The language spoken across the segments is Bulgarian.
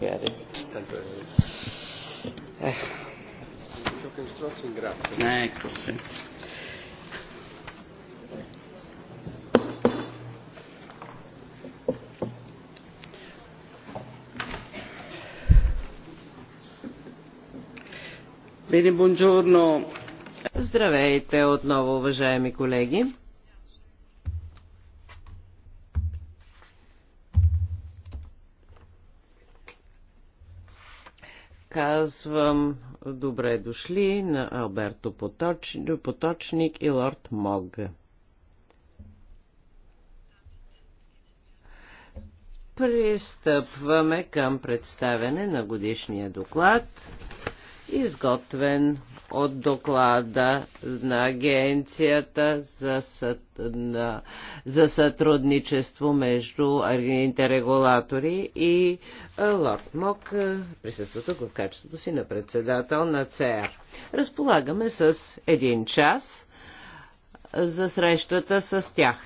Eh. Ecco, sì. Здравейте отново, уважаеми колеги! приветствам добре дошли на Алберто Поточ... Поточник и Лорд Мог. Пристъпваме към представяне на годишния доклад изготвен от доклада на Агенцията за, съ... на... за сътрудничество между аргените регулатори и Лорд Мок, присъствата в качеството си на председател на ЦР. Разполагаме с един час за срещата с тях.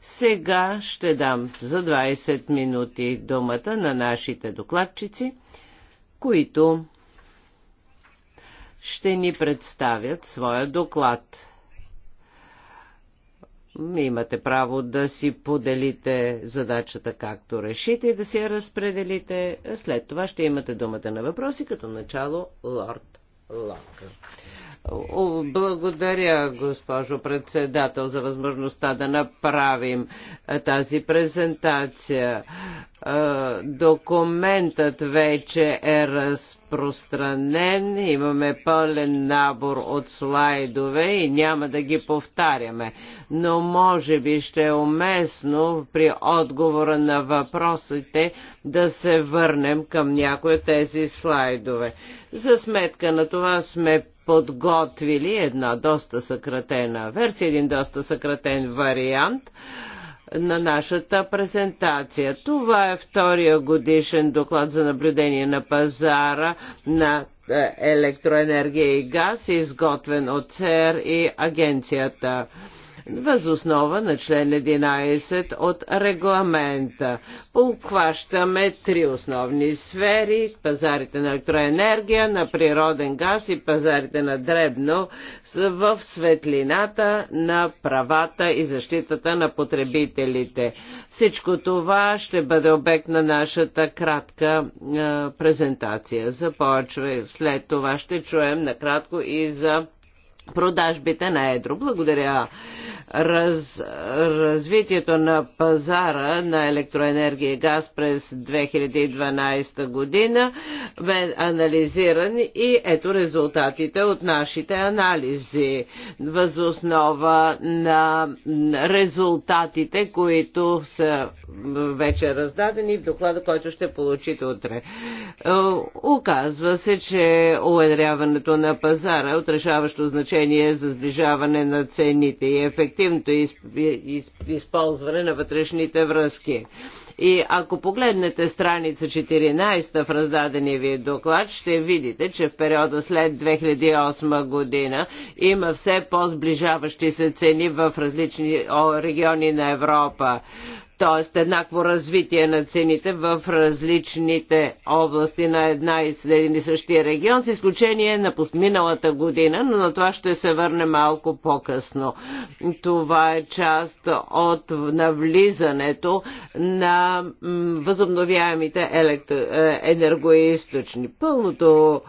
Сега ще дам за 20 минути думата на нашите докладчици, които ще ни представят своя доклад. Имате право да си поделите задачата както решите и да си я разпределите. След това ще имате думата на въпроси, като начало Лорд Лока. Благодаря, госпожо председател, за възможността да направим тази презентация. Документът вече е разпределен разпространен. Имаме пълен набор от слайдове и няма да ги повтаряме. Но може би ще е уместно при отговора на въпросите да се върнем към някои от тези слайдове. За сметка на това сме подготвили една доста съкратена версия, един доста съкратен вариант – на нашата презентация. Това е втория годишен доклад за наблюдение на пазара на е, електроенергия и газ, изготвен от ЦЕР и агенцията възоснова на член 11 от регламента. Пообхващаме три основни сфери – пазарите на електроенергия, на природен газ и пазарите на дребно в светлината на правата и защитата на потребителите. Всичко това ще бъде обект на нашата кратка е, презентация. Започва. След това ще чуем накратко и за продажбите на едро. Благодаря раз, развитието на пазара на електроенергия и газ през 2012 година бе анализиран и ето резултатите от нашите анализи възоснова на резултатите, които са вече раздадени в доклада, който ще получите утре. Оказва се, че уедряването на пазара е отрешаващо значение значение за сближаване на цените и ефективното използване на вътрешните връзки. И ако погледнете страница 14 в раздадения ви доклад, ще видите, че в периода след 2008 година има все по-сближаващи се цени в различни региони на Европа т.е. еднакво развитие на цените в различните области на една и един и същия регион, с изключение на миналата година, но на това ще се върне малко по-късно. Това е част от навлизането на възобновяемите електро... Е, енергоисточни. Пълното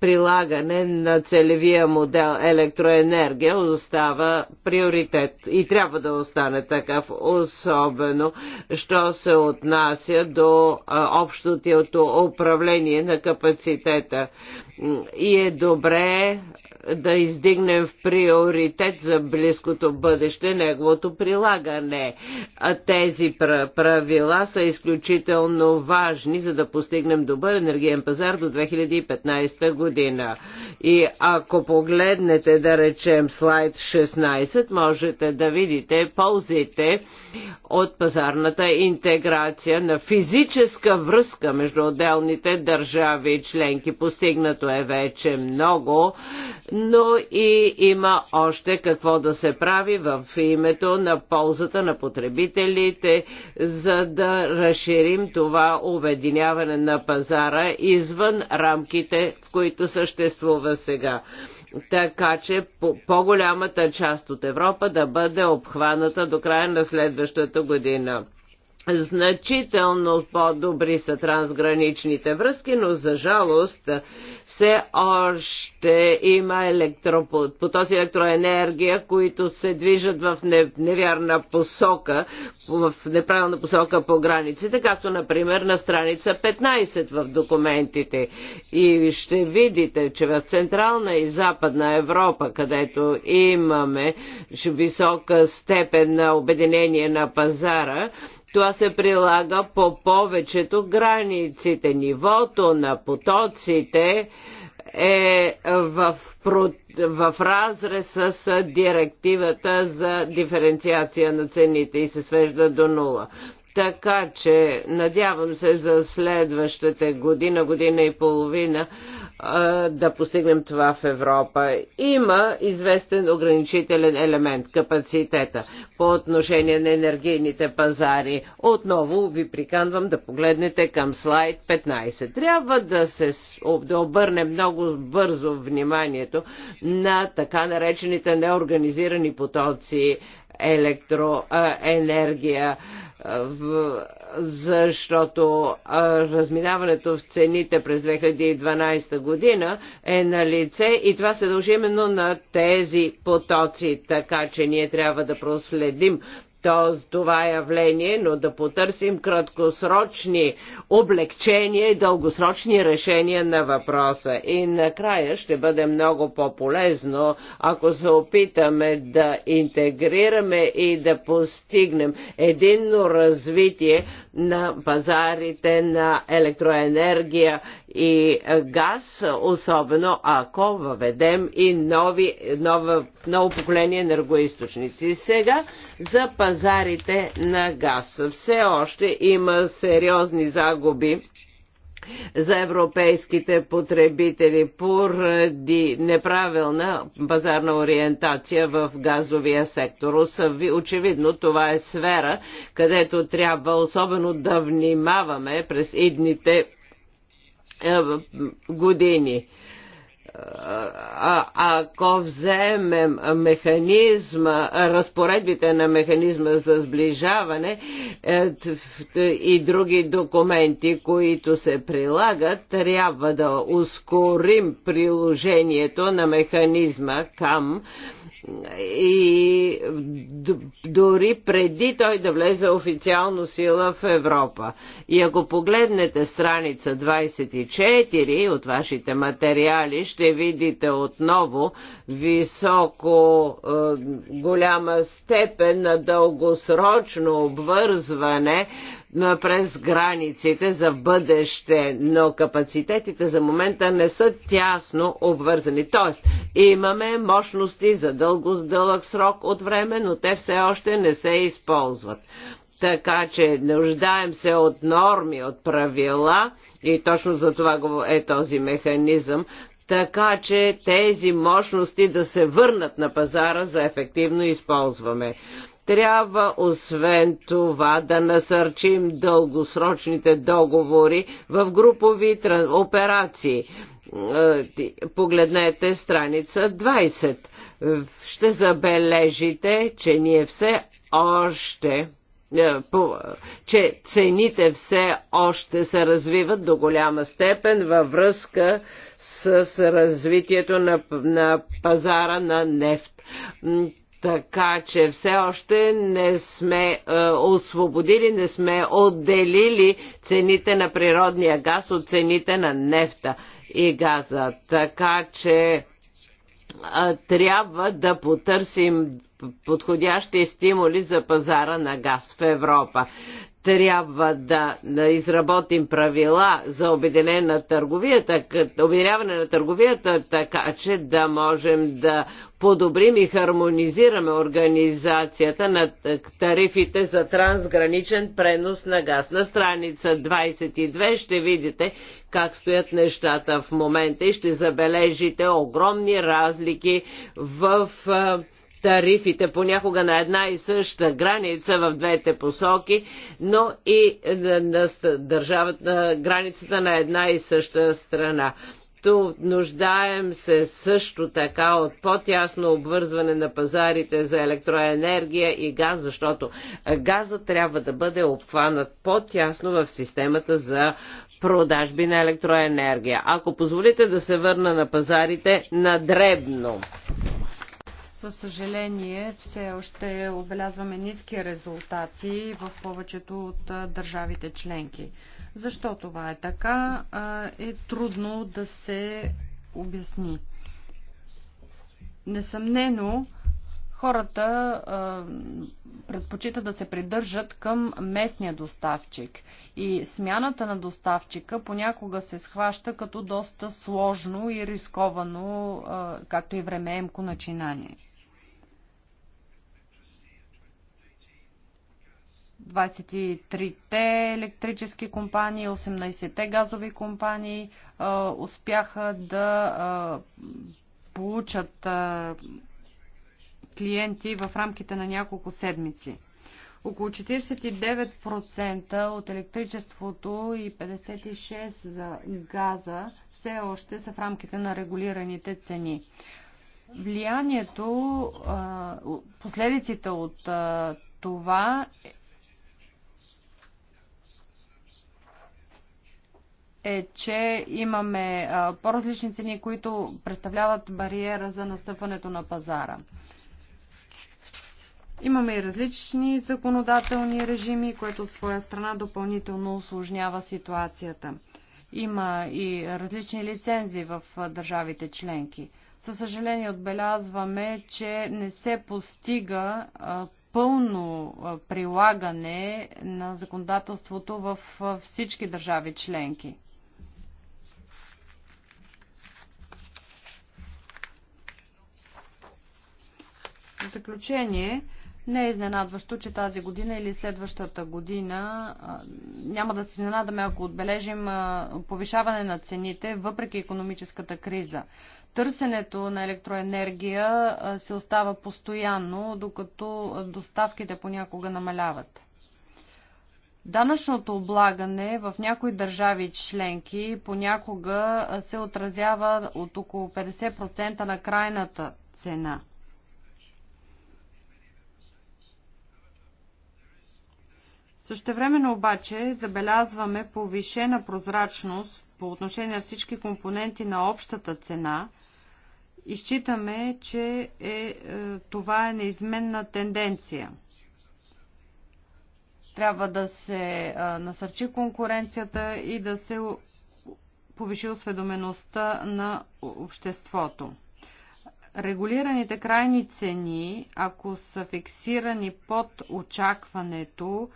прилагане на целевия модел електроенергия остава приоритет и трябва да остане такъв особено, що се отнася до общото управление на капацитета и е добре да издигнем в приоритет за близкото бъдеще неговото прилагане. А тези правила са изключително важни, за да постигнем добър енергиен пазар до 2015 година. И ако погледнете, да речем, слайд 16, можете да видите ползите от пазарната интеграция на физическа връзка между отделните държави и членки. Постигнато което е вече много, но и има още какво да се прави в името на ползата на потребителите, за да разширим това обединяване на пазара извън рамките, в които съществува сега така че по-голямата по част от Европа да бъде обхваната до края на следващата година. Значително по-добри са трансграничните връзки, но за жалост все още има електропотоци, електроенергия, които се движат в невярна посока, в неправилна посока по границите, както например на страница 15 в документите. И ще видите, че в Централна и Западна Европа, където имаме висока степен на обединение на пазара, това се прилага по повечето границите. Нивото на потоците е в, в разрез с директивата за диференциация на цените и се свежда до нула. Така че надявам се за следващата година, година и половина да постигнем това в Европа. Има известен ограничителен елемент, капацитета по отношение на енергийните пазари. Отново ви приканвам да погледнете към слайд 15. Трябва да се да обърне много бързо вниманието на така наречените неорганизирани потоци електроенергия, защото разминаването в цените през 2012 година е на лице и това се дължи именно на тези потоци, така че ние трябва да проследим това явление, но да потърсим краткосрочни облегчения и дългосрочни решения на въпроса. И накрая ще бъде много по-полезно, ако се опитаме да интегрираме и да постигнем единно развитие на пазарите на електроенергия и газ, особено ако въведем и нови, нова, ново поколение енергоисточници. Сега за пазарите на газ. Все още има сериозни загуби за европейските потребители поради неправилна пазарна ориентация в газовия сектор. Очевидно това е сфера, където трябва особено да внимаваме през идните е, години. А, ако вземем механизма, разпоредбите на механизма за сближаване е, и други документи, които се прилагат, трябва да ускорим приложението на механизма към и дори преди той да влезе официално сила в Европа. И ако погледнете страница 24 от вашите материали, ще видите отново високо е, голяма степен на дългосрочно обвързване през границите за бъдеще, но капацитетите за момента не са тясно обвързани. Тоест, имаме мощности за дълго, дълъг срок от време, но те все още не се използват. Така че нуждаем се от норми, от правила и точно за това е този механизъм, така че тези мощности да се върнат на пазара за ефективно използваме. Трябва освен това да насърчим дългосрочните договори в групови операции. Е, погледнете страница 20. Ще забележите, че ние все още е, че цените все още се развиват до голяма степен във връзка с развитието на, на пазара на нефт. Така че все още не сме е, освободили, не сме отделили цените на природния газ от цените на нефта и газа. Така че е, трябва да потърсим подходящи стимули за пазара на газ в Европа трябва да изработим правила за на търговията, обединяване на търговията, така че да можем да подобрим и хармонизираме организацията на тарифите за трансграничен пренос на газ. На страница 22 ще видите как стоят нещата в момента и ще забележите огромни разлики в тарифите понякога на една и съща граница в двете посоки, но и на държавата, границата на една и съща страна. Тук нуждаем се също така от по-тясно обвързване на пазарите за електроенергия и газ, защото газът трябва да бъде обхванат по-тясно в системата за продажби на електроенергия. Ако позволите да се върна на пазарите на дребно. За съжаление, все още отбелязваме ниски резултати в повечето от държавите членки. Защо това е така, е трудно да се обясни. Несъмнено, хората предпочитат да се придържат към местния доставчик. И смяната на доставчика понякога се схваща като доста сложно и рисковано, както и времеемко начинание. 23-те електрически компании, 18-те газови компании а, успяха да а, получат а, клиенти в рамките на няколко седмици. Около 49% от електричеството и 56% за газа все още са в рамките на регулираните цени влиянието, последиците от това е, че имаме по-различни цени, които представляват бариера за настъпването на пазара. Имаме и различни законодателни режими, което от своя страна допълнително осложнява ситуацията. Има и различни лицензии в държавите членки. Със съжаление отбелязваме, че не се постига пълно прилагане на законодателството в всички държави членки. заключение, не е изненадващо, че тази година или следващата година няма да се изненадаме, ако отбележим повишаване на цените, въпреки економическата криза. Търсенето на електроенергия се остава постоянно, докато доставките понякога намаляват. Данъчното облагане в някои държави членки понякога се отразява от около 50% на крайната цена – Същевременно обаче забелязваме повишена прозрачност по отношение на всички компоненти на общата цена и считаме, че е, е това е неизменна тенденция. Трябва да се насърчи конкуренцията и да се повиши осведомеността на обществото. Регулираните крайни цени, ако са фиксирани под очакването,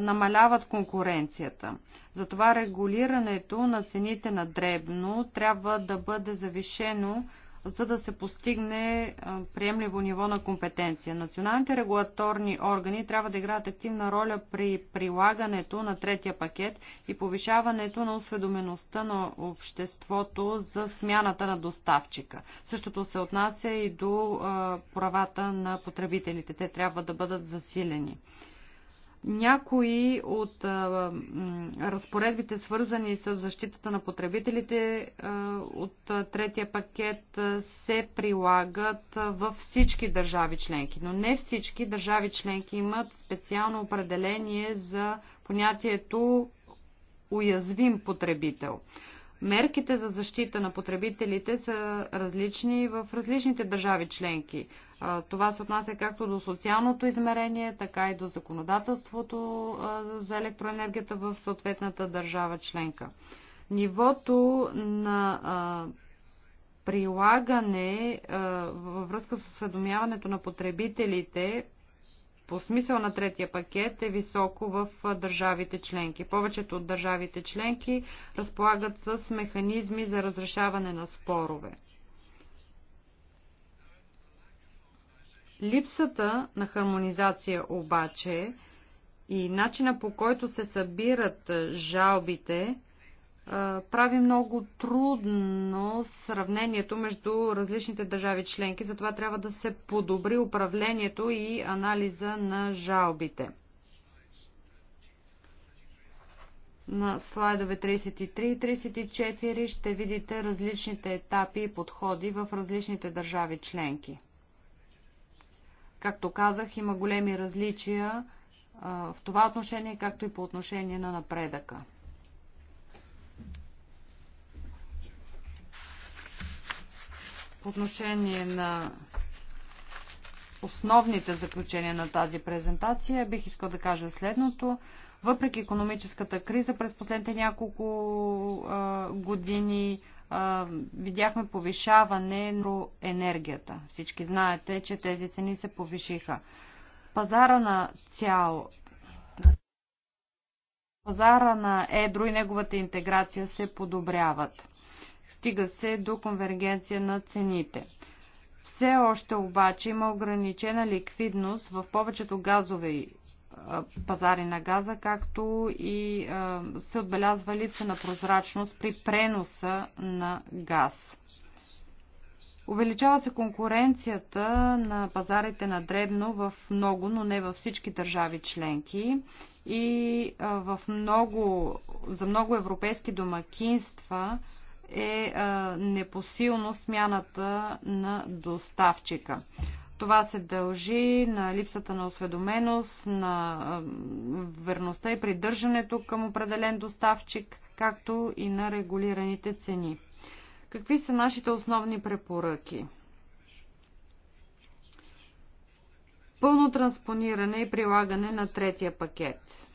намаляват конкуренцията. Затова регулирането на цените на дребно трябва да бъде завишено за да се постигне приемливо ниво на компетенция. Националните регулаторни органи трябва да играят активна роля при прилагането на третия пакет и повишаването на осведомеността на обществото за смяната на доставчика. Същото се отнася и до правата на потребителите. Те трябва да бъдат засилени. Някои от а, разпоредбите, свързани с защитата на потребителите а, от а, третия пакет, а, се прилагат а, във всички държави членки. Но не всички държави членки имат специално определение за понятието уязвим потребител. Мерките за защита на потребителите са различни в различните държави членки. Това се отнася както до социалното измерение, така и до законодателството за електроенергията в съответната държава членка. Нивото на прилагане във връзка с осведомяването на потребителите по смисъл на третия пакет е високо в държавите членки. Повечето от държавите членки разполагат с механизми за разрешаване на спорове. Липсата на хармонизация обаче и начина по който се събират жалбите прави много трудно сравнението между различните държави членки, затова трябва да се подобри управлението и анализа на жалбите. На слайдове 33 и 34 ще видите различните етапи и подходи в различните държави членки. Както казах, има големи различия в това отношение, както и по отношение на напредъка. отношение на основните заключения на тази презентация, бих искал да кажа следното. Въпреки економическата криза през последните няколко а, години а, видяхме повишаване на енергията. Всички знаете, че тези цени се повишиха. Пазара на цял пазара на едро и неговата интеграция се подобряват стига се до конвергенция на цените. Все още обаче има ограничена ликвидност в повечето газови пазари на газа, както и се отбелязва липса на прозрачност при преноса на газ. Увеличава се конкуренцията на пазарите на дребно в много, но не във всички държави членки и в много, за много европейски домакинства е, е непосилно смяната на доставчика. Това се дължи на липсата на осведоменост, на е, верността и придържането към определен доставчик, както и на регулираните цени. Какви са нашите основни препоръки? Пълно транспониране и прилагане на третия пакет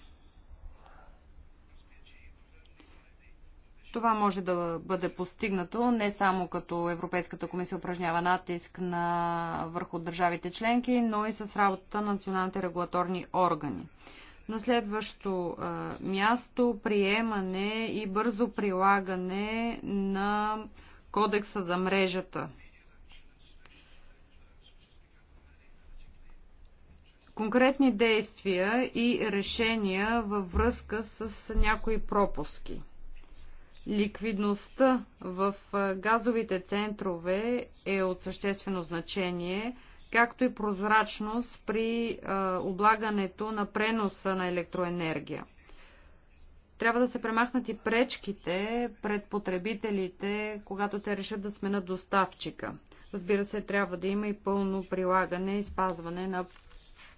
Това може да бъде постигнато не само като Европейската комисия упражнява натиск на върху държавите членки, но и с работата на националните регулаторни органи. На следващо място приемане и бързо прилагане на кодекса за мрежата. Конкретни действия и решения във връзка с някои пропуски – Ликвидността в газовите центрове е от съществено значение, както и прозрачност при облагането на преноса на електроенергия. Трябва да се премахнат и пречките пред потребителите, когато те решат да сменят доставчика. Разбира се, трябва да има и пълно прилагане и спазване на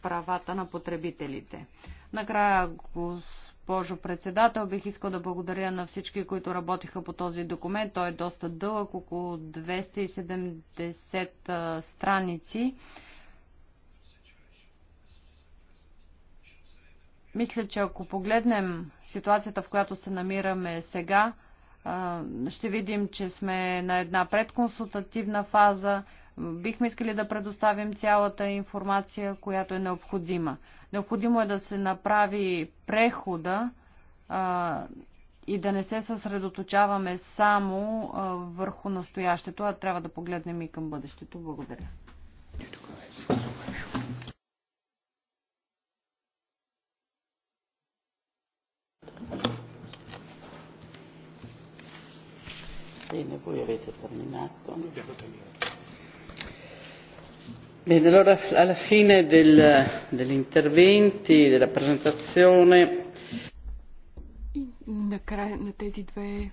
правата на потребителите. Накрая, господин госпожо председател. Бих искал да благодаря на всички, които работиха по този документ. Той е доста дълъг, около 270 страници. Мисля, че ако погледнем ситуацията, в която се намираме сега, ще видим, че сме на една предконсултативна фаза. Бихме искали да предоставим цялата информация, която е необходима. Необходимо е да се направи прехода а, и да не се съсредоточаваме само а, върху настоящето, а трябва да погледнем и към бъдещето. Благодаря. Bene, voi avete terminato. Abbiamo terminato. Bene, allora alla fine del, degli interventi, della presentazione. Накрая на тези две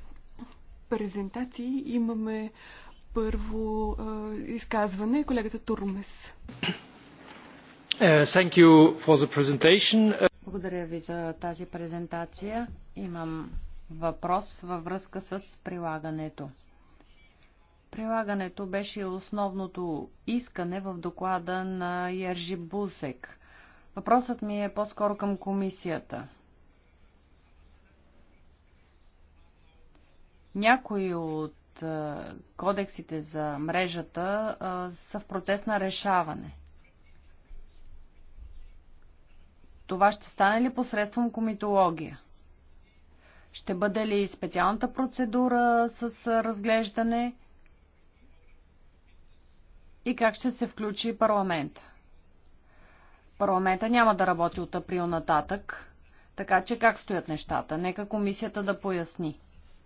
презентации имаме първо изказване колегата Турмес. Е, thank you for the presentation. Благодаря ви за тази презентация. Имам въпрос във връзка с прилагането. Прилагането беше основното искане в доклада на Ержи Бусек. Въпросът ми е по-скоро към комисията. Някои от кодексите за мрежата са в процес на решаване. Това ще стане ли посредством комитология? Ще бъде ли специалната процедура с разглеждане и как ще се включи парламент. Парламента няма да работи от април нататък, така че как стоят нещата? Нека комисията да поясни.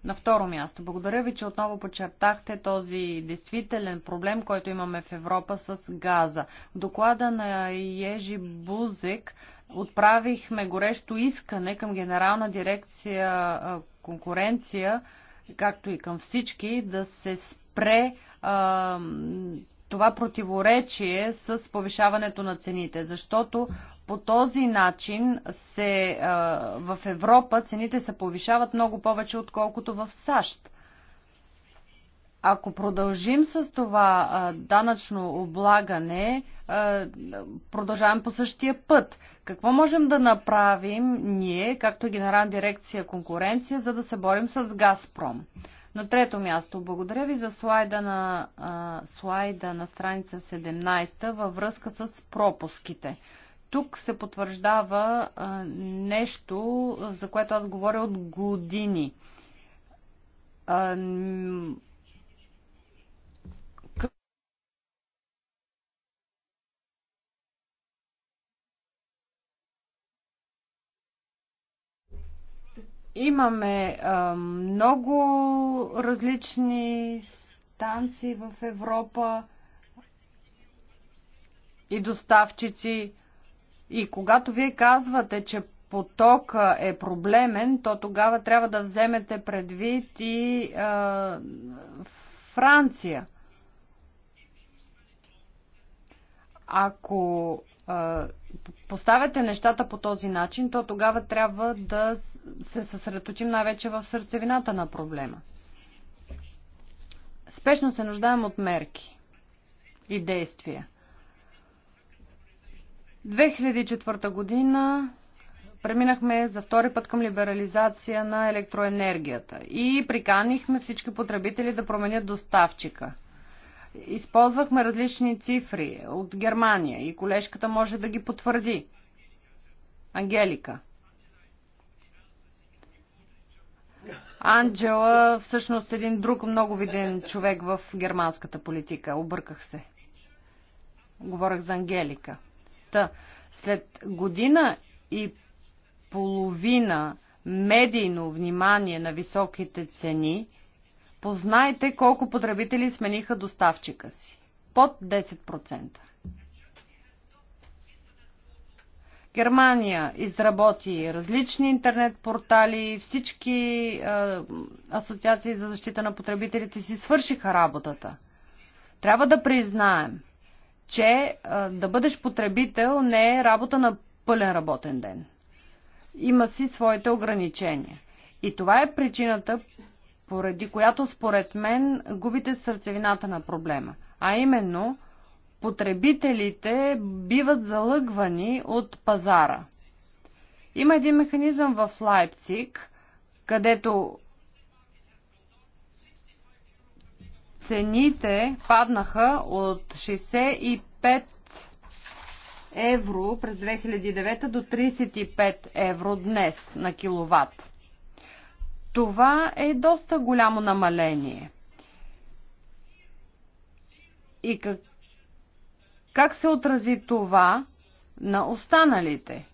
На второ място, благодаря ви, че отново подчертахте този действителен проблем, който имаме в Европа с газа. В доклада на Ежи Бузек отправихме горещо искане към Генерална дирекция конкуренция както и към всички, да се спре а, това противоречие с повишаването на цените, защото по този начин се, а, в Европа цените се повишават много повече, отколкото в САЩ. Ако продължим с това а, данъчно облагане, а, продължаваме по същия път. Какво можем да направим ние, както Генерална дирекция конкуренция, за да се борим с Газпром? На трето място, благодаря ви за слайда на, а, слайда на страница 17 във връзка с пропуските. Тук се потвърждава а, нещо, за което аз говоря от години. А, Имаме много различни станции в Европа и доставчици. И когато вие казвате, че потока е проблемен, то тогава трябва да вземете предвид и а, Франция. Ако а, поставяте нещата по този начин, то тогава трябва да се съсредоточим най-вече в сърцевината на проблема. Спешно се нуждаем от мерки и действия. 2004 година преминахме за втори път към либерализация на електроенергията и приканихме всички потребители да променят доставчика. Използвахме различни цифри от Германия и колежката може да ги потвърди. Ангелика – Анджела всъщност един друг много виден човек в германската политика. Обърках се. Говорех за Ангелика. Та, след година и половина медийно внимание на високите цени, познайте колко потребители смениха доставчика си. Под 10%. Германия изработи различни интернет портали, всички е, асоциации за защита на потребителите си свършиха работата. Трябва да признаем, че е, да бъдеш потребител не е работа на пълен работен ден. Има си своите ограничения. И това е причината, поради която според мен губите сърцевината на проблема. А именно, потребителите биват залъгвани от пазара. Има един механизъм в Лайпциг, където цените паднаха от 65 евро през 2009 до 35 евро днес на киловатт. Това е доста голямо намаление. И как как се отрази това на останалите?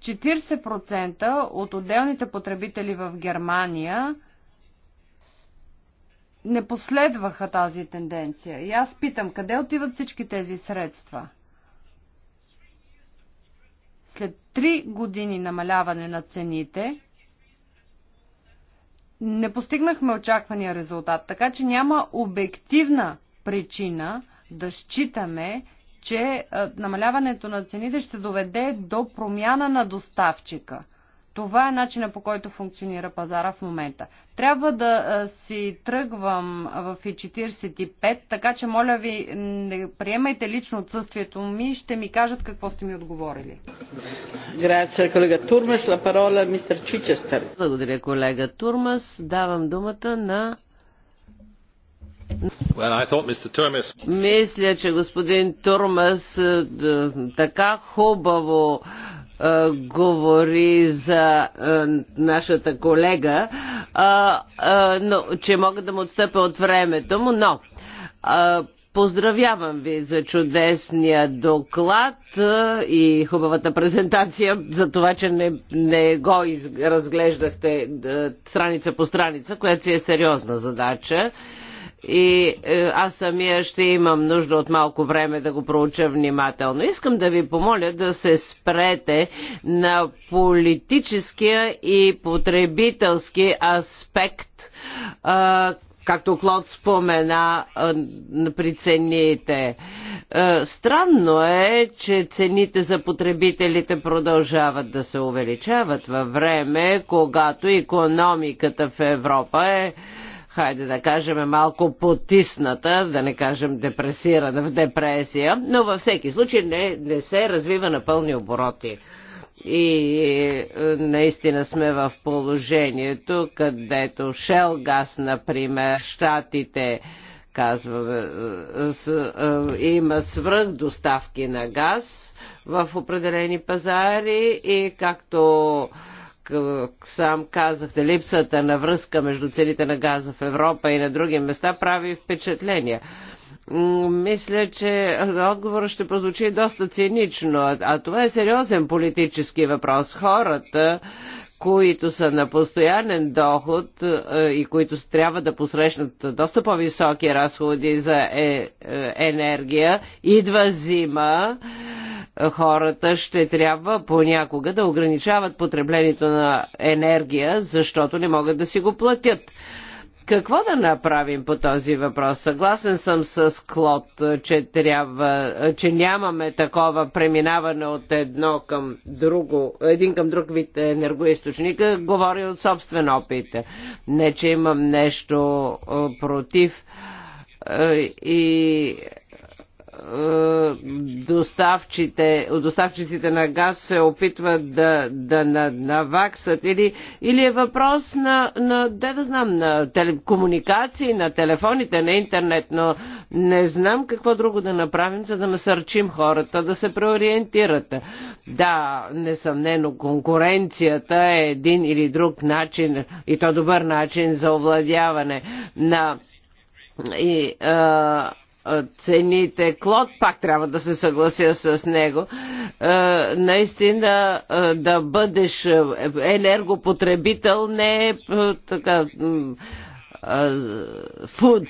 40% от отделните потребители в Германия не последваха тази тенденция. И аз питам, къде отиват всички тези средства? След 3 години намаляване на цените, не постигнахме очаквания резултат, така че няма обективна причина да считаме, че намаляването на цените ще доведе до промяна на доставчика. Това е начина по който функционира пазара в момента. Трябва да си тръгвам в 45, така че моля ви, не приемайте лично отсъствието ми, ще ми кажат какво сте ми отговорили. Грация, колега Турмас. Ла парола, мистер Чичестър. Благодаря, колега Турмас. Давам думата на Well, Мисля, че господин Турмас е, така хубаво е, говори за е, нашата колега, но, че мога да му отстъпя от времето му, но Поздравявам ви за чудесния доклад и хубавата презентация, за това, че не, не го из, разглеждахте страница по страница, която си е сериозна задача и е, аз самия ще имам нужда от малко време да го проуча внимателно. Искам да ви помоля да се спрете на политическия и потребителски аспект, както Клод спомена при цените. Е, странно е, че цените за потребителите продължават да се увеличават във време, когато економиката в Европа е хайде да кажем, е малко потисната, да не кажем депресирана, в депресия, но във всеки случай не, не се развива на пълни обороти и наистина сме в положението, където Шелгас, например, щатите казва, е, е, има свръх доставки на газ в определени пазари и както е, сам казахте, липсата на връзка между цените на газа в Европа и на други места прави впечатление. Мисля, че отговорът ще прозвучи доста цинично, а това е сериозен политически въпрос. Хората, които са на постоянен доход е, и които трябва да посрещнат доста по-високи разходи за е, енергия, идва зима хората ще трябва понякога да ограничават потреблението на енергия, защото не могат да си го платят. Какво да направим по този въпрос? Съгласен съм с Клод, че, трябва, че нямаме такова преминаване от едно към друго, един към друг вид енергоисточника. Говори от собствен опит. Не, че имам нещо против и е, доставчите, доставчиците на газ се опитват да, да наваксат или, или е въпрос на, на да, да знам, на комуникации, на телефоните, на интернет, но не знам какво друго да направим, за да насърчим хората да се преориентират. Да, несъмнено конкуренцията е един или друг начин и то добър начин за овладяване на и а, цените. Клод пак трябва да се съглася с него. Наистина да бъдеш енергопотребител не е така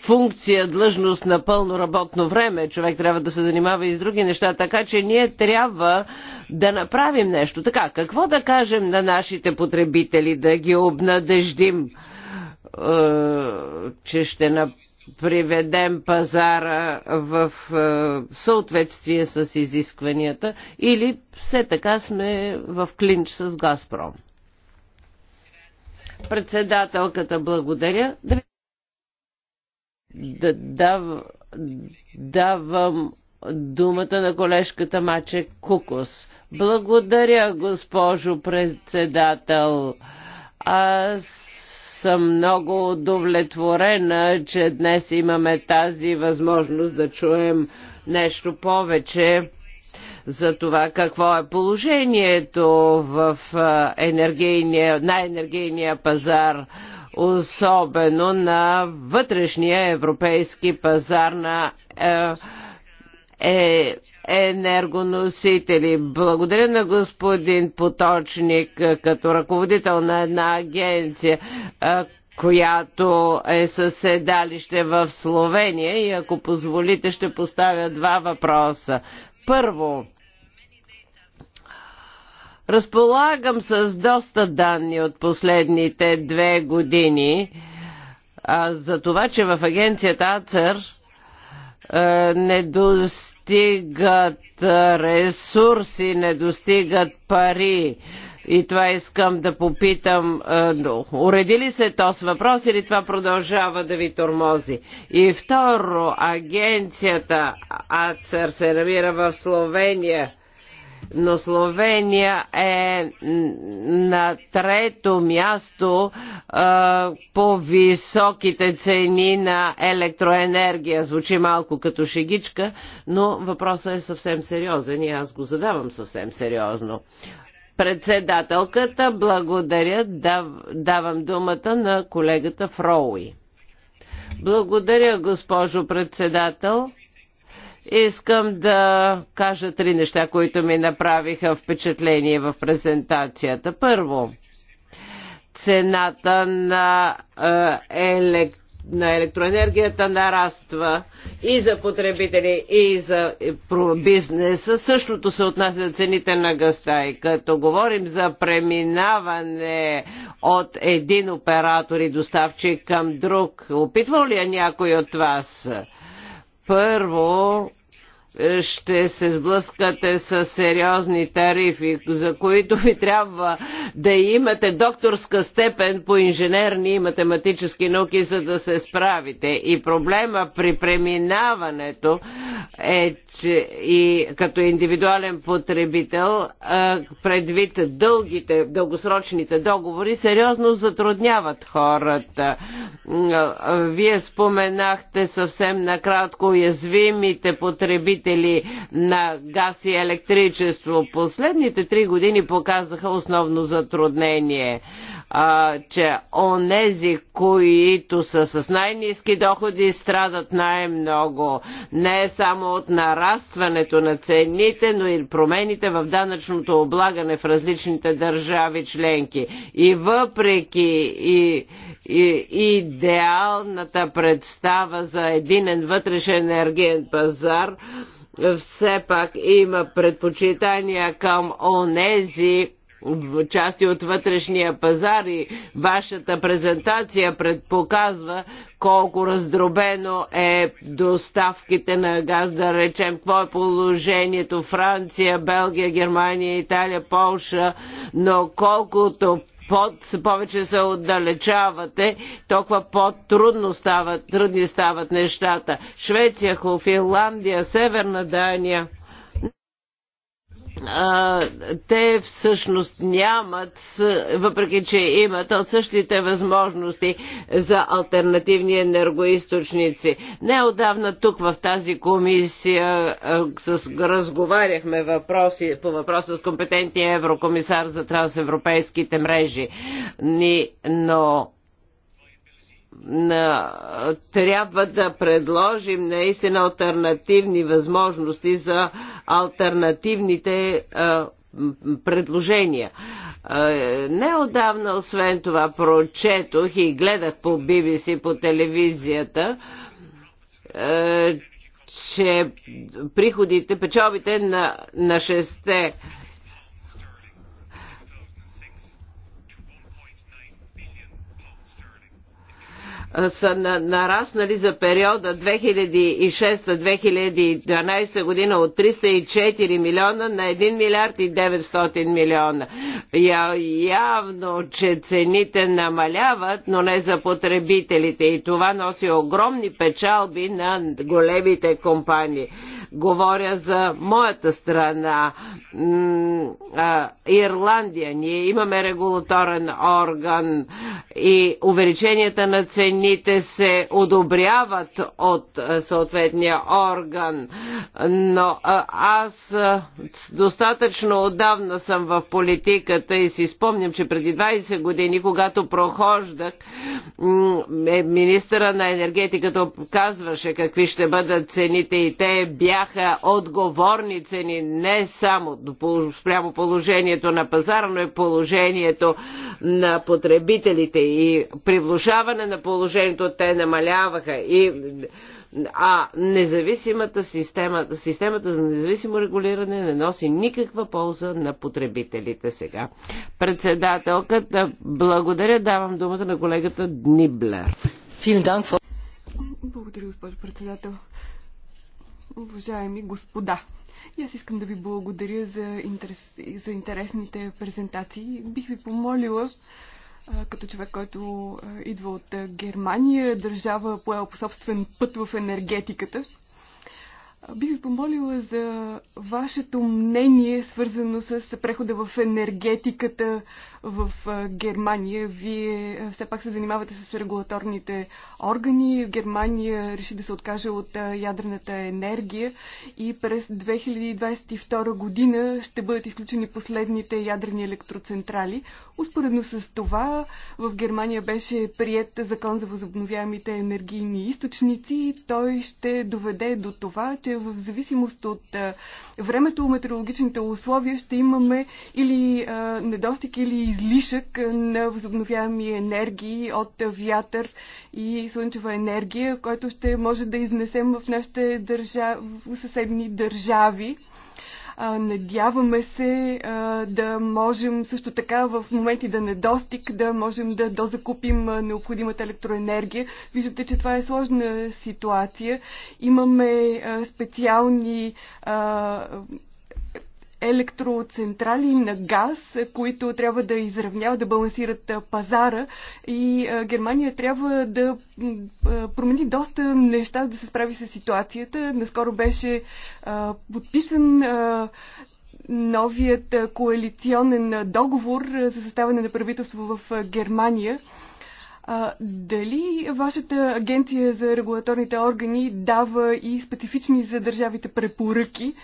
функция, длъжност на пълно работно време. Човек трябва да се занимава и с други неща, така че ние трябва да направим нещо. Така, какво да кажем на нашите потребители, да ги обнадеждим, че ще направим приведем пазара е, в съответствие с изискванията или все така сме в клинч с Газпром. Председателката благодаря. Да, да, давам думата на колежката Маче Кукус. Благодаря, госпожо председател. Аз съм много удовлетворена, че днес имаме тази възможност да чуем нещо повече за това какво е положението в енергийния, на енергийния пазар, особено на вътрешния европейски пазар на е, е енергоносители. Благодаря на господин Поточник като ръководител на една агенция, която е със седалище в Словения и ако позволите ще поставя два въпроса. Първо, разполагам с доста данни от последните две години а, за това, че в агенцията АЦЕР е, не достигат ресурси, не достигат пари. И това искам да попитам, е, уреди ли се този въпрос или това продължава да ви тормози? И второ, агенцията АЦЕР се намира в Словения но Словения е на трето място а, по високите цени на електроенергия. Звучи малко като шегичка, но въпросът е съвсем сериозен и аз го задавам съвсем сериозно. Председателката, благодаря, дав, давам думата на колегата Фроуи. Благодаря, госпожо председател. Искам да кажа три неща, които ми направиха впечатление в презентацията. Първо, цената на, е, елек, на електроенергията нараства и за потребители, и за бизнеса. Същото се отнася за цените на гъста. И като говорим за преминаване от един оператор и доставчик към друг, опитвал ли е някой от вас? Първо, ще се сблъскате с сериозни тарифи, за които ви трябва да имате докторска степен по инженерни и математически науки, за да се справите. И проблема при преминаването е, че и като индивидуален потребител, предвид дългите, дългосрочните договори, сериозно затрудняват хората. Вие споменахте съвсем накратко уязвимите потребители, производители на газ и електричество. Последните три години показаха основно затруднение а, че онези, които са с най-низки доходи, страдат най-много. Не само от нарастването на цените, но и промените в данъчното облагане в различните държави членки. И въпреки и, и, идеалната представа за единен вътрешен енергиен пазар, все пак има предпочитания към онези части от вътрешния пазар и вашата презентация предпоказва колко раздробено е доставките на газ, да речем, какво е положението Франция, Белгия, Германия, Италия, Полша, но колкото под, повече се отдалечавате, толкова по-трудно стават, трудни стават нещата. Швеция, Финландия, Северна Дания те всъщност нямат, въпреки че имат същите възможности за альтернативни енергоисточници. Неодавна тук в тази комисия а, с, разговаряхме въпроси, по въпроса с компетентния еврокомисар за трансевропейските мрежи. Ни, но трябва да предложим наистина альтернативни възможности за альтернативните предложения. Неодавна, освен това, прочетох и гледах по BBC по телевизията, че приходите, печалбите на, на шесте са нараснали за периода 2006-2012 година от 304 милиона на 1 милиард и 900 милиона. Я, явно, че цените намаляват, но не за потребителите и това носи огромни печалби на големите компании. Говоря за моята страна, Ирландия. Ние имаме регулаторен орган и увеличенията на цените се одобряват от съответния орган. Но аз достатъчно отдавна съм в политиката и си спомням, че преди 20 години, когато прохождах, е, министъра на енергетиката казваше какви ще бъдат цените и те бяха бяха отговорни цени не само спрямо положението на пазара, но и положението на потребителите и при влушаване на положението те намаляваха и а независимата система, системата за независимо регулиране не носи никаква полза на потребителите сега. Председателката, благодаря, давам думата на колегата Дниблер. Благодаря, госпожо председател. Уважаеми господа, и аз искам да ви благодаря за, интерес, за интересните презентации. Бих ви помолила, като човек, който идва от Германия, държава поел по собствен път в енергетиката, бих ви помолила за вашето мнение, свързано с прехода в енергетиката в Германия. Вие все пак се занимавате с регулаторните органи. Германия реши да се откаже от ядрената енергия и през 2022 година ще бъдат изключени последните ядрени електроцентрали. Успоредно с това в Германия беше прият закон за възобновяемите енергийни източници. Той ще доведе до това, че в зависимост от времето, метеорологичните условия ще имаме или недостиг, или излишък на възобновяеми енергии от вятър и слънчева енергия, който ще може да изнесем в нашите държави в съседни държави. Надяваме се да можем също така в моменти да недостиг, да можем да дозакупим необходимата електроенергия. Виждате, че това е сложна ситуация. Имаме специални електроцентрали на газ, които трябва да изравняват, да балансират пазара и Германия трябва да промени доста неща, да се справи с ситуацията. Наскоро беше подписан новият коалиционен договор за съставане на правителство в Германия. А, дали вашата агенция за регулаторните органи дава и специфични за държавите препоръки?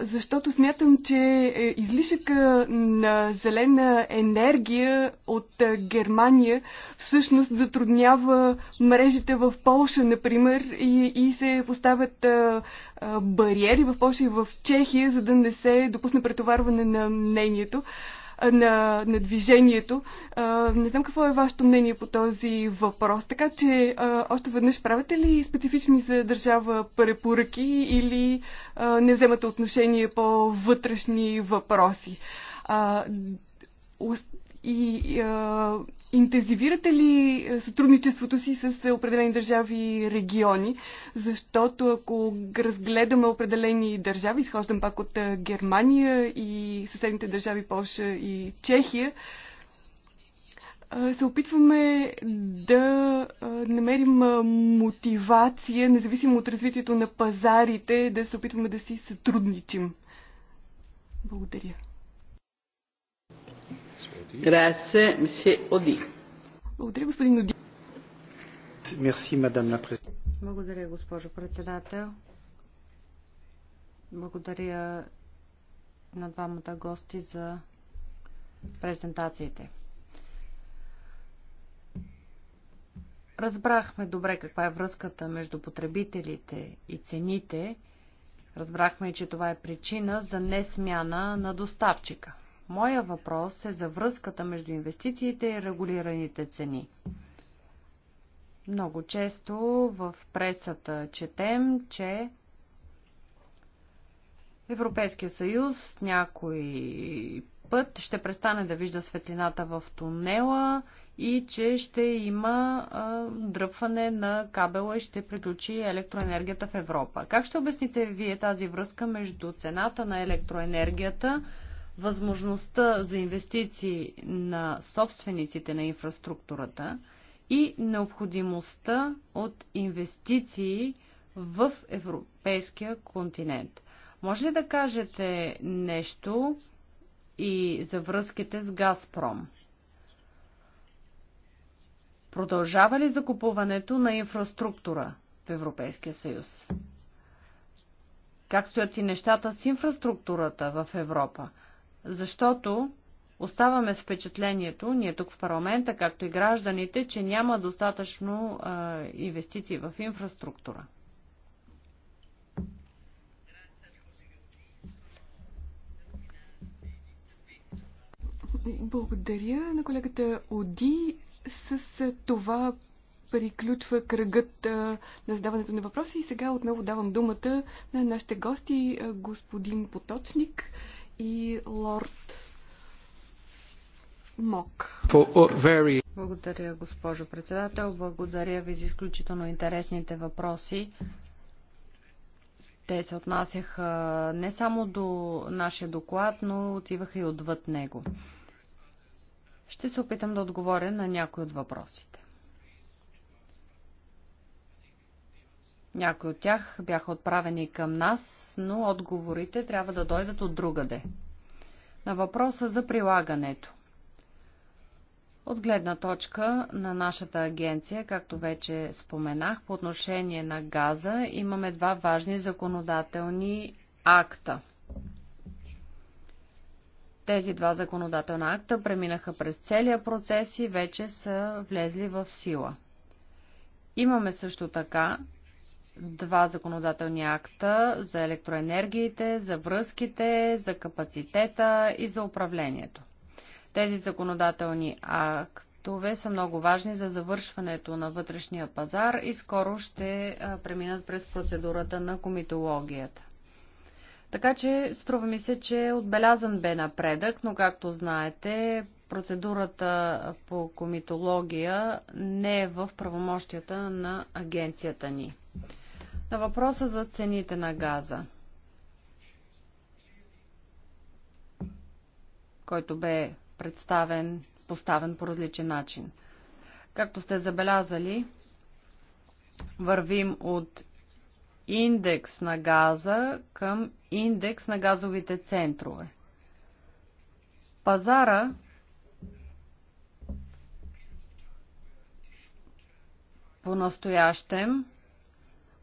защото смятам, че е, излишъка на зелена енергия от е, Германия всъщност затруднява мрежите в Полша, например, и, и се поставят е, бариери в Польша и в Чехия, за да не се допусне претоварване на мнението на, на движението. А, не знам какво е вашето мнение по този въпрос, така че а, още веднъж правите ли специфични за държава препоръки или а, не вземате отношение по вътрешни въпроси? А, и Интензивирате ли е, сътрудничеството си с е, определени държави и региони? Защото ако разгледаме определени държави, изхождам пак от е, Германия и съседните държави Польша и Чехия, се опитваме да намерим мотивация, независимо от развитието на пазарите, да се опитваме да си сътрудничим. Благодаря. Благодаря, господин Оди. Благодаря, госпожо председател. Благодаря на двамата гости за презентациите. Разбрахме добре каква е връзката между потребителите и цените. Разбрахме и, че това е причина за несмяна на доставчика. Моя въпрос е за връзката между инвестициите и регулираните цени. Много често в пресата четем, че Европейския съюз някой път ще престане да вижда светлината в тунела и че ще има а, дръпване на кабела и ще приключи електроенергията в Европа. Как ще обясните вие тази връзка между цената на електроенергията възможността за инвестиции на собствениците на инфраструктурата и необходимостта от инвестиции в европейския континент. Може ли да кажете нещо и за връзките с Газпром? Продължава ли закупуването на инфраструктура в Европейския съюз? Как стоят и нещата с инфраструктурата в Европа? защото оставаме с впечатлението, ние тук в парламента, както и гражданите, че няма достатъчно а, инвестиции в инфраструктура. Благодаря на колегата Оди. С това приключва кръгът на задаването на въпроси и сега отново давам думата на нашите гости, господин Поточник и лорд Мок. Uh, Благодаря, госпожо председател. Благодаря ви за изключително интересните въпроси. Те се отнасяха не само до нашия доклад, но отиваха и отвъд него. Ще се опитам да отговоря на някои от въпросите. Някои от тях бяха отправени към нас, но отговорите трябва да дойдат от другаде. На въпроса за прилагането. От гледна точка на нашата агенция, както вече споменах, по отношение на газа имаме два важни законодателни акта. Тези два законодателна акта преминаха през целия процес и вече са влезли в сила. Имаме също така два законодателни акта за електроенергиите, за връзките, за капацитета и за управлението. Тези законодателни актове са много важни за завършването на вътрешния пазар и скоро ще преминат през процедурата на комитологията. Така че струва ми се, че е отбелязан бе напредък, но както знаете, процедурата по комитология не е в правомощията на агенцията ни. На въпроса за цените на газа, който бе представен, поставен по различен начин. Както сте забелязали, вървим от индекс на газа към индекс на газовите центрове. Пазара по-настоящем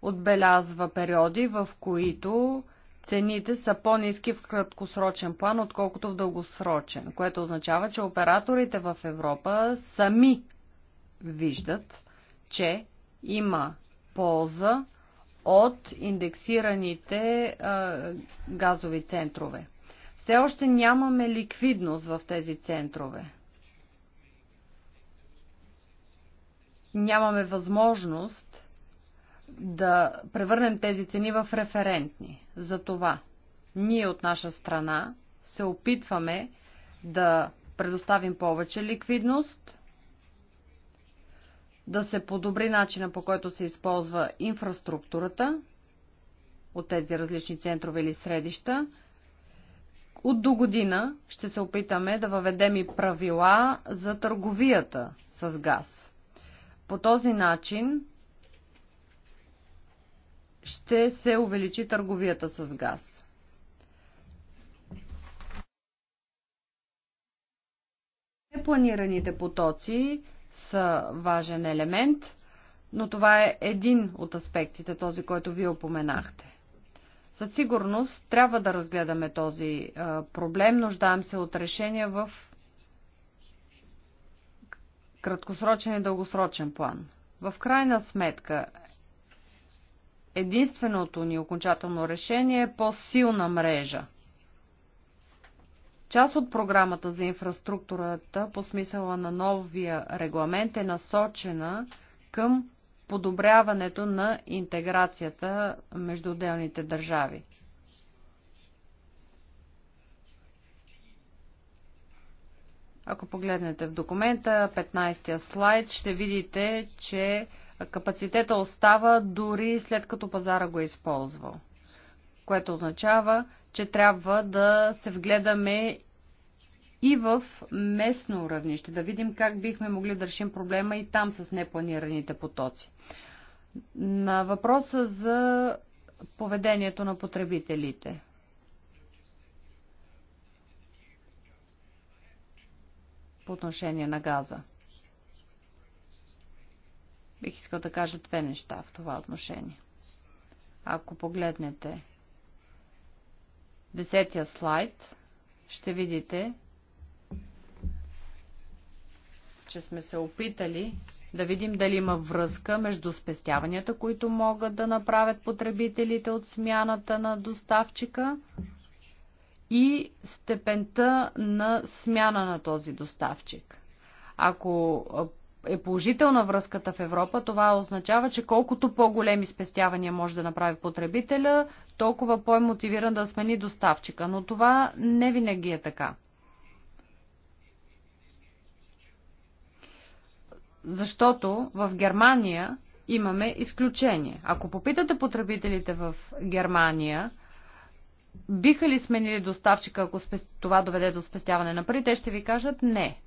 отбелязва периоди, в които цените са по-низки в краткосрочен план, отколкото в дългосрочен, което означава, че операторите в Европа сами виждат, че има полза от индексираните а, газови центрове. Все още нямаме ликвидност в тези центрове. Нямаме възможност да превърнем тези цени в референтни. Затова ние от наша страна се опитваме да предоставим повече ликвидност, да се подобри начина по който се използва инфраструктурата от тези различни центрове или средища. От до година ще се опитаме да въведем и правила за търговията с газ. По този начин ще се увеличи търговията с газ. Непланираните потоци са важен елемент, но това е един от аспектите, този, който вие опоменахте. Със сигурност трябва да разгледаме този проблем. Нуждаем се от решения в краткосрочен и дългосрочен план. В крайна сметка единственото ни окончателно решение е по-силна мрежа. Част от програмата за инфраструктурата по смисъла на новия регламент е насочена към подобряването на интеграцията между отделните държави. Ако погледнете в документа, 15-я слайд, ще видите, че Капацитета остава дори след като пазара го е използвал, което означава, че трябва да се вгледаме и в местно равнище, да видим как бихме могли да решим проблема и там с непланираните потоци. На въпроса за поведението на потребителите. По отношение на газа. Бих искал да кажа две неща в това отношение. Ако погледнете десетия слайд, ще видите, че сме се опитали да видим дали има връзка между спестяванията, които могат да направят потребителите от смяната на доставчика и степента на смяна на този доставчик. Ако е положителна връзката в Европа, това означава, че колкото по-големи спестявания може да направи потребителя, толкова по мотивиран да смени доставчика. Но това не винаги е така. Защото в Германия имаме изключение. Ако попитате потребителите в Германия, биха ли сменили доставчика, ако това доведе до спестяване на пари, те ще ви кажат не.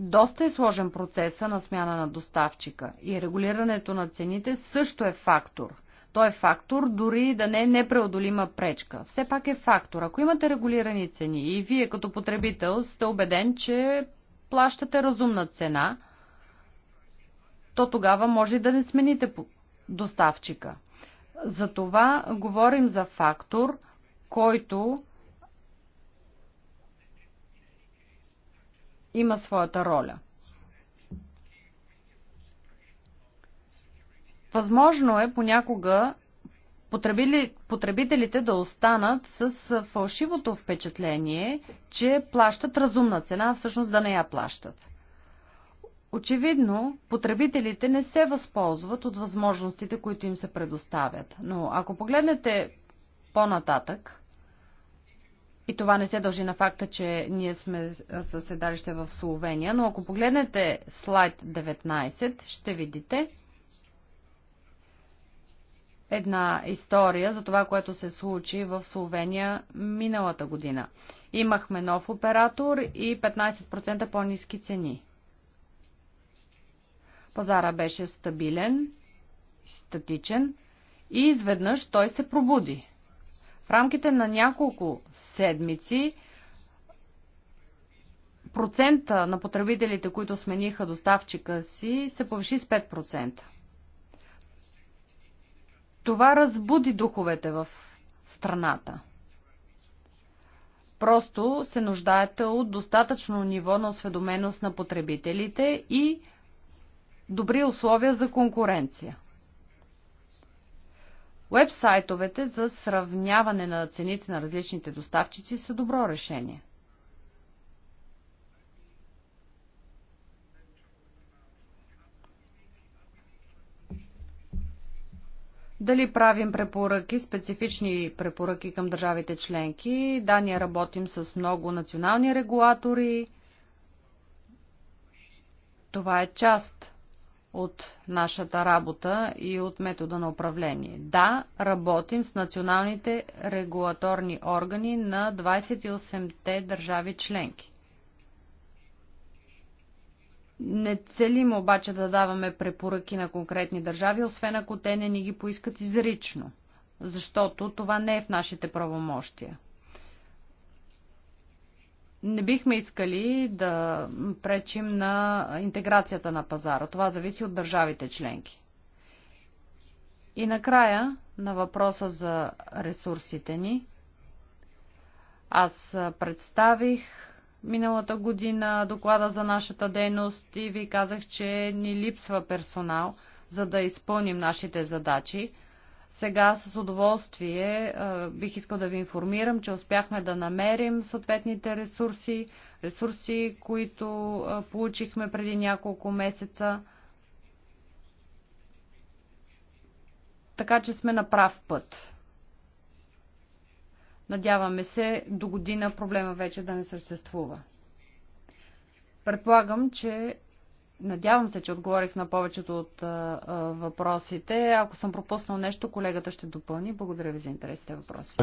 Доста е сложен процеса на смяна на доставчика и регулирането на цените също е фактор. Той е фактор, дори да не е непреодолима пречка. Все пак е фактор. Ако имате регулирани цени и вие като потребител сте убеден, че плащате разумна цена, то тогава може и да не смените доставчика. Затова говорим за фактор, който има своята роля. Възможно е понякога потребителите да останат с фалшивото впечатление, че плащат разумна цена, а всъщност да не я плащат. Очевидно, потребителите не се възползват от възможностите, които им се предоставят. Но ако погледнете по-нататък, и това не се дължи на факта, че ние сме със седалище в Словения, но ако погледнете слайд 19, ще видите една история за това, което се случи в Словения миналата година. Имахме нов оператор и 15% по-низки цени. Пазара беше стабилен, статичен и изведнъж той се пробуди. В рамките на няколко седмици процента на потребителите, които смениха доставчика си, се повиши с 5%. Това разбуди духовете в страната. Просто се нуждаете от достатъчно ниво на осведоменост на потребителите и добри условия за конкуренция. Уебсайтовете за сравняване на цените на различните доставчици са добро решение. Дали правим препоръки, специфични препоръки към държавите членки? Да, ние работим с много национални регулатори. Това е част от нашата работа и от метода на управление. Да, работим с националните регулаторни органи на 28-те държави членки. Не целим обаче да даваме препоръки на конкретни държави, освен ако те не ни ги поискат изрично, защото това не е в нашите правомощия не бихме искали да пречим на интеграцията на пазара. Това зависи от държавите членки. И накрая, на въпроса за ресурсите ни, аз представих миналата година доклада за нашата дейност и ви казах, че ни липсва персонал, за да изпълним нашите задачи – сега с удоволствие бих искал да ви информирам, че успяхме да намерим съответните ресурси, ресурси, които получихме преди няколко месеца. Така че сме на прав път. Надяваме се до година проблема вече да не съществува. Предполагам, че Надявам се, че отговорих на повечето от а, а, въпросите. Ако съм пропуснал нещо, колегата ще допълни. Благодаря ви за интересните въпроси.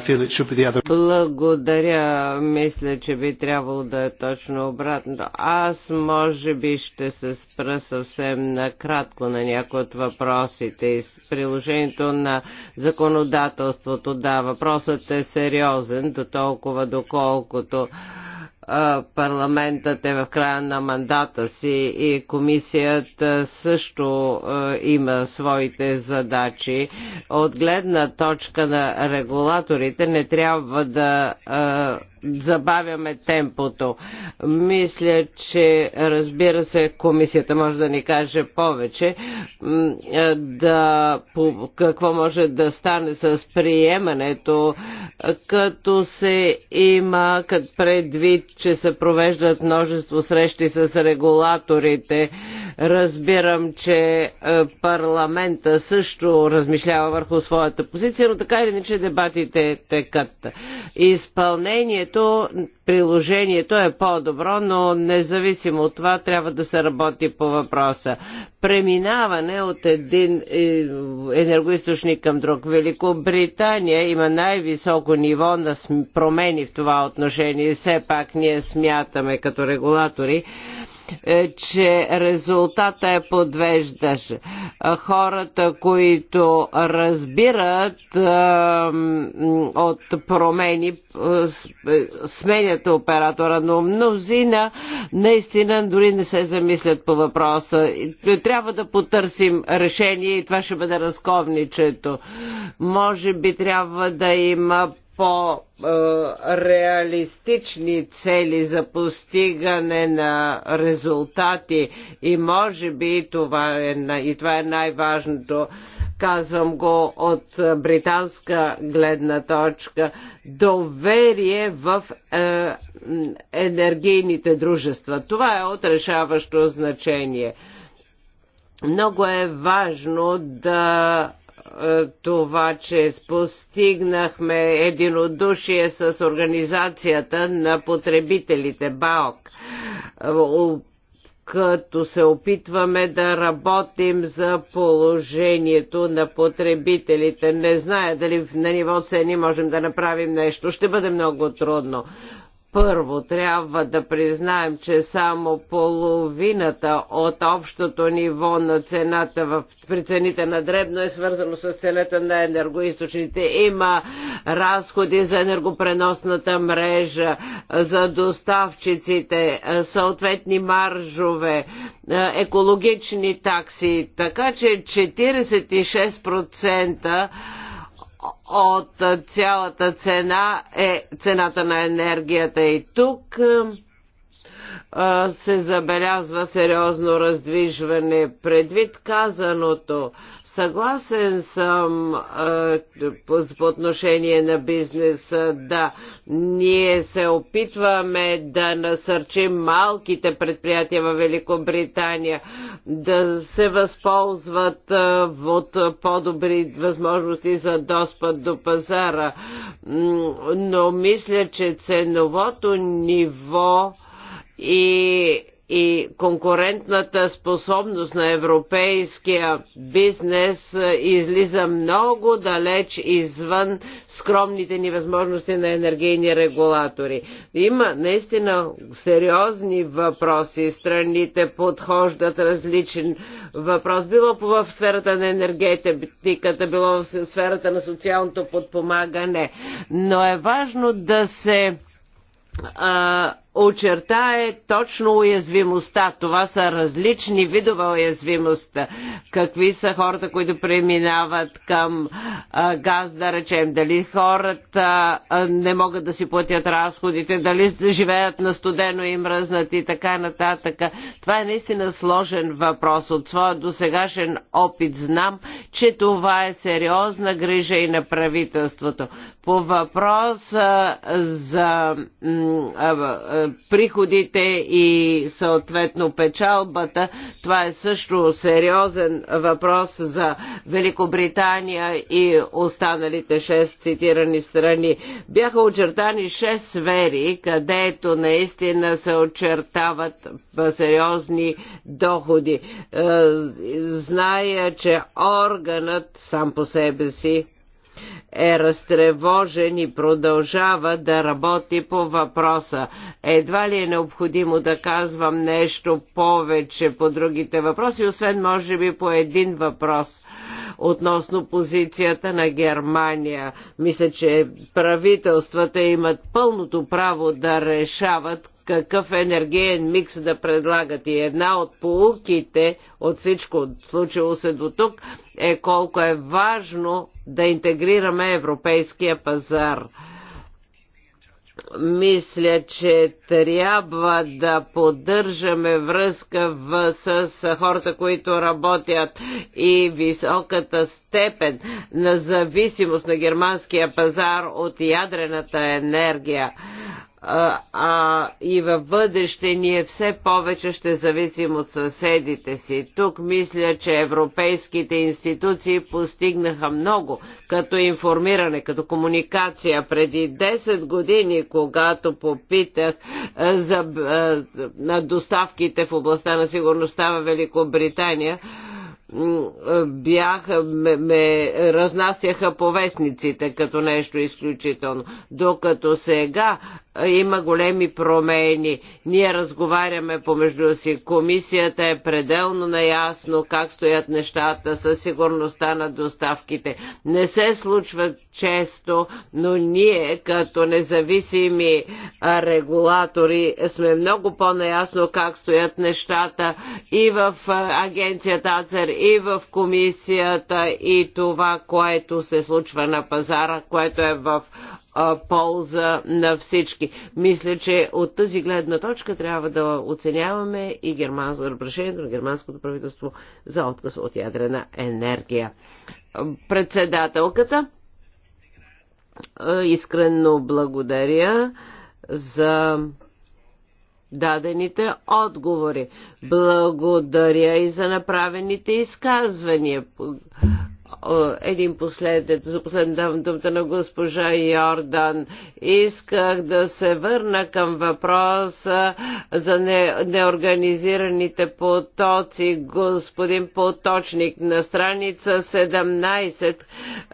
Благодаря. Мисля, че би трябвало да е точно обратно. Аз може би ще се спра съвсем накратко на някои от въпросите. Приложението на законодателството, да, въпросът е сериозен, до толкова доколкото парламентът е в края на мандата си и комисията също има своите задачи. От гледна точка на регулаторите не трябва да забавяме темпото. Мисля, че разбира се, комисията може да ни каже повече е, да, по, какво може да стане с приемането, като се има като предвид, че се провеждат множество срещи с регулаторите. Разбирам, че е, парламента също размишлява върху своята позиция, но така или иначе дебатите текат. Изпълнението времето приложението е по-добро, но независимо от това трябва да се работи по въпроса. Преминаване от един е, енергоисточник към друг. Великобритания има най-високо ниво на промени в това отношение. Все пак ние смятаме като регулатори, е, че резултата е подвеждаш. Е, хората, които разбират е, от промени, сменят оператора, но мнозина наистина дори не се замислят по въпроса. Трябва да потърсим решение и това ще бъде разковничето. Може би трябва да има по-реалистични цели за постигане на резултати и може би това е, и това е най-важното. Казвам го от британска гледна точка. Доверие в е, енергийните дружества. Това е от решаващо значение. Много е важно да е, това, че постигнахме единодушие с Организацията на потребителите БАОК е, като се опитваме да работим за положението на потребителите. Не зная дали на ниво цени можем да направим нещо. Ще бъде много трудно. Първо, трябва да признаем, че само половината от общото ниво на цената в прицените на дребно е свързано с цената на енергоисточните. Има разходи за енергопреносната мрежа, за доставчиците, съответни маржове, екологични такси. Така че 46% от цялата цена е цената на енергията и тук е, се забелязва сериозно раздвижване. Предвид казаното, Съгласен съм по отношение на бизнеса, да, ние се опитваме да насърчим малките предприятия в Великобритания да се възползват от по-добри възможности за достъп до пазара, но мисля, че ценовото ниво и и конкурентната способност на европейския бизнес излиза много далеч извън скромните ни възможности на енергийни регулатори. Има наистина сериозни въпроси. Страните подхождат различен въпрос. Било в сферата на енергетиката, било в сферата на социалното подпомагане. Но е важно да се а, очертае точно уязвимостта. Това са различни видове уязвимост. Какви са хората, които преминават към а, газ, да речем. Дали хората а, не могат да си платят разходите, дали живеят на студено и мръзнат и така нататък. Това е наистина сложен въпрос. От своя досегашен опит знам, че това е сериозна грижа и на правителството. По въпрос а, за а, а, приходите и съответно печалбата. Това е също сериозен въпрос за Великобритания и останалите 6 цитирани страни. Бяха очертани 6 сфери, където наистина се очертават сериозни доходи. Е, зная, че органът сам по себе си е разтревожен и продължава да работи по въпроса. Едва ли е необходимо да казвам нещо повече по другите въпроси, освен може би по един въпрос относно позицията на Германия. Мисля, че правителствата имат пълното право да решават какъв енергиен микс да предлагат. И една от полуките от всичко случило се до тук е колко е важно да интегрираме европейския пазар мисля, че трябва да поддържаме връзка в, с, с хората, които работят и високата степен на зависимост на германския пазар от ядрената енергия а, и във бъдеще ние все повече ще зависим от съседите си. Тук мисля, че европейските институции постигнаха много, като информиране, като комуникация. Преди 10 години, когато попитах за а, на доставките в областта на сигурността в Великобритания, бяха, ме, ме разнасяха повестниците като нещо изключително. Докато сега има големи промени. Ние разговаряме помежду си. Комисията е пределно наясно как стоят нещата със сигурността на доставките. Не се случва често, но ние като независими регулатори сме много по-наясно как стоят нещата и в агенцията АЦЕР, и в комисията, и това, което се случва на пазара, което е в а, полза на всички. Мисля, че от тази гледна точка трябва да оценяваме и германско, решението на германското правителство за отказ от ядрена енергия. Председателката, искрено благодаря за дадените отговори. Благодаря и за направените изказвания. Е, един последен, за последен давам думата на госпожа Йордан. Исках да се върна към въпроса за не, неорганизираните потоци. Господин Поточник на страница 17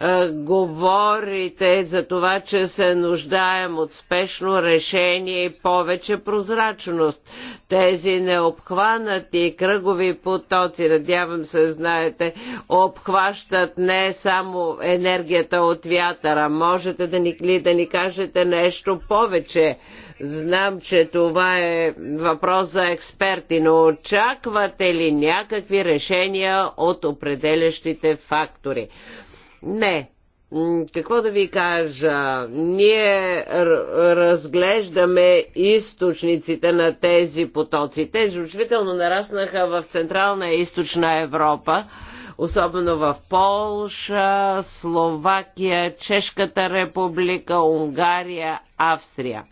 е, говорите за това, че се нуждаем от спешно решение и повече прозрачност. Тези необхванати кръгови потоци, надявам се знаете, обхващат не е само енергията от вятъра. Можете да ни, ли да ни кажете нещо повече? Знам, че това е въпрос за експерти, но очаквате ли някакви решения от определящите фактори? Не, какво да ви кажа, ние разглеждаме източниците на тези потоци. Те жучвително нараснаха в Централна и Източна Европа особено в Полша, Словакия, Чешката република, Унгария, Австрия.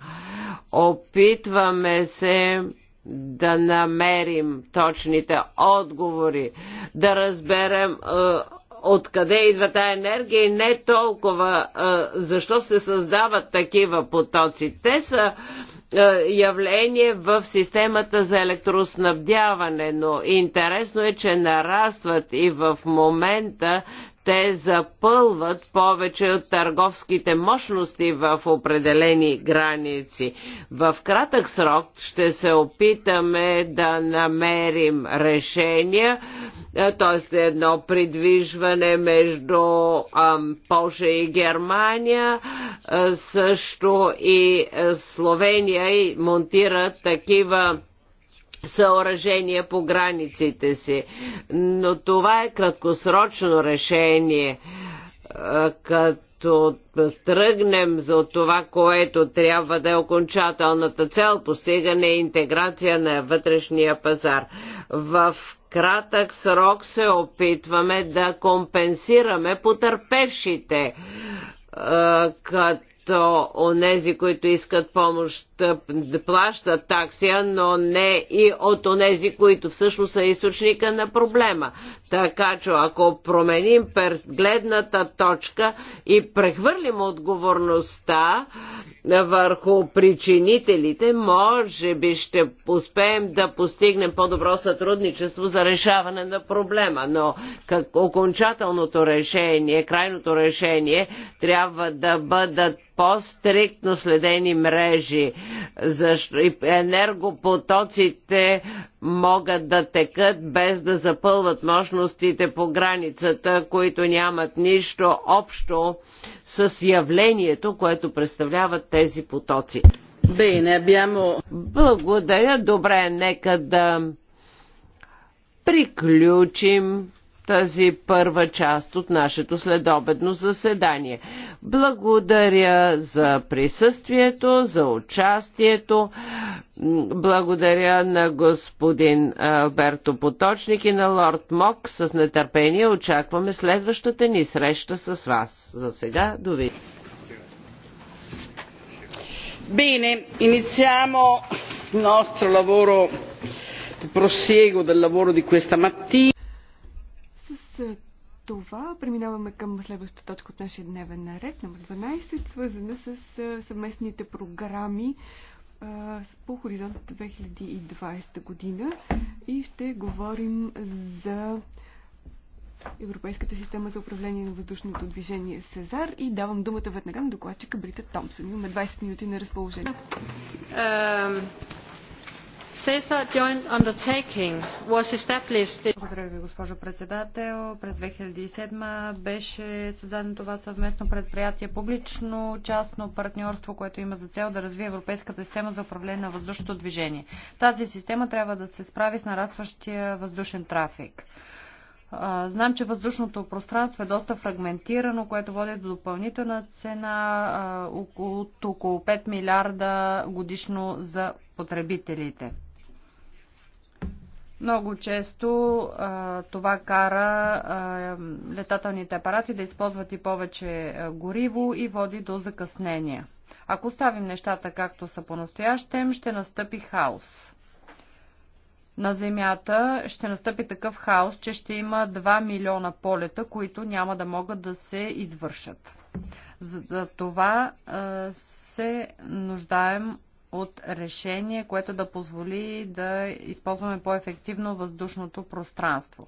Опитваме се да намерим точните отговори, да разберем е, откъде идва тая енергия и не толкова а, е, защо се създават такива потоци. Те са е, явление в системата за електроснабдяване, но интересно е, че нарастват и в момента те запълват повече от търговските мощности в определени граници. В кратък срок ще се опитаме да намерим решения, т.е. едно придвижване между Польша и Германия, също и Словения и монтират такива съоръжения по границите си. Но това е краткосрочно решение, като тръгнем за това, което трябва да е окончателната цел, постигане и интеграция на вътрешния пазар. В кратък срок се опитваме да компенсираме потърпевшите, като онези, които искат помощ, да плащат таксия, но не и от онези, които всъщност са източника на проблема. Така че ако променим гледната точка и прехвърлим отговорността върху причинителите, може би ще успеем да постигнем по-добро сътрудничество за решаване на проблема. Но как окончателното решение, крайното решение трябва да бъдат по-стриктно следени мрежи. защото енергопотоците могат да текат без да запълват мощностите по границата, които нямат нищо общо с явлението, което представляват тези потоци. Bene, abbiamo... Благодаря. Добре, нека да приключим тази първа част от нашето следобедно заседание. Благодаря за присъствието, за участието. Благодаря на господин Алберто Поточник и на лорд Мок. С нетърпение очакваме следващата ни среща с вас. За сега, довиждане. Bene, iniziamo il nostro lavoro, il prosieguo del lavoro di questa mattina това преминаваме към следващата точка от нашия дневен наред, номер 12, свързана с съвместните програми по Хоризонт 2020 година и ще говорим за Европейската система за управление на въздушното движение Сезар и давам думата веднага на докладчика Брита Томпсън. Имаме 20 минути на разположение. Благодаря ви, госпожо председател. През 2007 беше създадено това съвместно предприятие публично-частно партньорство, което има за цел да развие Европейската система за управление на въздушното движение. Тази система трябва да се справи с нарастващия въздушен трафик. Знам, че въздушното пространство е доста фрагментирано, което води до допълнителна цена от около 5 милиарда годишно за потребителите. Много често това кара летателните апарати да използват и повече гориво и води до закъснения. Ако оставим нещата както са по-настоящем, ще настъпи хаос на Земята ще настъпи такъв хаос, че ще има 2 милиона полета, които няма да могат да се извършат. За това се нуждаем от решение, което да позволи да използваме по-ефективно въздушното пространство.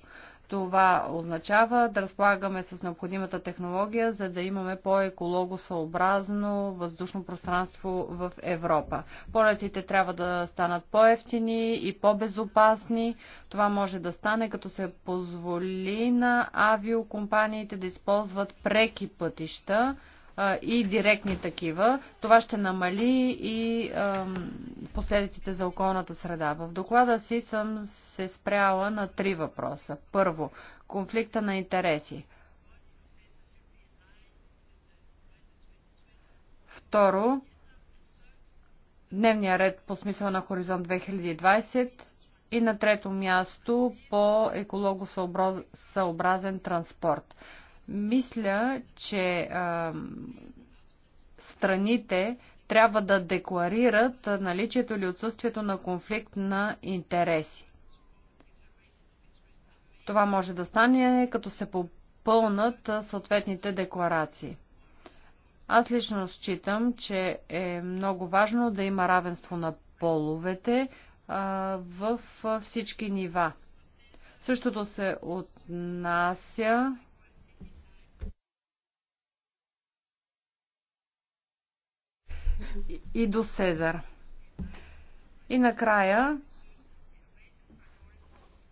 Това означава да разполагаме с необходимата технология, за да имаме по-екологосъобразно въздушно пространство в Европа. Полетите трябва да станат по-ефтини и по-безопасни. Това може да стане, като се позволи на авиокомпаниите да използват преки пътища, и директни такива. Това ще намали и последиците за околната среда. В доклада си съм се спряла на три въпроса. Първо, конфликта на интереси. Второ, дневния ред по смисъл на Хоризонт 2020 и на трето място по екологосъобразен транспорт. Мисля, че а, страните трябва да декларират наличието или отсъствието на конфликт на интереси. Това може да стане, като се попълнат съответните декларации. Аз лично считам, че е много важно да има равенство на половете в всички нива. Същото се отнася и до Сезар. И накрая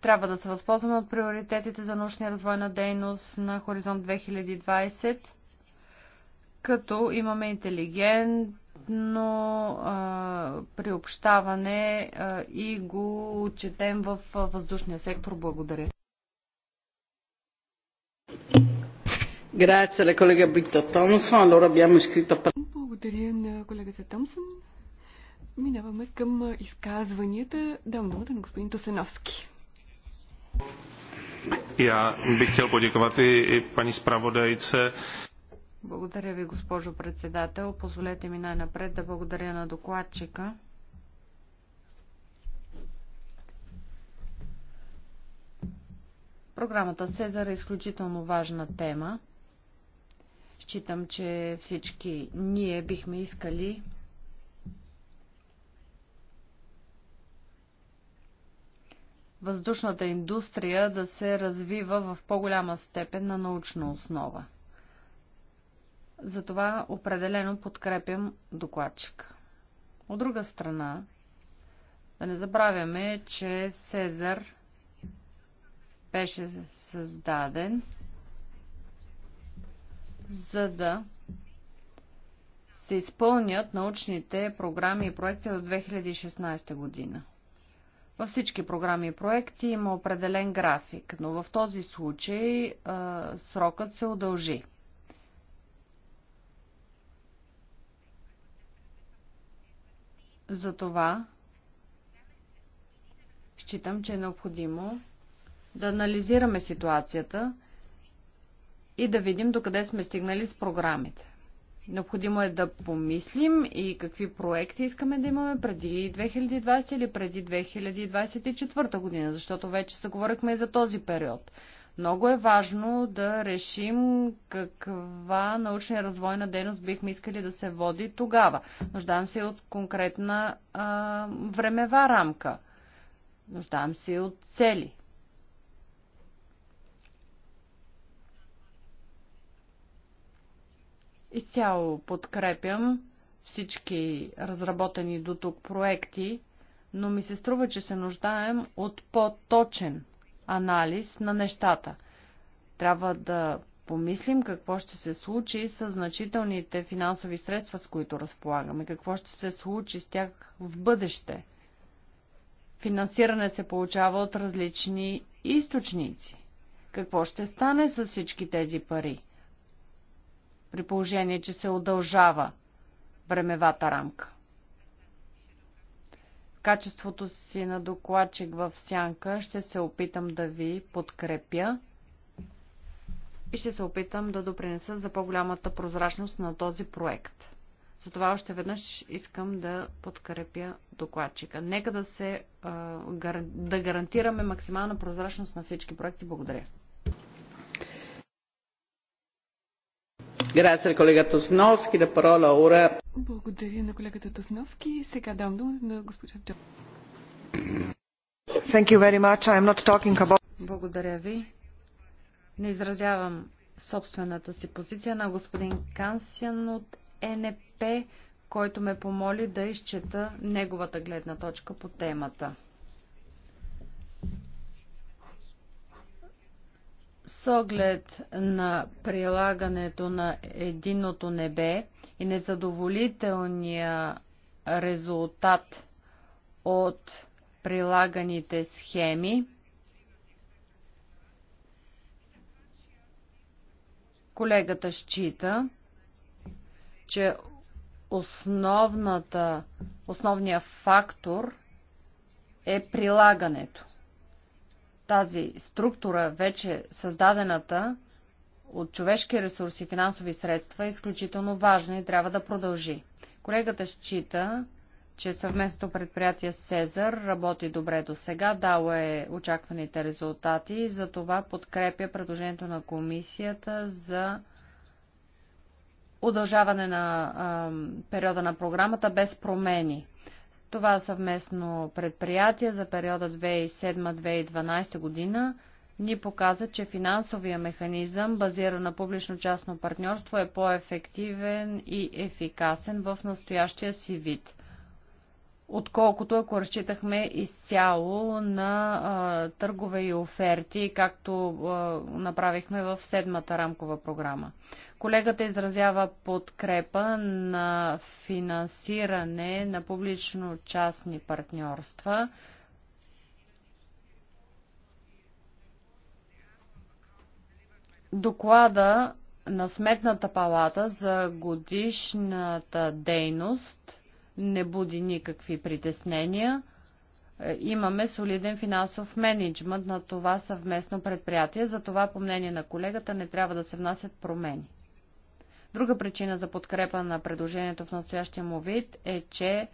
трябва да се възползваме от приоритетите за научния развой на дейност на Хоризонт 2020, като имаме интелигентно а, приобщаване а, и го четем в въздушния сектор. Благодаря. Grazie alla collega Britta Thomson, Allora abbiamo iscritto a благодаря на колегата Томсън. Минаваме към изказванията. Дам думата на господин Тосеновски. Я бих хотел подяковать и пани справодайце. Благодаря ви, госпожо председател. Позволете ми най-напред да благодаря на докладчика. Програмата Сезар е изключително важна тема. Считам, че всички ние бихме искали въздушната индустрия да се развива в по-голяма степен на научна основа. Затова определено подкрепям докладчика. От друга страна, да не забравяме, че Сезар беше създаден за да се изпълнят научните програми и проекти до 2016 година. Във всички програми и проекти има определен график, но в този случай а, срокът се удължи. Затова считам, че е необходимо да анализираме ситуацията и да видим докъде сме стигнали с програмите. Необходимо е да помислим и какви проекти искаме да имаме преди 2020 или преди 2024 година, защото вече се говорихме и за този период. Много е важно да решим каква научна и развойна дейност бихме искали да се води тогава. Нуждавам се от конкретна а, времева рамка. Нуждавам се от цели. Изцяло подкрепям всички разработени до тук проекти, но ми се струва, че се нуждаем от по-точен анализ на нещата. Трябва да помислим какво ще се случи с значителните финансови средства, с които разполагаме, какво ще се случи с тях в бъдеще. Финансиране се получава от различни източници. Какво ще стане с всички тези пари? при положение, че се удължава времевата рамка. В качеството си на докладчик в Сянка ще се опитам да ви подкрепя и ще се опитам да допринеса за по-голямата прозрачност на този проект. Затова още веднъж искам да подкрепя докладчика. Нека да, се, да гарантираме максимална прозрачност на всички проекти. Благодаря. Благодаря на колегата Тосновски. Сега давам думата на госпожа Джо. Благодаря ви. Не изразявам собствената си позиция на господин Кансян от НП, който ме помоли да изчета неговата гледна точка по темата. С оглед на прилагането на единното небе и незадоволителния резултат от прилаганите схеми, колегата счита, че основният фактор е прилагането тази структура, вече създадената от човешки ресурси и финансови средства, е изключително важна и трябва да продължи. Колегата счита, че съвместното предприятие Сезар работи добре до сега, дало е очакваните резултати и за това подкрепя предложението на комисията за удължаване на а, периода на програмата без промени. Това съвместно предприятие за периода 2007-2012 година ни показа, че финансовия механизъм, базиран на публично-частно партньорство, е по-ефективен и ефикасен в настоящия си вид отколкото ако разчитахме изцяло на а, търгове и оферти, както а, направихме в седмата рамкова програма. Колегата изразява подкрепа на финансиране на публично-частни партньорства. Доклада на Сметната палата за годишната дейност – не буди никакви притеснения. Е, имаме солиден финансов менеджмент на това съвместно предприятие, затова по мнение на колегата не трябва да се внасят промени. Друга причина за подкрепа на предложението в настоящия му вид е, че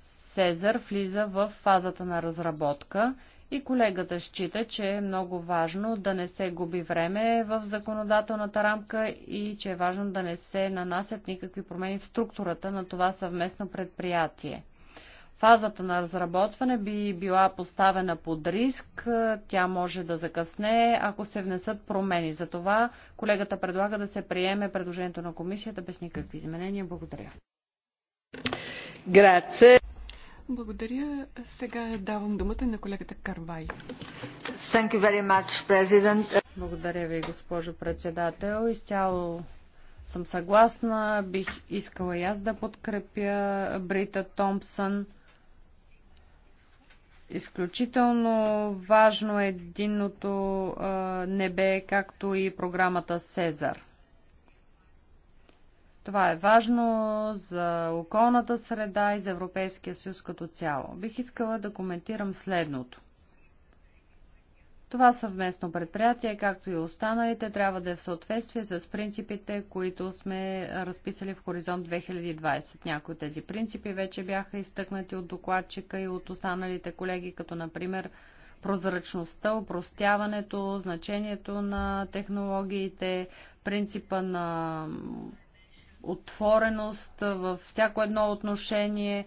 Сезар влиза в фазата на разработка и колегата счита, че е много важно да не се губи време в законодателната рамка и че е важно да не се нанасят никакви промени в структурата на това съвместно предприятие. Фазата на разработване би била поставена под риск, тя може да закъсне, ако се внесат промени. Затова колегата предлага да се приеме предложението на комисията без никакви изменения. Благодаря. Грация. Благодаря. Сега давам думата на колегата Карвай. Thank you very much, President. Благодаря ви, госпожо председател. Изцяло съм съгласна. Бих искала и аз да подкрепя Брита Томпсън. Изключително важно е единното небе, както и програмата Сезар. Това е важно за околната среда и за Европейския съюз като цяло. Бих искала да коментирам следното. Това съвместно предприятие, както и останалите, трябва да е в съответствие с принципите, които сме разписали в Хоризонт 2020. Някои от тези принципи вече бяха изтъкнати от докладчика и от останалите колеги, като например прозрачността, упростяването, значението на технологиите, принципа на отвореност във всяко едно отношение.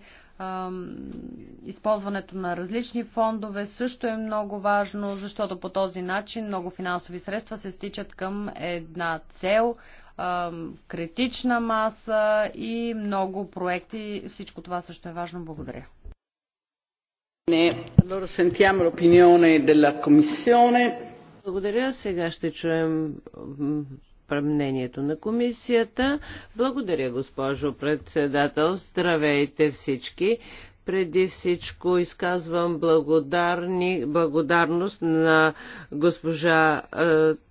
Използването на различни фондове също е много важно, защото по този начин много финансови средства се стичат към една цел, критична маса и много проекти. Всичко това също е важно. Благодаря. Благодаря. Сега ще чуем мнението на комисията. Благодаря, госпожо председател. Здравейте всички. Преди всичко изказвам благодарни, благодарност на госпожа е,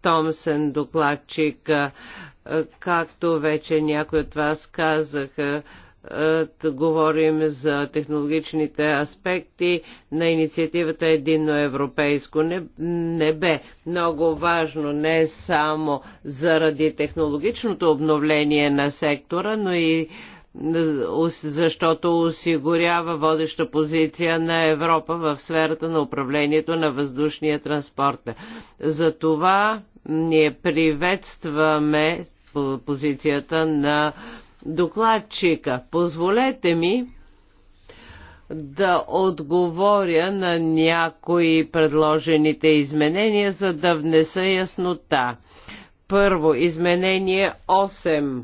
Томсен, докладчик, е, както вече някои от вас казаха. Е, е, говорим за технологичните аспекти на инициативата Единно европейско небе. Много важно не само заради технологичното обновление на сектора, но и защото осигурява водеща позиция на Европа в сферата на управлението на въздушния транспорт. За това ние приветстваме позицията на докладчика. Позволете ми да отговоря на някои предложените изменения, за да внеса яснота. Първо, изменение 8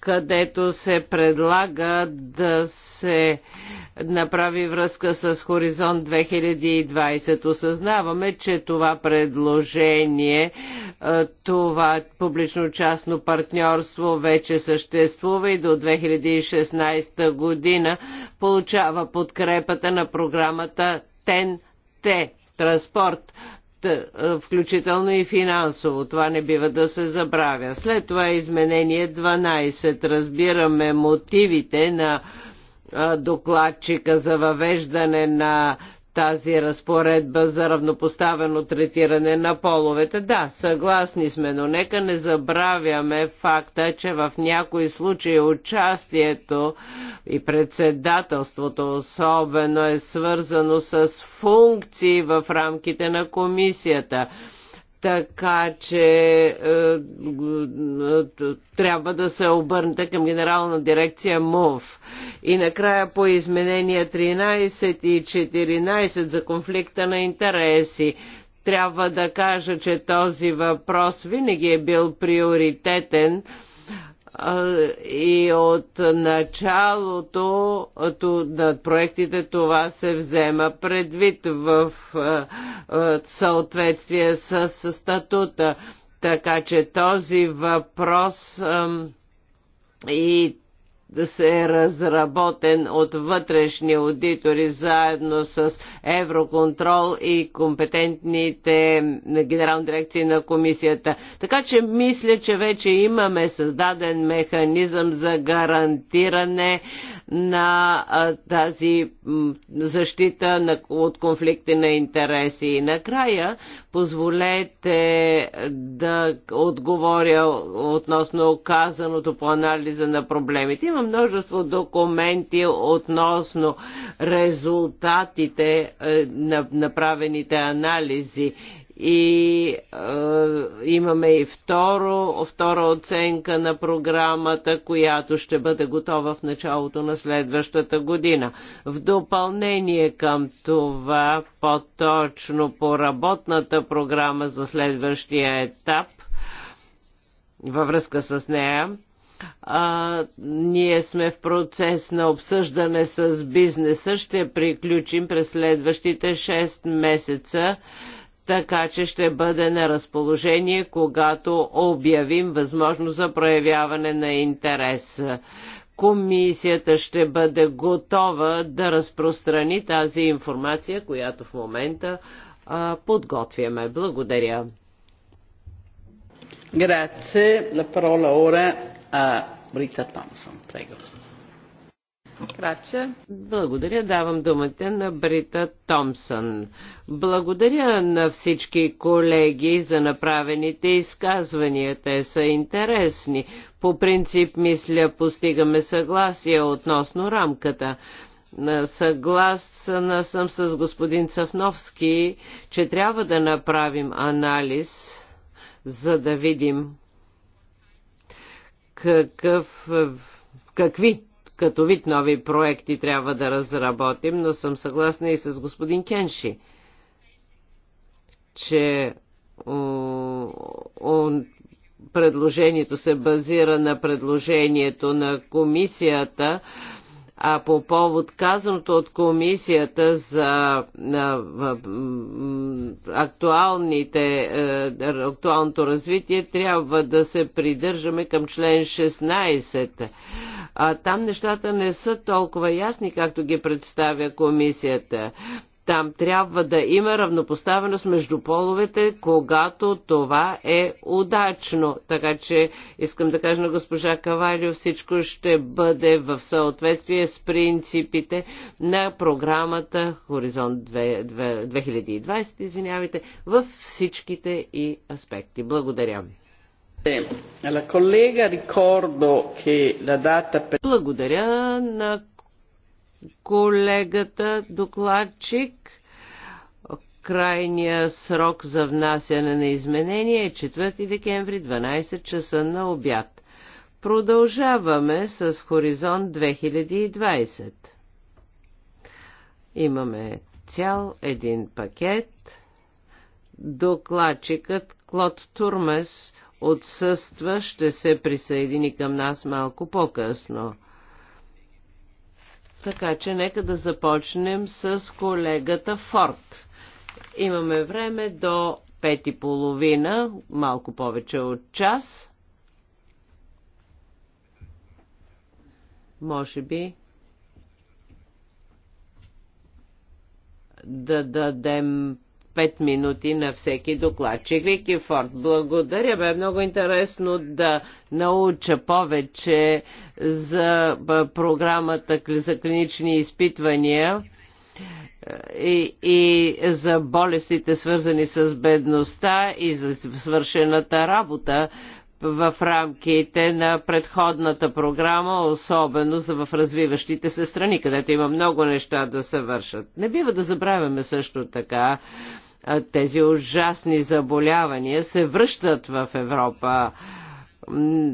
където се предлага да се направи връзка с Хоризонт 2020. Осъзнаваме, че това предложение, е, това публично-частно партньорство вече съществува и до 2016 година получава подкрепата на програмата ТЕН-Т транспорт е, включително и финансово. Това не бива да се забравя. След това е изменение 12. Разбираме мотивите на е, докладчика за въвеждане на тази разпоредба за равнопоставено третиране на половете. Да, съгласни сме, но нека не забравяме факта, че в някои случаи участието и председателството особено е свързано с функции в рамките на комисията. Така че е, трябва да се обърнете към генерална дирекция МОВ. И накрая по изменения 13 и 14 за конфликта на интереси. Трябва да кажа, че този въпрос винаги е бил приоритетен и от началото на проектите това се взема предвид в съответствие с статута. Така че този въпрос и да се е разработен от вътрешни аудитори заедно с Евроконтрол и компетентните генерални дирекции на комисията. Така че мисля, че вече имаме създаден механизъм за гарантиране на тази защита от конфликти на интереси. И накрая, позволете да отговоря относно казаното по анализа на проблемите. Имам множество документи относно резултатите е, на направените анализи и е, имаме и второ, втора оценка на програмата, която ще бъде готова в началото на следващата година. В допълнение към това, по-точно по работната програма за следващия етап, във връзка с нея, а, ние сме в процес на обсъждане с бизнеса. Ще приключим през следващите 6 месеца така че ще бъде на разположение, когато обявим възможност за проявяване на интерес. Комисията ще бъде готова да разпространи тази информация, която в момента а, подготвяме. Благодаря. Grazie, la parola ora Брита Томсон, прего. Краче. Благодаря. Давам думата на Брита Томсън. Благодаря на всички колеги за направените изказвания. Те са интересни. По принцип, мисля, постигаме съгласие относно рамката. Съгласна съм с господин Цъфновски, че трябва да направим анализ, за да видим какъв, какви като вид нови проекти трябва да разработим, но съм съгласна и с господин Кенши, че предложението се базира на предложението на комисията а по повод казаното от комисията за актуалните, е, актуалното развитие, трябва да се придържаме към член 16. А там нещата не са толкова ясни, както ги представя комисията. Там трябва да има равнопоставеност между половете, когато това е удачно. Така че искам да кажа на госпожа Кавалио, всичко ще бъде в съответствие с принципите на програмата Хоризонт 2020, извинявайте, във всичките и аспекти. Благодаря ви. Благодаря на колегата докладчик. Крайният срок за внасяне на изменения е 4 декември 12 часа на обяд. Продължаваме с Хоризонт 2020. Имаме цял един пакет. Докладчикът Клод Турмес отсъства, ще се присъедини към нас малко по-късно. Така че нека да започнем с колегата Форд. Имаме време до пет и половина, малко повече от час. Може би да дадем 5 минути на всеки докладчик. Вики Форд, благодаря. Бе много интересно да науча повече за програмата за клинични изпитвания и, и за болестите свързани с бедността и за свършената работа в рамките на предходната програма, особено за в развиващите се страни, където има много неща да се вършат. Не бива да забравяме също така, тези ужасни заболявания се връщат в Европа.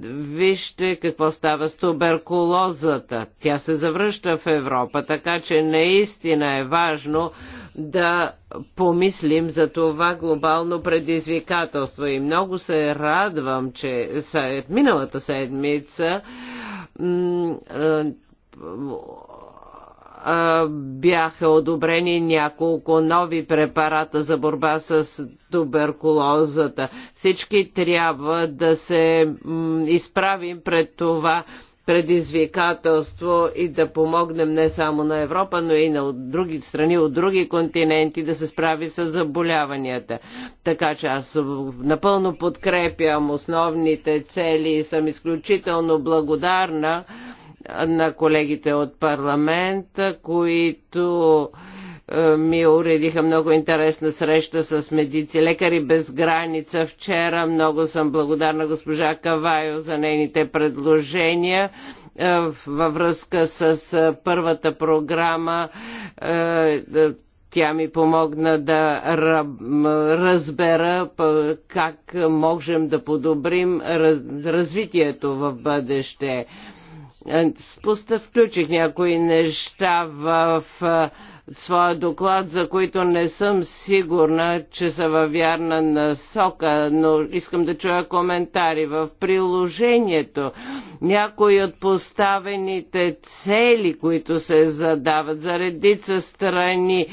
Вижте какво става с туберкулозата. Тя се завръща в Европа, така че наистина е важно да помислим за това глобално предизвикателство. И много се радвам, че миналата седмица бяха одобрени няколко нови препарата за борба с туберкулозата. Всички трябва да се изправим пред това предизвикателство и да помогнем не само на Европа, но и на други страни, от други континенти да се справи с заболяванията. Така че аз напълно подкрепям основните цели и съм изключително благодарна на колегите от парламента, които е, ми уредиха много интересна среща с медици лекари без граница вчера. Много съм благодарна госпожа Кавайо за нейните предложения е, във връзка с е, първата програма. Тя ми помогна да разбера как можем да подобрим развитието в бъдеще. Е, спуста, Включих някои неща в своя доклад, за които не съм сигурна, че са във вярна насока, но искам да чуя коментари. В приложението някои от поставените цели, които се задават за редица страни,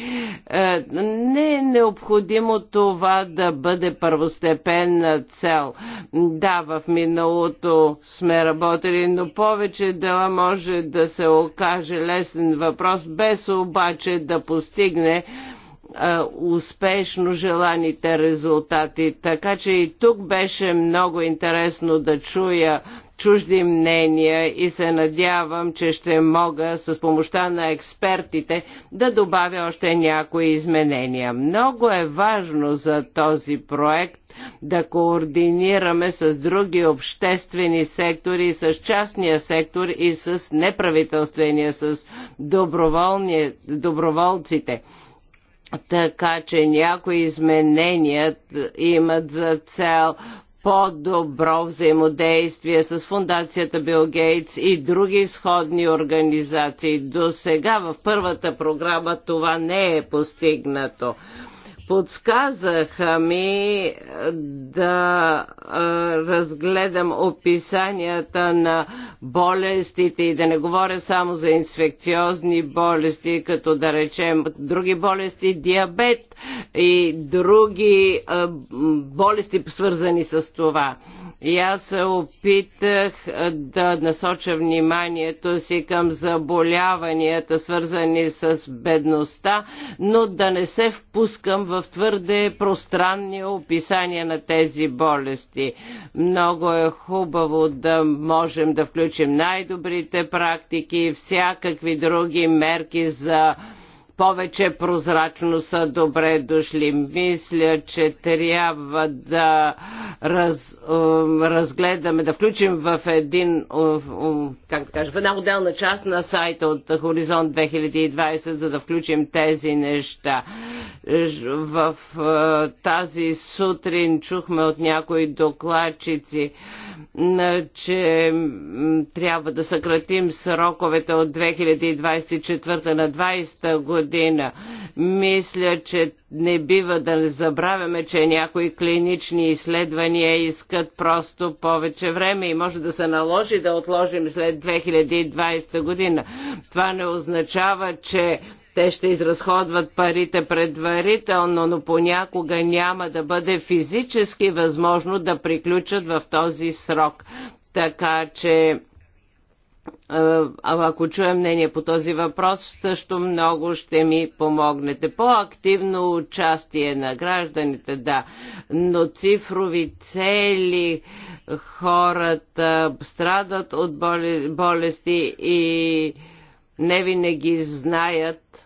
е, не е необходимо това да бъде първостепенна цел. Да, в миналото сме работили, но повече дела може да се окаже лесен въпрос, без обаче да постигне успешно желаните резултати. Така че и тук беше много интересно да чуя чужди мнения и се надявам, че ще мога с помощта на експертите да добавя още някои изменения. Много е важно за този проект да координираме с други обществени сектори, с частния сектор и с неправителствения, с доброволците така че някои изменения имат за цел по-добро взаимодействие с Фундацията Бил Гейтс и други сходни организации. До сега в първата програма това не е постигнато. Подсказаха ми да разгледам описанията на болестите и да не говоря само за инфекциозни болести, като да речем други болести, диабет и други болести свързани с това. И аз се опитах да насоча вниманието си към заболяванията, свързани с бедността, но да не се впускам в твърде пространни описания на тези болести. Много е хубаво да можем да включим най-добрите практики и всякакви други мерки за повече прозрачност са добре дошли. Мисля, че трябва да раз, разгледаме, да включим в един, как да кажа, в една отделна част на сайта от Хоризонт 2020, за да включим тези неща. В е, тази сутрин чухме от някои докладчици, че трябва да съкратим сроковете от 2024 на 2020 година. Мисля, че не бива да не забравяме, че някои клинични изследвания искат просто повече време и може да се наложи да отложим след 2020 година. Това не означава, че те ще изразходват парите предварително, но понякога няма да бъде физически възможно да приключат в този срок. Така че е, ако чуем мнение по този въпрос, също много ще ми помогнете. По-активно участие на гражданите, да, но цифрови цели, хората страдат от болести и не винаги знаят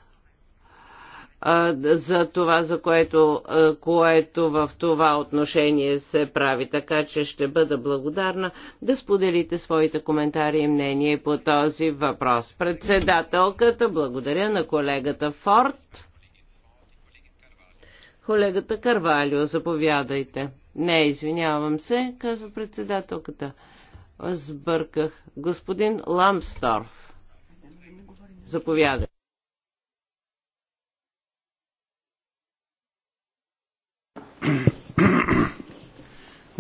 за това, за което, което в това отношение се прави. Така че ще бъда благодарна да споделите своите коментари и мнение по този въпрос. Председателката, благодаря на колегата Форд. Колегата Карвалио, заповядайте. Не, извинявам се, казва председателката. Сбърках. Господин Ламсторф. заповядайте.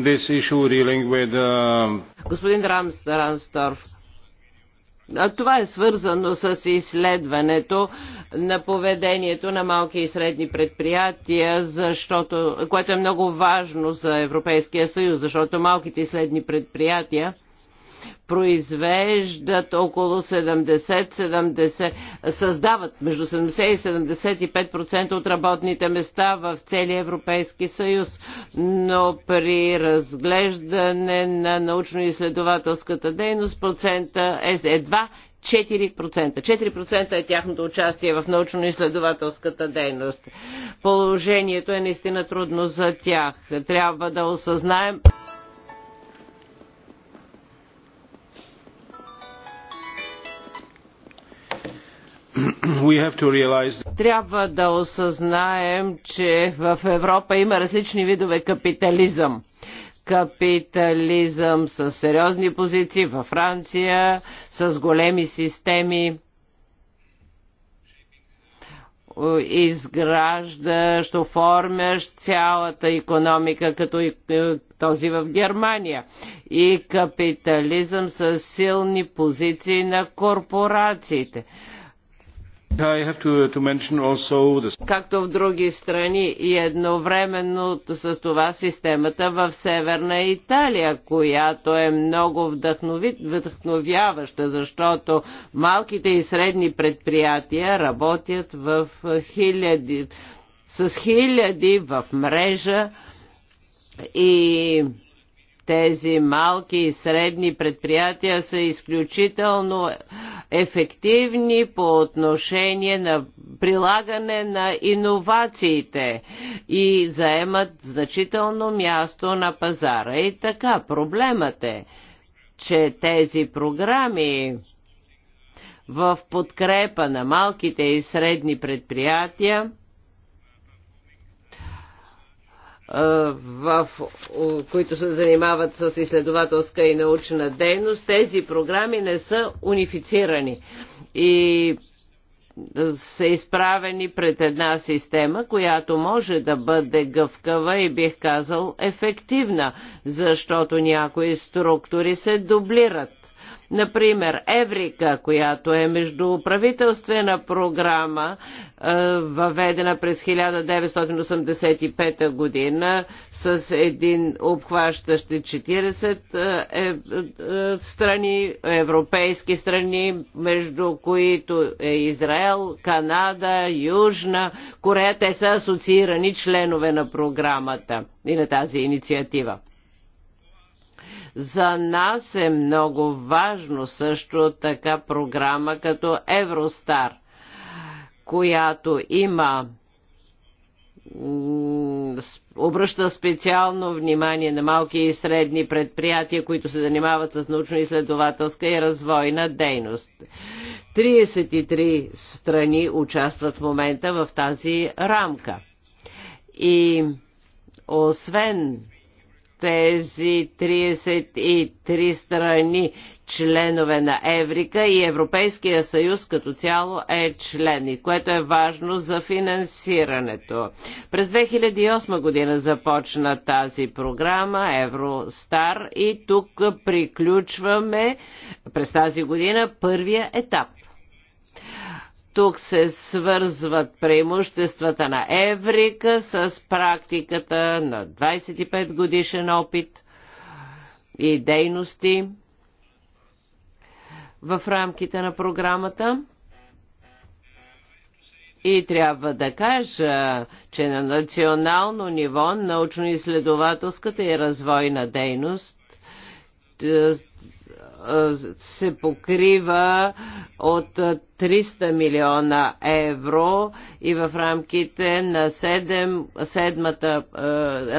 this issue dealing with... Uh, Господин Рамс, това е свързано с изследването на поведението на малки и средни предприятия, защото, което е много важно за Европейския съюз, защото малките и средни предприятия произвеждат около 70-70, създават между 70 и 75% от работните места в целия Европейски съюз. Но при разглеждане на научно-изследователската дейност процента е едва 4%. 4% е тяхното участие в научно-изследователската дейност. Положението е наистина трудно за тях. Трябва да осъзнаем. Трябва да осъзнаем, че в Европа има различни видове капитализъм. Капитализъм с сериозни позиции във Франция, с големи системи, изграждащ, оформящ цялата економика, като е, този в Германия. И капитализъм с силни позиции на корпорациите. Както в други страни и едновременно с това системата в Северна Италия, която е много вдъхновяваща, защото малките и средни предприятия работят в хиляди, с хиляди в мрежа и тези малки и средни предприятия са изключително ефективни по отношение на прилагане на иновациите и заемат значително място на пазара. И така, проблемът е, че тези програми в подкрепа на малките и средни предприятия в, които се занимават с изследователска и научна дейност, тези програми не са унифицирани и са изправени пред една система, която може да бъде гъвкава и бих казал ефективна, защото някои структури се дублират Например, Еврика, която е междуправителствена програма, е, въведена през 1985 година с един обхващащ 40 е, е, страни, европейски страни, между които е Израел, Канада, Южна Корея. Те са асоциирани членове на програмата и на тази инициатива. За нас е много важно също така програма като Евростар, която има обръща специално внимание на малки и средни предприятия, които се занимават с научно-изследователска и развойна дейност. 33 страни участват в момента в тази рамка. И освен тези 33 страни членове на Еврика и Европейския съюз като цяло е член, и което е важно за финансирането. През 2008 година започна тази програма Евростар и тук приключваме през тази година първия етап. Тук се свързват преимуществата на Еврика с практиката на 25 годишен опит и дейности в рамките на програмата. И трябва да кажа, че на национално ниво научно-изследователската и развойна дейност се покрива от 300 милиона евро и в рамките на 7, седмата е,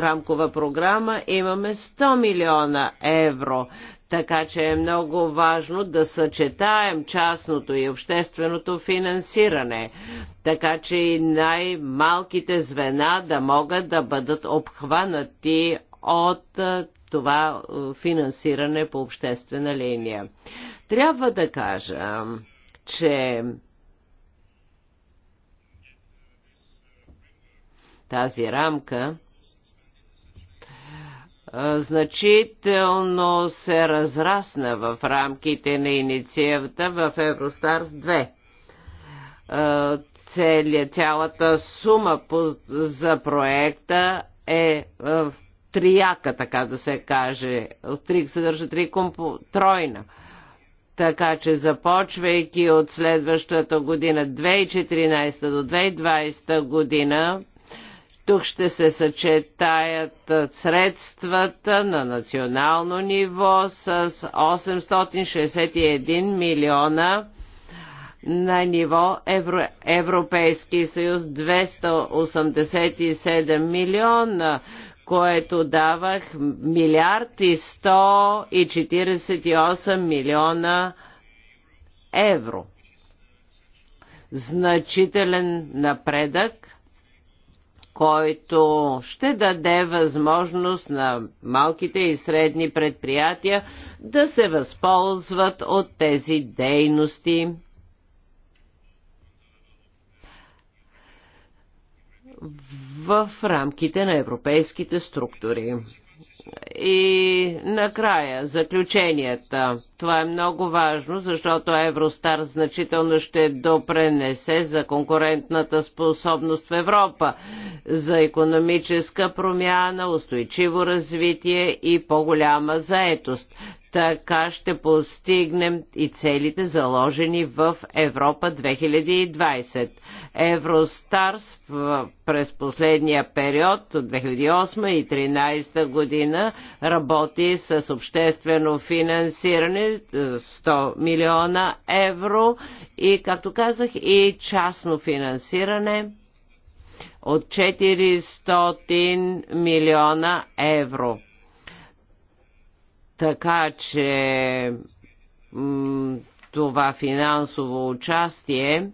рамкова програма имаме 100 милиона евро. Така че е много важно да съчетаем частното и общественото финансиране, така че и най-малките звена да могат да бъдат обхванати от е, това е, финансиране по обществена линия. Трябва да кажа, че тази рамка е, значително се разрасна в рамките на инициативата в Евростарс 2. Е, цялата сума по, за проекта е в трияка, така да се каже. Три, съдържа три компо, тройна. Така че започвайки от следващата година, 2014 до 2020 година, тук ще се съчетаят средствата на национално ниво с 861 милиона на ниво Евро, Европейски съюз 287 милиона, което давах милиард и 148 милиона евро. Значителен напредък, който ще даде възможност на малките и средни предприятия да се възползват от тези дейности в рамките на европейските структури. И накрая, заключенията това е много важно, защото Евростар значително ще допренесе за конкурентната способност в Европа, за економическа промяна, устойчиво развитие и по-голяма заетост. Така ще постигнем и целите заложени в Европа 2020. Евростарс през последния период от 2008 и 2013 година работи с обществено финансиране 100 милиона евро и, както казах, и частно финансиране от 400 милиона евро. Така че това финансово участие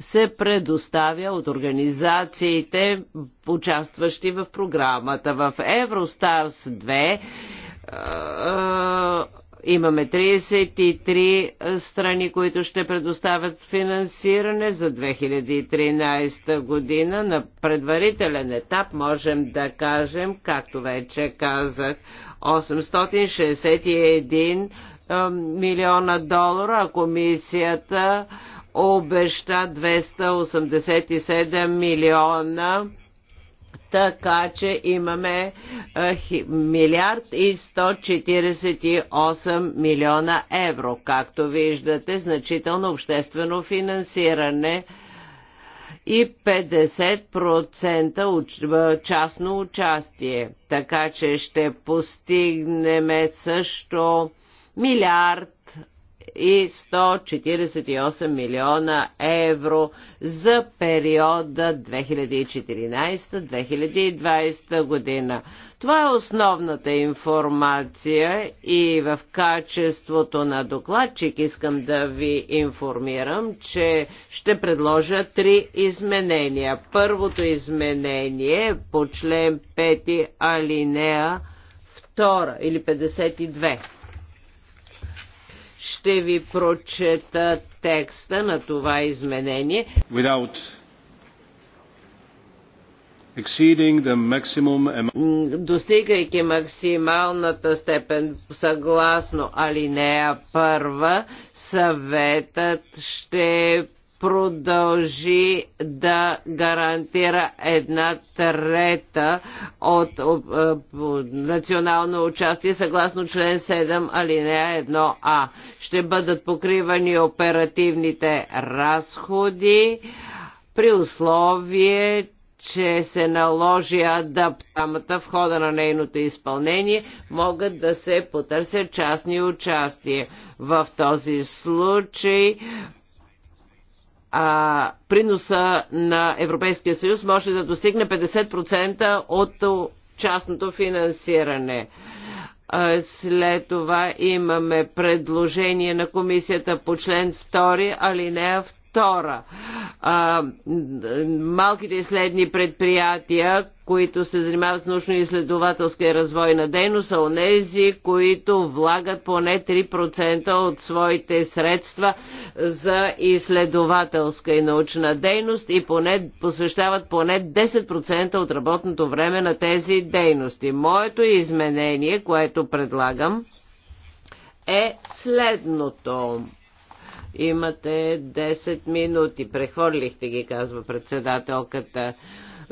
се предоставя от организациите, участващи в програмата. В Евростарс 2 Имаме 33 страни, които ще предоставят финансиране за 2013 година. На предварителен етап можем да кажем, както вече казах, 861 е, милиона долара, а комисията обеща 287 милиона така че имаме е, милиард и 148 милиона евро. Както виждате, значително обществено финансиране и 50% е, частно участие. Така че ще постигнем също милиард и 148 милиона евро за периода 2014-2020 година. Това е основната информация и в качеството на докладчик искам да ви информирам, че ще предложа три изменения. Първото изменение е по член 5 алинея 2 или 52 ще ви прочета текста на това изменение. Without exceeding the maximum достигайки максималната степен съгласно алинея първа, съветът ще продължи да гарантира една трета от е, национално участие съгласно член 7 алинея 1а. Ще бъдат покривани оперативните разходи при условие, че се наложи адаптамата в хода на нейното изпълнение, могат да се потърсят частни участия. В този случай а, приноса на Европейския съюз може да достигне 50% от частното финансиране. След това имаме предложение на комисията по член 2, алинея Втора, а, малките и следни предприятия, които се занимават с научно-изследователска и развойна дейност, са онези, които влагат поне 3% от своите средства за изследователска и научна дейност и поне, посвещават поне 10% от работното време на тези дейности. Моето изменение, което предлагам, е следното Имате 10 минути. Прехвърлихте ги, казва председателката.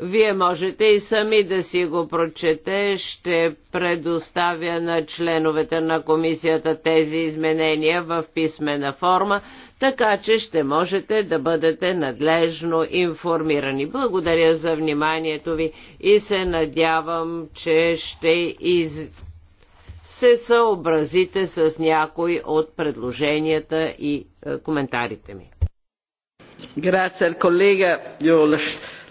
Вие можете и сами да си го прочете. Ще предоставя на членовете на комисията тези изменения в писмена форма, така че ще можете да бъдете надлежно информирани. Благодаря за вниманието ви и се надявам, че ще из се съобразите с някой от предложенията и е, коментарите ми. Grazie al collega, io ho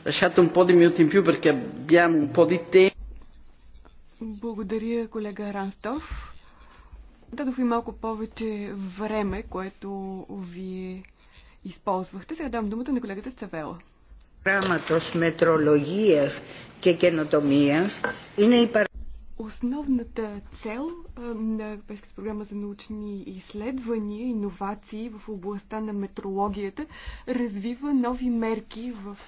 lasciato un po' di minuti in più perché abbiamo un po' di tempo. Благодаря, колега Ранстов. Дадох ви малко повече време, което вие използвахте. Сега дам думата на колегата Цавела. Πράγματος μετρολογίας και и είναι Основната цел на Европейската програма за научни изследвания, иновации в областта на метрологията развива нови мерки в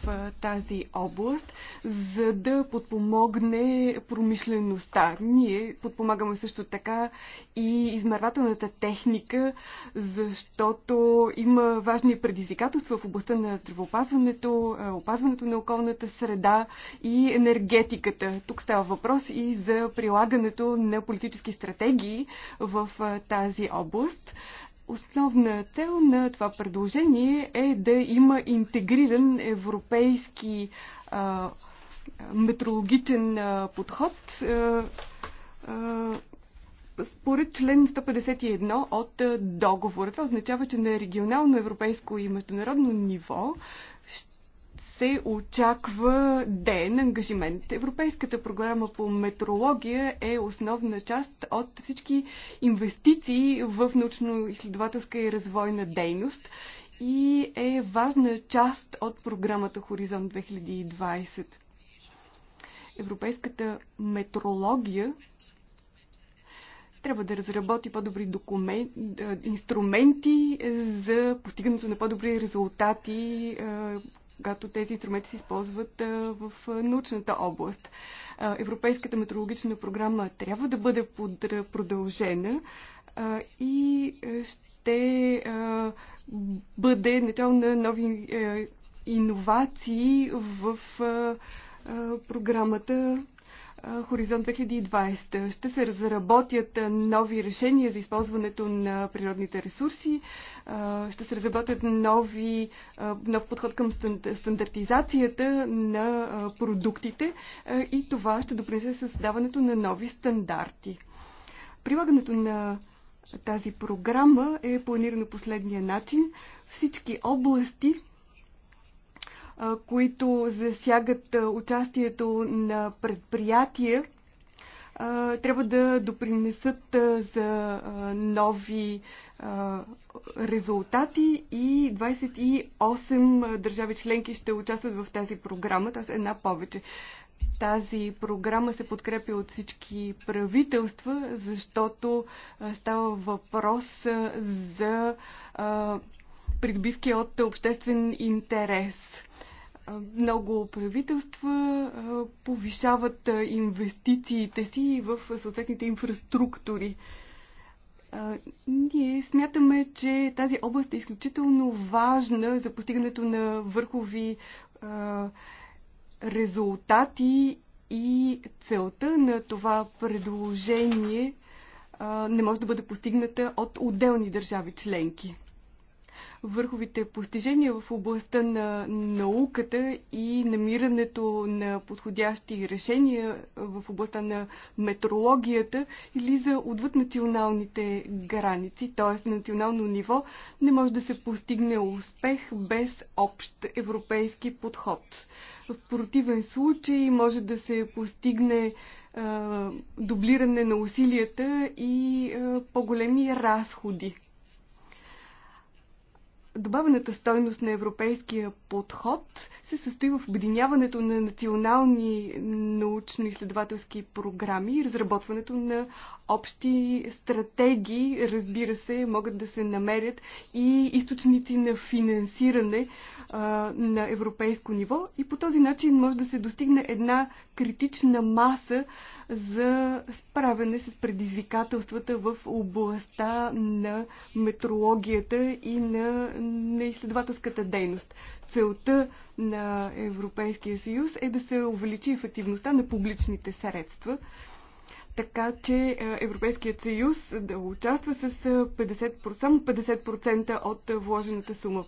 тази област, за да подпомогне промишлеността. Ние подпомагаме също така и измервателната техника, защото има важни предизвикателства в областта на здравеопазването, опазването на околната среда и енергетиката. Тук става въпрос и за прилагането на политически стратегии в тази област. Основна цел на това предложение е да има интегриран европейски а, метрологичен а, подход а, а, според член 151 от договора. Това означава, че на регионално, европейско и международно ниво се очаква ден ангажимент. Европейската програма по метрология е основна част от всички инвестиции в научно-изследователска и развойна дейност и е важна част от програмата Хоризонт 2020. Европейската метрология трябва да разработи по-добри документ, инструменти за постигането на по-добри резултати когато тези инструменти се използват в научната област. Европейската метеорологична програма трябва да бъде продължена и ще бъде начало на нови иновации в програмата Хоризонт 2020. Ще се разработят нови решения за използването на природните ресурси, ще се разработят нови, нов подход към стандартизацията на продуктите и това ще допринесе създаването на нови стандарти. Прилагането на тази програма е планирано последния начин. Всички области които засягат участието на предприятия, трябва да допринесат за нови резултати и 28 държави членки ще участват в тази програма, т.е. една повече. Тази програма се подкрепи от всички правителства, защото става въпрос за придобивки от обществен интерес много правителства повишават инвестициите си в съответните инфраструктури. Ние смятаме, че тази област е изключително важна за постигането на върхови резултати и целта на това предложение не може да бъде постигната от отделни държави членки върховите постижения в областта на науката и намирането на подходящи решения в областта на метрологията или за отвъд националните граници, т.е. на национално ниво не може да се постигне успех без общ европейски подход. В противен случай може да се постигне дублиране на усилията и по-големи разходи добавената стойност на европейския подход се състои в обединяването на национални научно-изследователски програми и разработването на общи стратегии. Разбира се, могат да се намерят и източници на финансиране а, на европейско ниво и по този начин може да се достигне една критична маса за справяне с предизвикателствата в областта на метрологията и на на изследователската дейност. Целта на Европейския съюз е да се увеличи ефективността на публичните средства, така че е, Европейският съюз да участва с 50%, е, само 50% от вложената сума.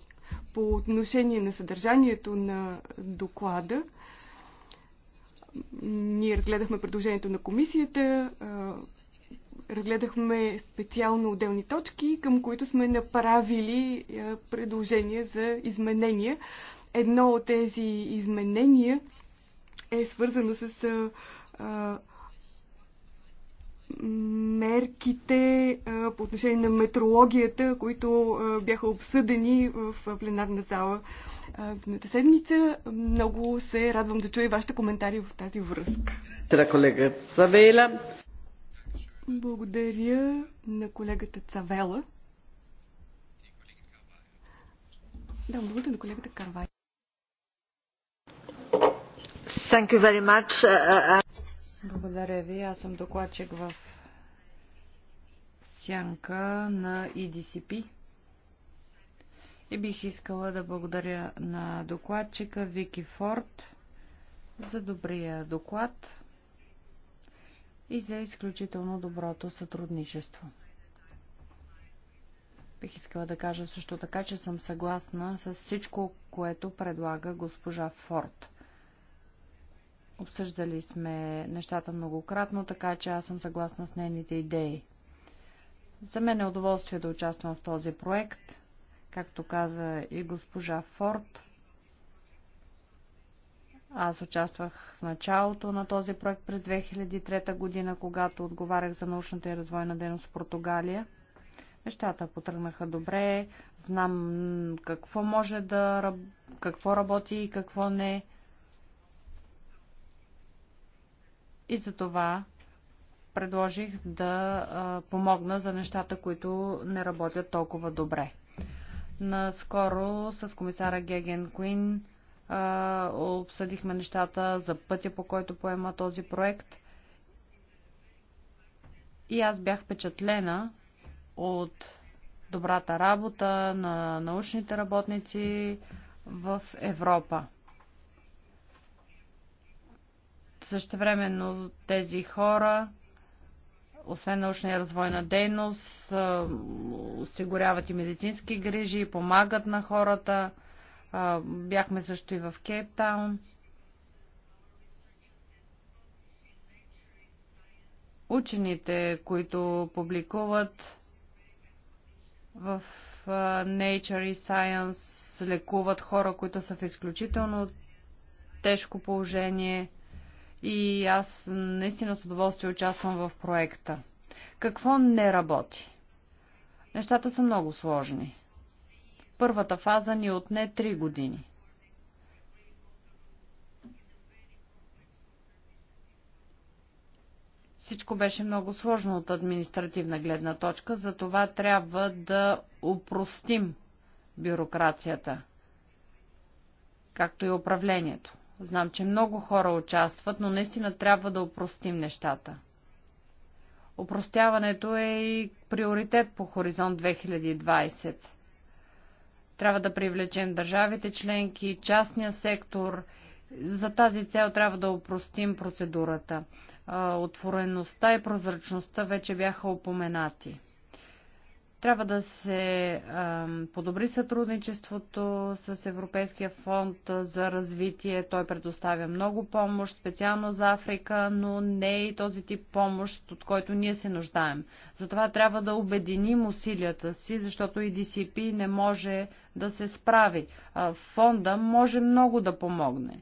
По отношение на съдържанието на доклада, ние разгледахме предложението на комисията, е, разгледахме специално отделни точки, към които сме направили е, предложения за изменения. Едно от тези изменения е свързано с а, е, е, мерките а, по отношение на метрологията, които а, бяха обсъдени в пленарна зала миналата седмица. Много се радвам да чуя вашите коментари в тази връзка. Тра колега Савела. Благодаря на колегата Цавела. Да, благодаря на колегата Карвай. Thank you very much. Uh, uh, uh. Благодаря ви. Аз съм докладчик в сянка на EDCP. И бих искала да благодаря на докладчика Вики Форд за добрия доклад и за изключително доброто сътрудничество. Бих искала да кажа също така, че съм съгласна с всичко, което предлага госпожа Форд. Обсъждали сме нещата многократно, така че аз съм съгласна с нейните идеи. За мен е удоволствие да участвам в този проект. Както каза и госпожа Форд, аз участвах в началото на този проект през 2003 година, когато отговарях за научната и развойна дейност в Португалия. Нещата потръгнаха добре, знам какво може да, какво работи и какво не. И за това предложих да помогна за нещата, които не работят толкова добре. Наскоро с комисара Геген Куин обсъдихме нещата за пътя, по който поема този проект. И аз бях впечатлена от добрата работа на научните работници в Европа. Същевременно тези хора, освен научна и развойна дейност, осигуряват и медицински грижи, помагат на хората – Бяхме също и в Кейптаун. Учените, които публикуват в Nature и Science, лекуват хора, които са в изключително тежко положение и аз наистина с удоволствие участвам в проекта. Какво не работи? Нещата са много сложни. Първата фаза ни е отне три години. Всичко беше много сложно от административна гледна точка, затова трябва да упростим бюрокрацията, както и управлението. Знам, че много хора участват, но наистина трябва да упростим нещата. Опростяването е и приоритет по Хоризонт 2020. Трябва да привлечем държавите членки, частния сектор. За тази цел трябва да опростим процедурата. Отвореността и прозрачността вече бяха упоменати. Трябва да се а, подобри сътрудничеството с Европейския фонд за развитие. Той предоставя много помощ, специално за Африка, но не и този тип помощ, от който ние се нуждаем. Затова трябва да обединим усилията си, защото и DCP не може да се справи. А, фонда може много да помогне.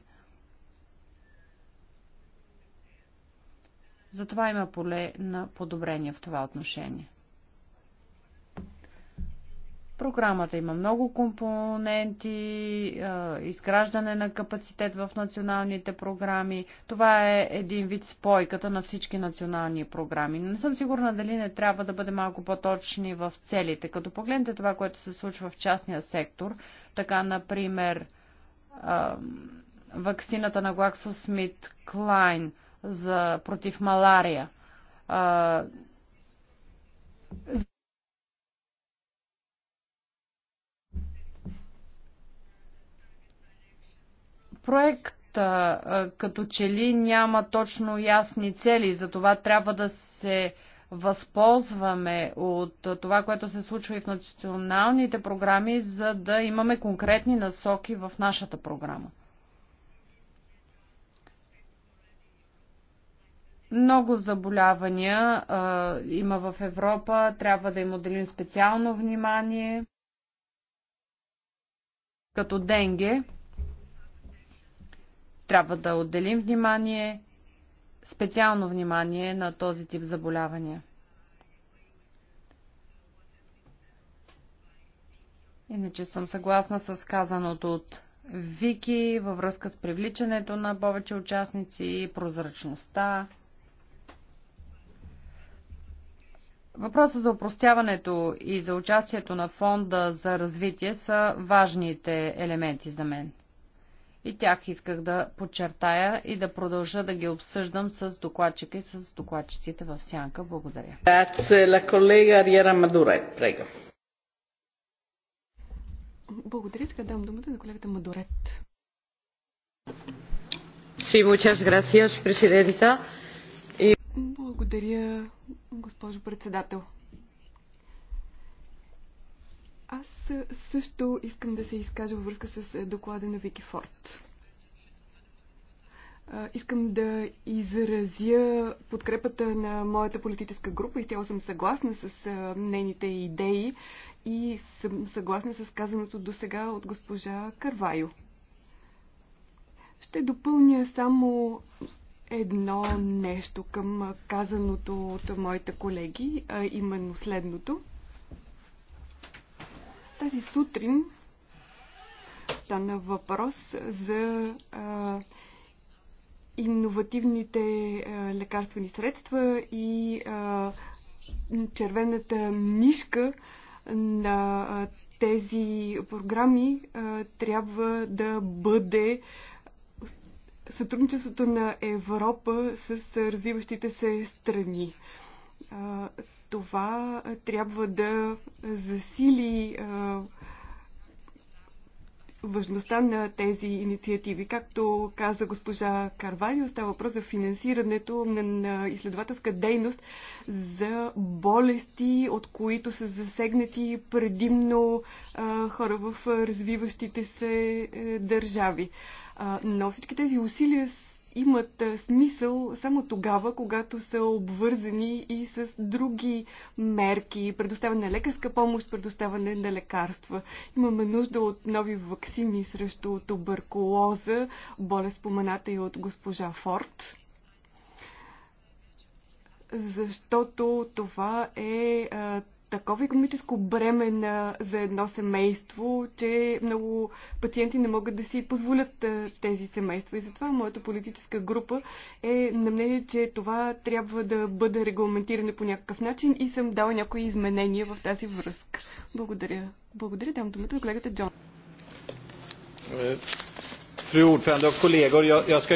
Затова има поле на подобрение в това отношение. Програмата има много компоненти, изграждане на капацитет в националните програми. Това е един вид спойката на всички национални програми. Не съм сигурна дали не трябва да бъде малко по-точни в целите. Като погледнете това, което се случва в частния сектор, така, например, ваксината на Смит Клайн за против малария. проект като че ли няма точно ясни цели, затова трябва да се възползваме от това, което се случва и в националните програми, за да имаме конкретни насоки в нашата програма. Много заболявания а, има в Европа, трябва да им отделим специално внимание, като денге. Трябва да отделим внимание, специално внимание на този тип заболявания. Иначе съм съгласна с казаното от Вики във връзка с привличането на повече участници и прозрачността. Въпроса за упростяването и за участието на фонда за развитие са важните елементи за мен. И тях исках да подчертая и да продължа да ги обсъждам с докладчика и с докладчиците в Сянка. Благодаря. Благодаря. Сега дам думата на колегата Мадорет. Sí, muchas gracias, Благодаря, госпожо председател. Аз също искам да се изкажа във връзка с доклада на Вики Форд. Искам да изразя подкрепата на моята политическа група. Изцяло съм съгласна с нейните идеи и съм съгласна с казаното до сега от госпожа Карвайо. Ще допълня само едно нещо към казаното от моите колеги, а именно следното. Тази сутрин стана въпрос за а, иновативните а, лекарствени средства и а, червената нишка на а, тези програми а, трябва да бъде сътрудничеството на Европа с развиващите се страни. Това трябва да засили важността на тези инициативи. Както каза госпожа Карвалио, става въпрос за финансирането на, изследователска дейност за болести, от които са засегнати предимно а, хора в развиващите се е, държави. А, но всички тези усилия имат смисъл само тогава, когато са обвързани и с други мерки, предоставяне на лекарска помощ, предоставяне на лекарства. Имаме нужда от нови вакцини срещу туберкулоза, болест спомената и от госпожа Форд защото това е а, такова економическо бреме на, за едно семейство, че много пациенти не могат да си позволят тези семейства. И затова моята политическа група е на мнение, че това трябва да бъде регламентирано по някакъв начин и съм дала някои изменения в тази връзка. Благодаря. Благодаря. Дам думата на колегата Джон. Fru ordförande och kollegor, jag, jag ska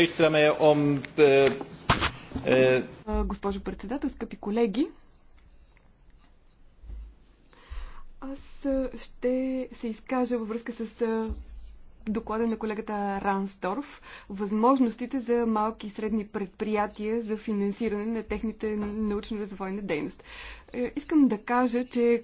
om... Госпожо председател, скъпи колеги, Аз ще се изкажа във връзка с доклада на колегата Рансторф възможностите за малки и средни предприятия за финансиране на техните научно-развойна дейност. Е, искам да кажа, че,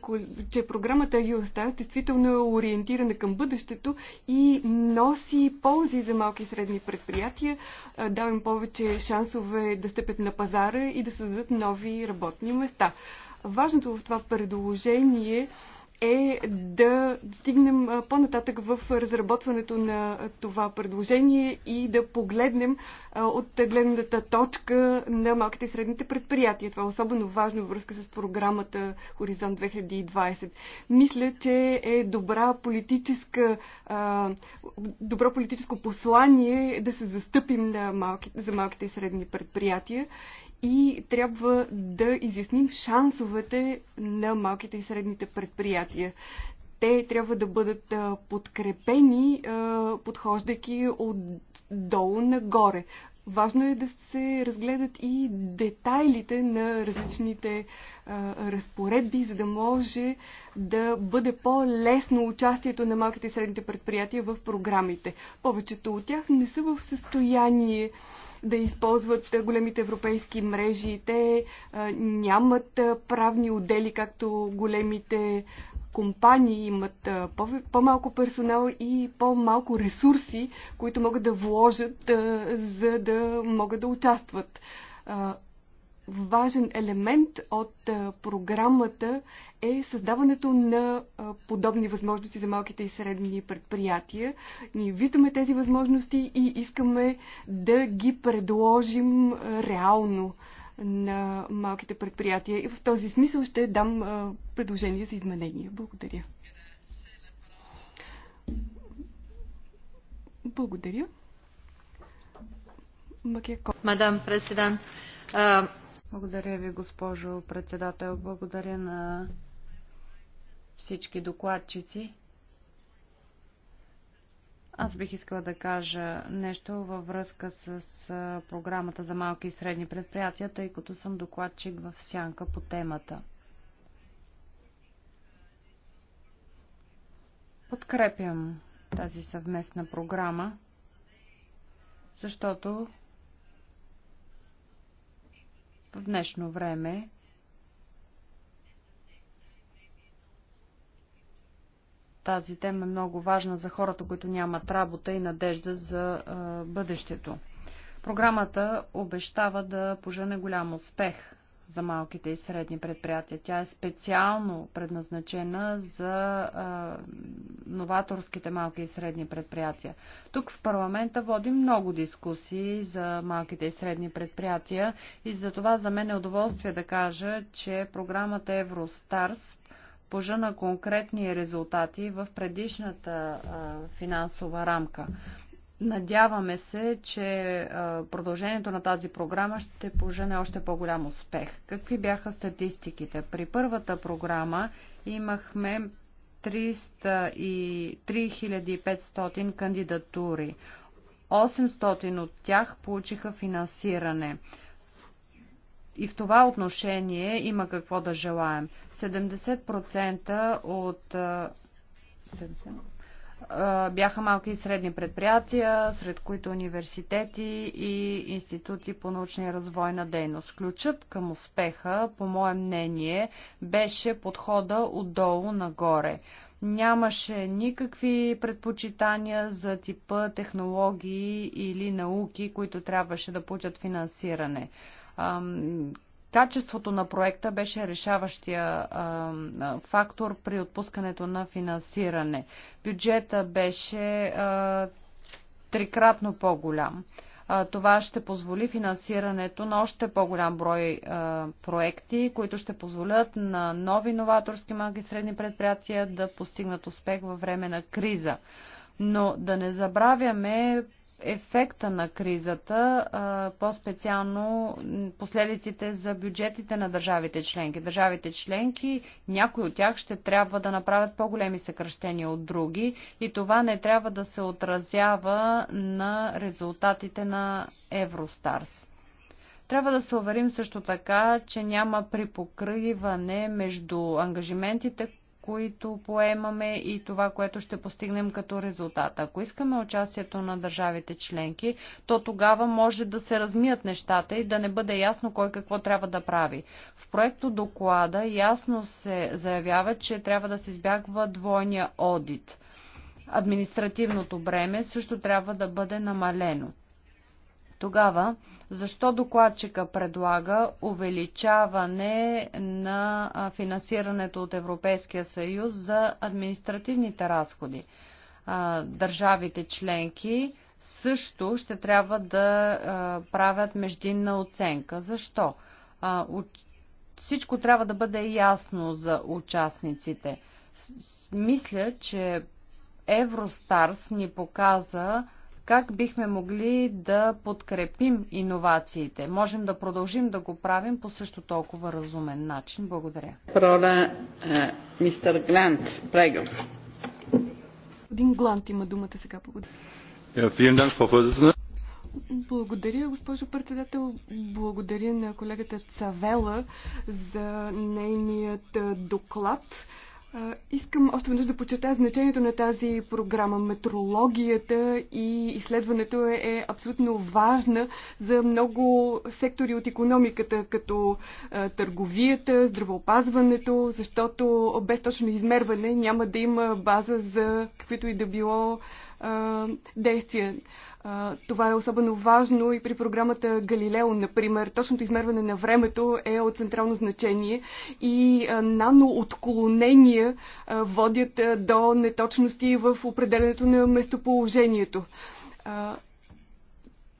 че програмата Юстас действително е ориентирана към бъдещето и носи ползи за малки и средни предприятия, е, дава им повече шансове да стъпят на пазара и да създадат нови работни места. Важното в това предложение е е да стигнем по-нататък в разработването на това предложение и да погледнем от гледната точка на малките и средните предприятия. Това е особено важно във връзка с програмата Хоризонт 2020. Мисля, че е добра политическа, добро политическо послание да се застъпим на малки, за малките и средни предприятия и трябва да изясним шансовете на малките и средните предприятия. Те трябва да бъдат подкрепени, подхождайки отдолу нагоре. Важно е да се разгледат и детайлите на различните а, разпоредби, за да може да бъде по-лесно участието на малките и средните предприятия в програмите. Повечето от тях не са в състояние а, да използват големите европейски мрежи. Те нямат правни отдели, както големите компании имат по-малко персонал и по-малко ресурси, които могат да вложат, за да могат да участват важен елемент от програмата е създаването на подобни възможности за малките и средни предприятия. Ние виждаме тези възможности и искаме да ги предложим реално на малките предприятия. И в този смисъл ще дам предложение за изменения. Благодаря. Благодаря. Мадам президент, благодаря ви, госпожо председател. Благодаря на всички докладчици. Аз бих искала да кажа нещо във връзка с програмата за малки и средни предприятия, тъй като съм докладчик в сянка по темата. Подкрепям тази съвместна програма, защото в днешно време тази тема е много важна за хората, които нямат работа и надежда за бъдещето. Програмата обещава да пожене голям успех за малките и средни предприятия. Тя е специално предназначена за а, новаторските малки и средни предприятия. Тук в парламента водим много дискусии за малките и средни предприятия и за това за мен е удоволствие да кажа, че програмата Евростарс пожа на конкретни резултати в предишната а, финансова рамка. Надяваме се, че продължението на тази програма ще пожене още по-голям успех. Какви бяха статистиките? При първата програма имахме 300 3500 кандидатури. 800 от тях получиха финансиране. И в това отношение има какво да желаем. 70% от бяха малки и средни предприятия, сред които университети и институти по научна и развойна дейност. Ключът към успеха, по мое мнение, беше подхода отдолу нагоре. Нямаше никакви предпочитания за типа технологии или науки, които трябваше да получат финансиране Качеството на проекта беше решаващия а, фактор при отпускането на финансиране. Бюджета беше а, трикратно по-голям. Това ще позволи финансирането на още по-голям брой а, проекти, които ще позволят на нови новаторски малки и средни предприятия да постигнат успех във време на криза. Но да не забравяме ефекта на кризата, по-специално последиците за бюджетите на държавите членки. Държавите членки, някои от тях ще трябва да направят по-големи съкръщения от други и това не трябва да се отразява на резултатите на Евростарс. Трябва да се уверим също така, че няма припокриване между ангажиментите, които поемаме и това, което ще постигнем като резултат. Ако искаме участието на държавите членки, то тогава може да се размият нещата и да не бъде ясно кой какво трябва да прави. В проекто доклада ясно се заявява, че трябва да се избягва двойния одит. Административното бреме също трябва да бъде намалено. Тогава, защо докладчика предлага увеличаване на финансирането от Европейския съюз за административните разходи? Държавите членки също ще трябва да правят междинна оценка. Защо? Всичко трябва да бъде ясно за участниците. Мисля, че Евростарс ни показа, как бихме могли да подкрепим иновациите? Можем да продължим да го правим по също толкова разумен начин. Благодаря. Прора, е, мистер Глант, прего. Господин Глант има думата сега. Благодаря. Благодаря, госпожо председател. Благодаря на колегата Цавела за нейният е, доклад. Искам още веднъж да подчертая значението на тази програма. Метрологията и изследването е, е абсолютно важна за много сектори от економиката, като търговията, здравеопазването, защото без точно измерване няма да има база за каквито и да било действия. Това е особено важно и при програмата Галилео, например. Точното измерване на времето е от централно значение и наноотклонения водят до неточности в определенето на местоположението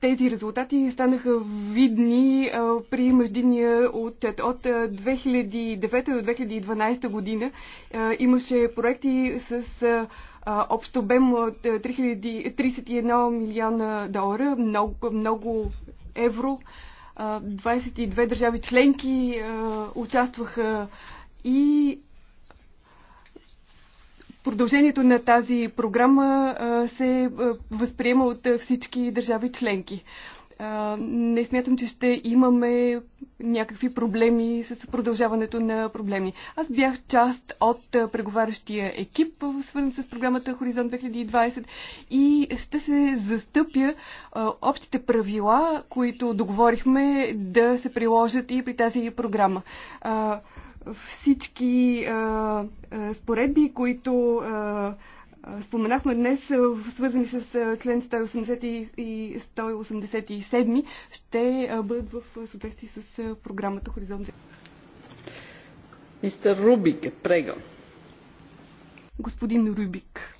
тези резултати станаха видни при междинния отчет. От 2009 до 2012 година имаше проекти с Общо обем от 31 е, милиона долара, много, много евро. 22 държави членки участваха и продължението на тази програма се възприема от всички държави членки не смятам, че ще имаме някакви проблеми с продължаването на проблеми. Аз бях част от преговарящия екип, свързан с програмата Хоризонт 2020 и ще се застъпя общите правила, които договорихме да се приложат и при тази програма всички а, а, споредби, които а, споменахме днес, свързани с член 180 и 187, ще бъдат в съответствие с програмата Хоризонт. Мистер Рубик, прего. Господин Рубик.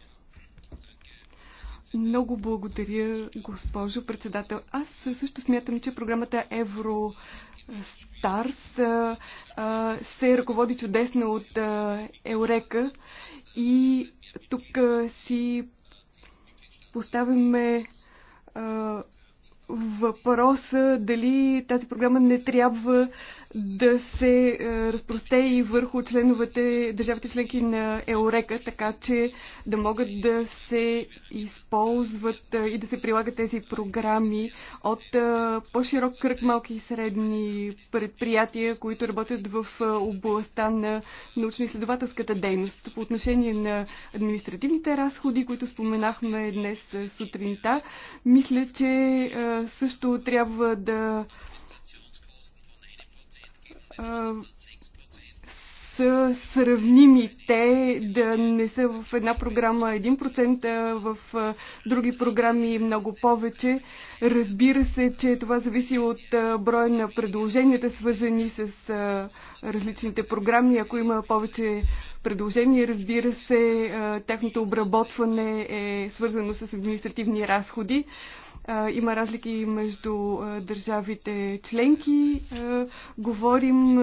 Много благодаря, госпожо председател. Аз също смятам, че програмата Евро Старс се ръководи чудесно от Еурека и тук си поставяме а, въпроса дали тази програма не трябва да се е, разпросте и върху членовете, държавите членки на ЕОРЕКА, така че да могат да се използват е, и да се прилагат тези програми от е, по-широк кръг малки и средни предприятия, които работят в областта на научно-изследователската дейност. По отношение на административните разходи, които споменахме днес сутринта, мисля, че също трябва да са сравними те, да не са в една програма 1%, а в други програми много повече. Разбира се, че това зависи от броя на предложенията, свързани с различните програми. Ако има повече предложения, разбира се, тяхното обработване е свързано с административни разходи, има разлики между държавите членки. Говорим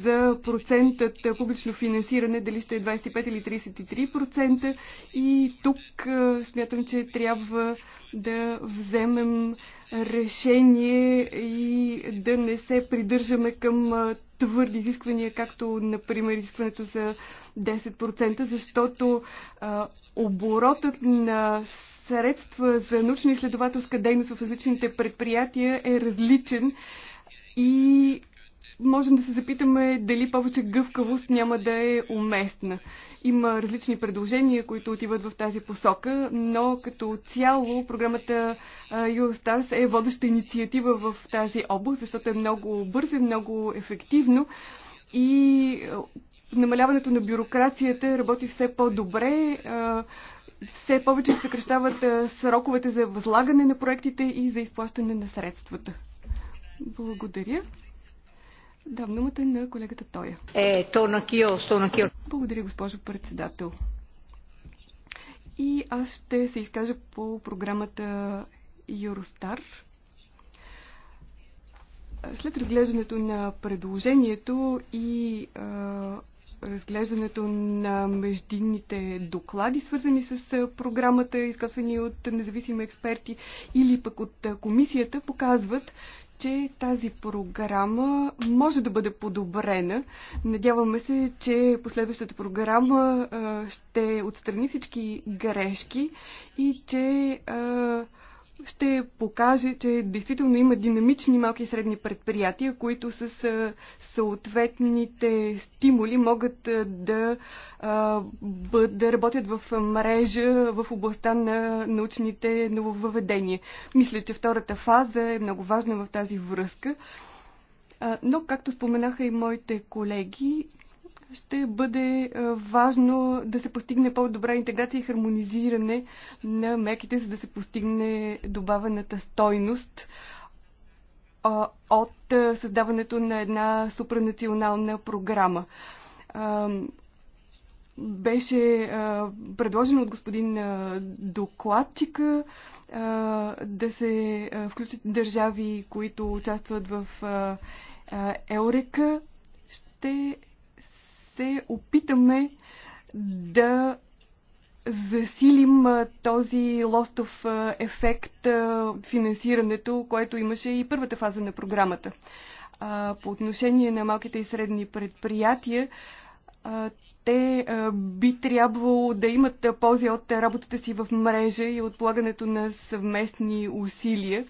за процентът публично финансиране, дали ще е 25 или 33%. И тук смятам, че трябва да вземем решение и да не се придържаме към твърди изисквания, както, например, изискването за 10%, защото оборотът на средства за научно-изследователска дейност в различните предприятия е различен и можем да се запитаме дали повече гъвкавост няма да е уместна. Има различни предложения, които отиват в тази посока, но като цяло програмата Юростас е водеща инициатива в тази област, защото е много бързо, много ефективно и намаляването на бюрокрацията работи все по-добре все повече съкрещават сроковете за възлагане на проектите и за изплащане на средствата. Благодаря. Дам думата на колегата Тоя. Е, на Кио. Благодаря, госпожо председател. И аз ще се изкажа по програмата Юростар. След разглеждането на предложението и а, разглеждането на междинните доклади, свързани с програмата, изготвени от независими експерти или пък от комисията, показват, че тази програма може да бъде подобрена. Надяваме се, че последващата програма ще отстрани всички грешки и че ще покаже, че действително има динамични малки и средни предприятия, които с съответните стимули могат да, да работят в мрежа в областта на научните нововъведения. Мисля, че втората фаза е много важна в тази връзка. Но, както споменаха и моите колеги, ще бъде важно да се постигне по-добра интеграция и хармонизиране на мерките, за да се постигне добавената стойност от създаването на една супранационална програма. Беше предложено от господин докладчика да се включат държави, които участват в Еурека. Ще се опитаме да засилим този лостов ефект финансирането, което имаше и първата фаза на програмата. По отношение на малките и средни предприятия, те би трябвало да имат ползи от работата си в мрежа и от полагането на съвместни усилия,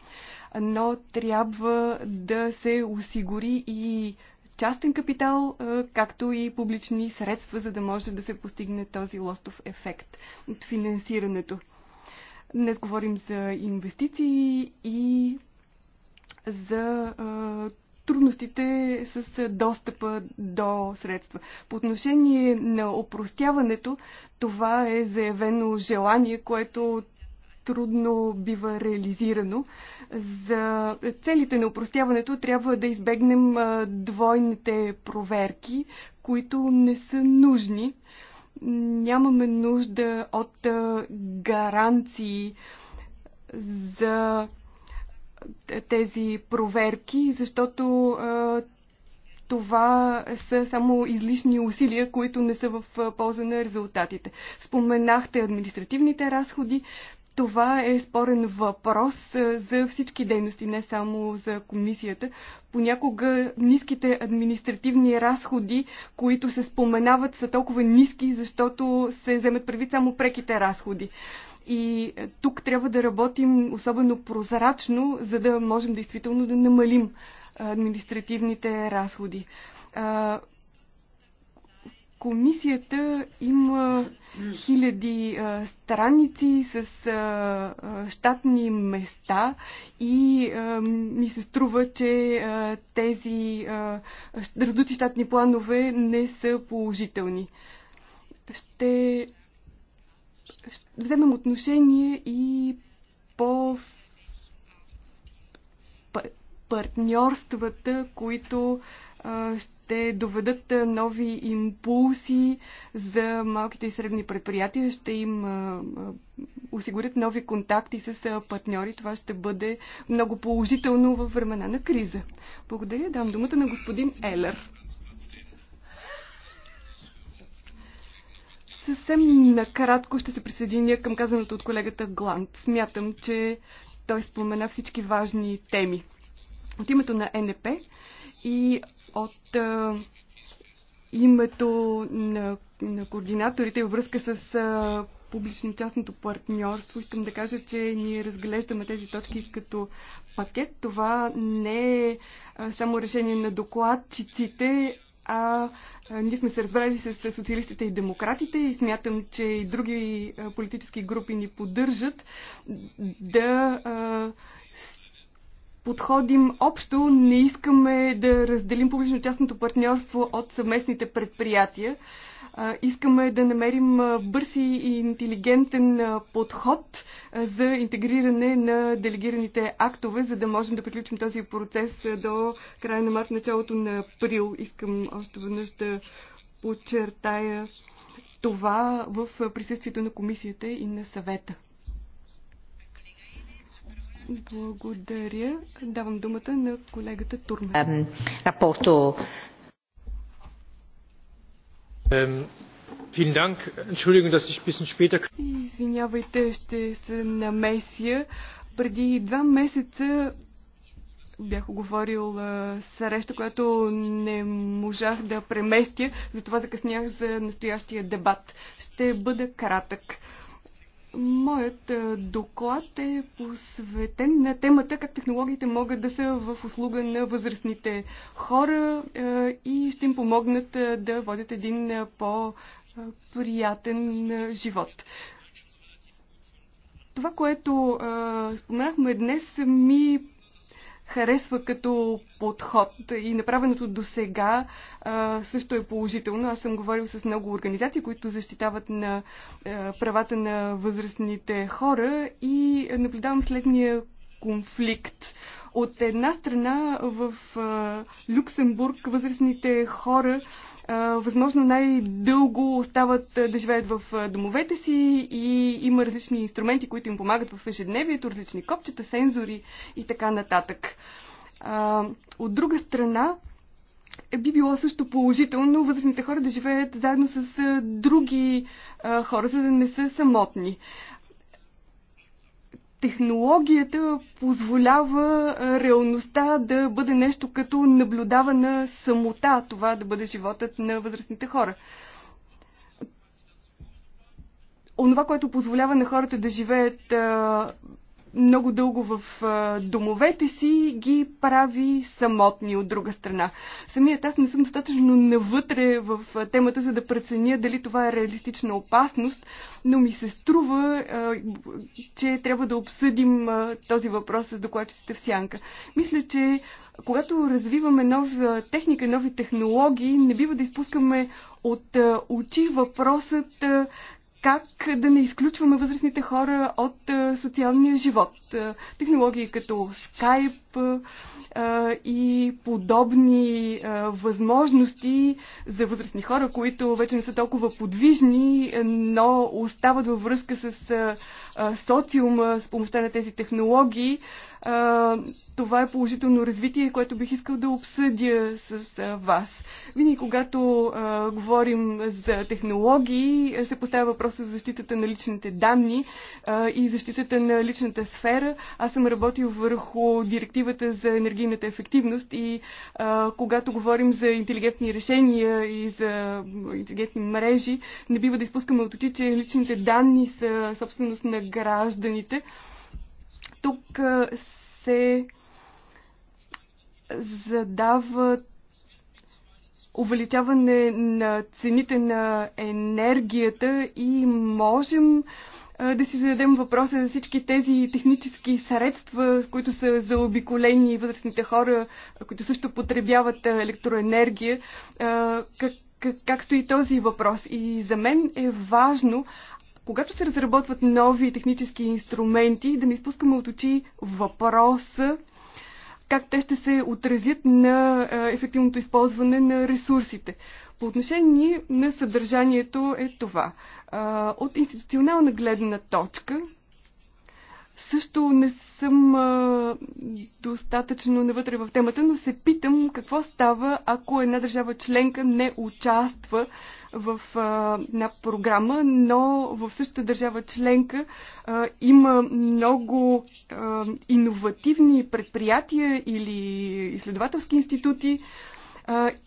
но трябва да се осигури и частен капитал, както и публични средства, за да може да се постигне този лостов ефект от финансирането. Днес говорим за инвестиции и за трудностите с достъпа до средства. По отношение на опростяването, това е заявено желание, което трудно бива реализирано. За целите на упростяването трябва да избегнем двойните проверки, които не са нужни. Нямаме нужда от гаранции за тези проверки, защото това са само излишни усилия, които не са в полза на резултатите. Споменахте административните разходи. Това е спорен въпрос е, за всички дейности, не само за комисията. Понякога ниските административни разходи, които се споменават, са толкова ниски, защото се вземат предвид само преките разходи. И е, тук трябва да работим особено прозрачно, за да можем действително да намалим е, административните разходи комисията има хиляди а, страници с а, а, щатни места и а, ми се струва, че а, тези а, раздути щатни планове не са положителни. Ще, ще вземем отношение и по партньорствата, които ще доведат нови импулси за малките и средни предприятия, ще им осигурят нови контакти с партньори. Това ще бъде много положително във времена на криза. Благодаря. Дам думата на господин Елер. Съвсем накратко ще се присъединя към казаното от колегата Глант. Смятам, че той спомена всички важни теми. От името на НП и от а, името на, на координаторите във връзка с а, публично-частното партньорство. Искам да кажа, че ние разглеждаме тези точки като пакет. Това не е само решение на докладчиците, а ние сме се разбрали с социалистите и демократите и смятам, че и други политически групи ни поддържат да подходим общо, не искаме да разделим публично-частното партньорство от съвместните предприятия. Искаме да намерим бърз и интелигентен подход за интегриране на делегираните актове, за да можем да приключим този процес до края на март, началото на април. Искам още веднъж да подчертая това в присъствието на комисията и на съвета. Благодаря. Давам думата на колегата Турме. Рапорто. Извинявайте, ще се намесия. Преди два месеца бях оговорил среща, която не можах да преместя, затова закъснях за настоящия дебат. Ще бъда кратък. Моят е, доклад е посветен на темата как технологиите могат да са в услуга на възрастните хора е, и ще им помогнат е, да водят един по-приятен живот. Това, което споменахме днес, ми харесва като подход и направеното до сега също е положително. Аз съм говорил с много организации, които защитават на правата на възрастните хора и наблюдавам следния конфликт. От една страна в Люксембург възрастните хора възможно най-дълго остават да живеят в домовете си и има различни инструменти, които им помагат в ежедневието, различни копчета, сензори и така нататък. От друга страна, би било също положително възрастните хора да живеят заедно с други хора, за да не са самотни технологията позволява реалността да бъде нещо като наблюдавана самота, това да бъде животът на възрастните хора. Онова, което позволява на хората да живеят много дълго в домовете си, ги прави самотни от друга страна. Самият аз не съм достатъчно навътре в темата, за да преценя дали това е реалистична опасност, но ми се струва, че трябва да обсъдим този въпрос с докладчиците в сянка. Мисля, че когато развиваме нова техника, нови технологии, не бива да изпускаме от очи въпросът как да не изключваме възрастните хора от социалния живот. Технологии като Skype и подобни възможности за възрастни хора, които вече не са толкова подвижни, но остават във връзка с социума с помощта на тези технологии. Това е положително развитие, което бих искал да обсъдя с вас. Винаги, когато говорим за технологии, се поставя въпроса за защитата на личните данни и защитата на личната сфера. Аз съм работил върху директивата за енергийната ефективност и когато говорим за интелигентни решения и за интелигентни мрежи, не бива да изпускаме от очи, че личните данни са собственост на гражданите. Тук се задава увеличаване на цените на енергията и можем да си зададем въпроса за всички тези технически средства, с които са заобиколени възрастните хора, които също потребяват електроенергия. Как, как, как стои този въпрос? И за мен е важно когато се разработват нови технически инструменти, да не изпускаме от очи въпроса как те ще се отразят на ефективното използване на ресурсите. По отношение на съдържанието е това. От институционална гледна точка също не съм а, достатъчно навътре в темата, но се питам какво става, ако една държава членка не участва в а, една програма, но в същата държава членка а, има много а, иновативни предприятия или изследователски институти,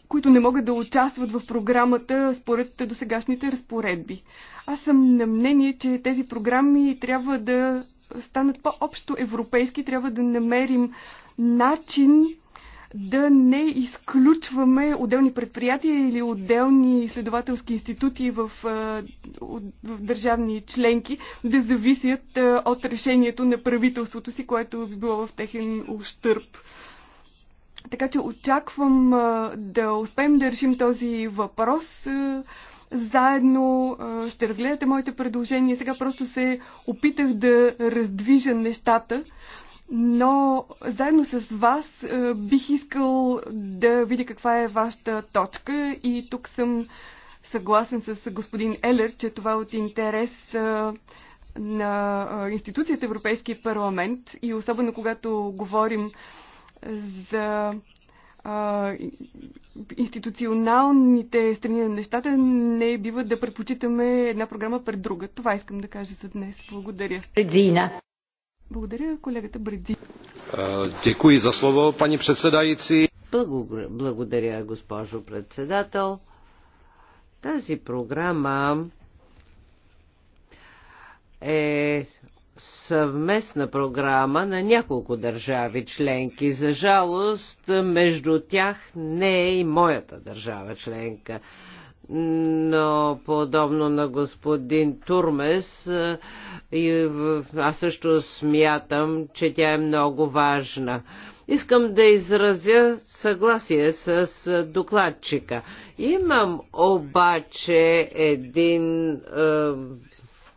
които не могат да участват в програмата според досегашните разпоредби. Аз съм на мнение, че тези програми трябва да станат по-общо европейски, трябва да намерим начин да не изключваме отделни предприятия или отделни изследователски институти в, в държавни членки да зависят от решението на правителството си, което би било в техен ущърп. Така че очаквам да успеем да решим този въпрос. Заедно ще разгледате моите предложения. Сега просто се опитах да раздвижа нещата но заедно с вас бих искал да видя каква е вашата точка и тук съм съгласен с господин Елер, че това е от интерес на институцията Европейски парламент и особено когато говорим за а, институционалните страни на нещата, не бива да предпочитаме една програма пред друга. Това искам да кажа за днес. Благодаря. Бредзина. Благодаря, колегата Бредзина. Дякую за слово, пани председайци. Благодаря, госпожо председател. Тази програма е съвместна програма на няколко държави членки. За жалост, между тях не е и моята държава членка. Но подобно на господин Турмес, аз също смятам, че тя е много важна. Искам да изразя съгласие с докладчика. Имам обаче един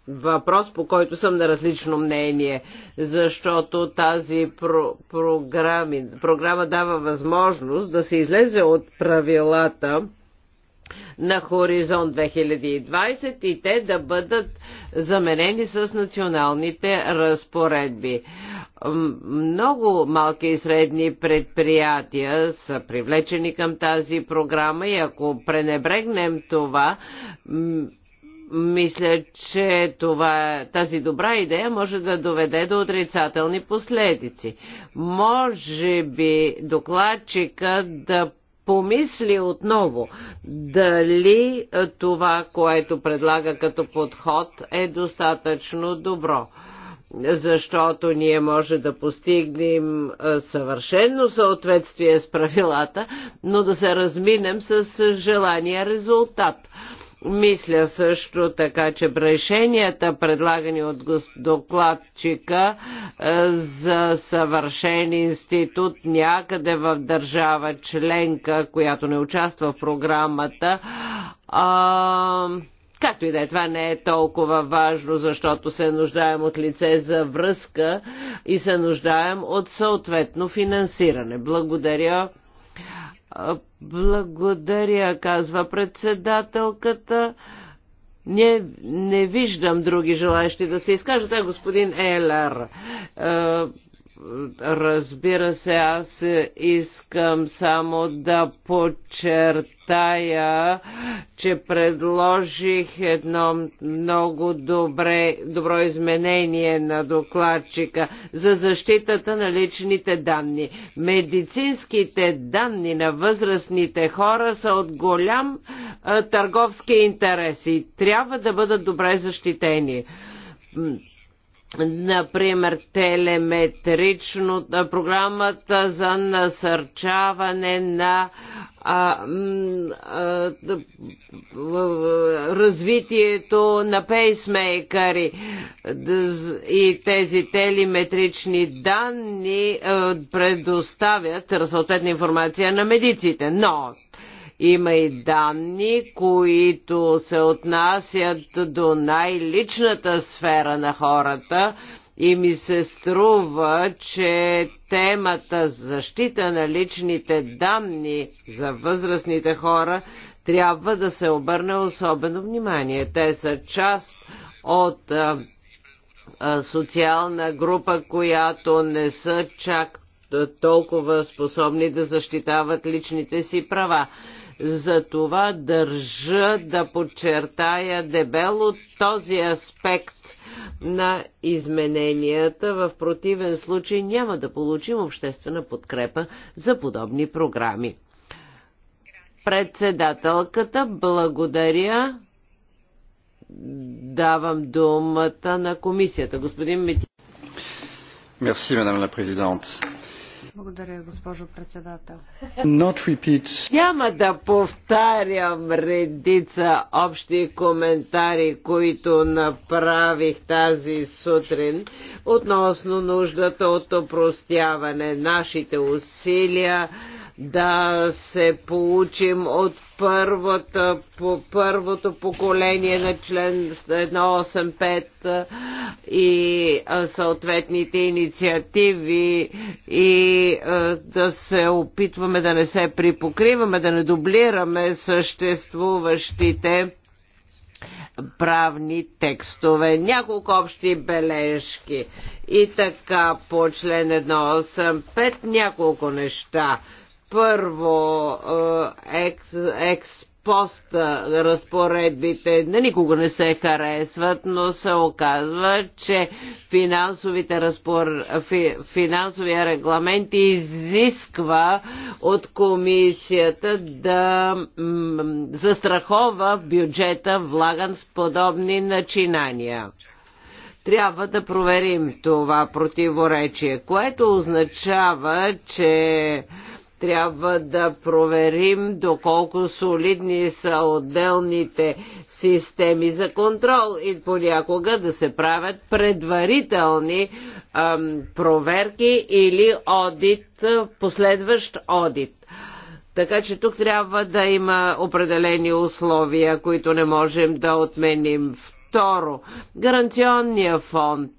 въпрос, по който съм на различно мнение, защото тази про- програми, програма дава възможност да се излезе от правилата на Хоризонт 2020 и те да бъдат заменени с националните разпоредби. Много малки и средни предприятия са привлечени към тази програма и ако пренебрегнем това, мисля, че това, тази добра идея може да доведе до отрицателни последици. Може би докладчика да помисли отново дали е, това, което предлага като подход е достатъчно добро защото ние може да постигнем е, съвършено съответствие с правилата, но да се разминем с желания резултат. Мисля също така, че решенията, предлагани от докладчика е, за съвършен институт някъде в държава членка, която не участва в програмата, а, Както и да е, това не е толкова важно, защото се нуждаем от лице за връзка и се нуждаем от съответно финансиране. Благодаря благодаря, казва председателката. Не, не виждам други желаящи да се изкажат. А господин Елер, Разбира се, аз искам само да подчертая, че предложих едно много добре, добро изменение на докладчика за защитата на личните данни. Медицинските данни на възрастните хора са от голям а, търговски интерес и трябва да бъдат добре защитени например, телеметрично, програмата за насърчаване на а, а, развитието на пейсмейкъри и тези телеметрични данни предоставят съответна информация на медиците. Но има и данни, които се отнасят до най-личната сфера на хората и ми се струва, че темата защита на личните данни за възрастните хора трябва да се обърне особено внимание. Те са част от а, а, социална група, която не са чак толкова способни да защитават личните си права. Затова държа да подчертая дебело този аспект на измененията. В противен случай няма да получим обществена подкрепа за подобни програми. Председателката, благодаря. Давам думата на комисията. Господин Мети. Мерси, мадам ла президент. Благодаря, госпожо председател. Няма да повтарям редица общи коментари, които направих тази сутрин относно нуждата от опростяване. Нашите усилия да се получим от първата, по първото поколение на член 185 и съответните инициативи и да се опитваме да не се припокриваме, да не дублираме съществуващите правни текстове. Няколко общи бележки. И така по член 185 няколко неща. Първо, е, екс, експост разпоредбите не никога не се харесват, но се оказва, че финансовите разпор... фи... финансовия регламент изисква от комисията да застрахова бюджета влаган в подобни начинания трябва да проверим това противоречие, което означава, че трябва да проверим доколко солидни са отделните системи за контрол и понякога да се правят предварителни ам, проверки или одит, последващ одит. Така че тук трябва да има определени условия, които не можем да отменим. Второ, гаранционния фонд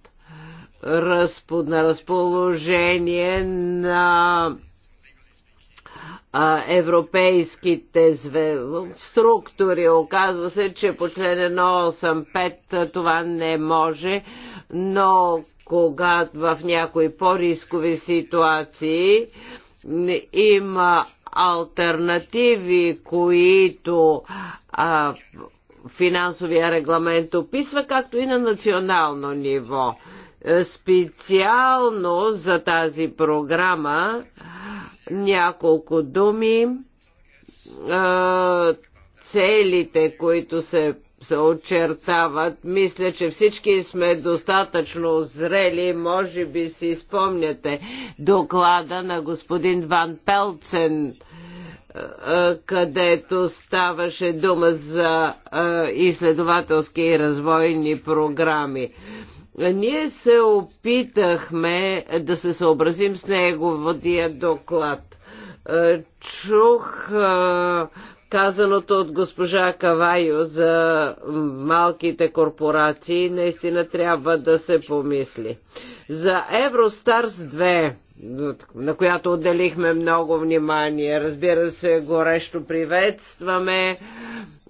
на разположение на европейските структури. Оказва се, че по член 185 това не може, но когато в някои по-рискови ситуации има альтернативи, които а, финансовия регламент описва, както и на национално ниво. Е, специално за тази програма няколко думи. Целите, които се се очертават. Мисля, че всички сме достатъчно зрели. Може би си спомняте доклада на господин Ван Пелцен, където ставаше дума за изследователски и развойни програми. Ние се опитахме да се съобразим с неговия доклад. Е, чух е, казаното от госпожа Кавайо за малките корпорации, наистина трябва да се помисли. За Евростарс 2 на която отделихме много внимание. Разбира се, горещо приветстваме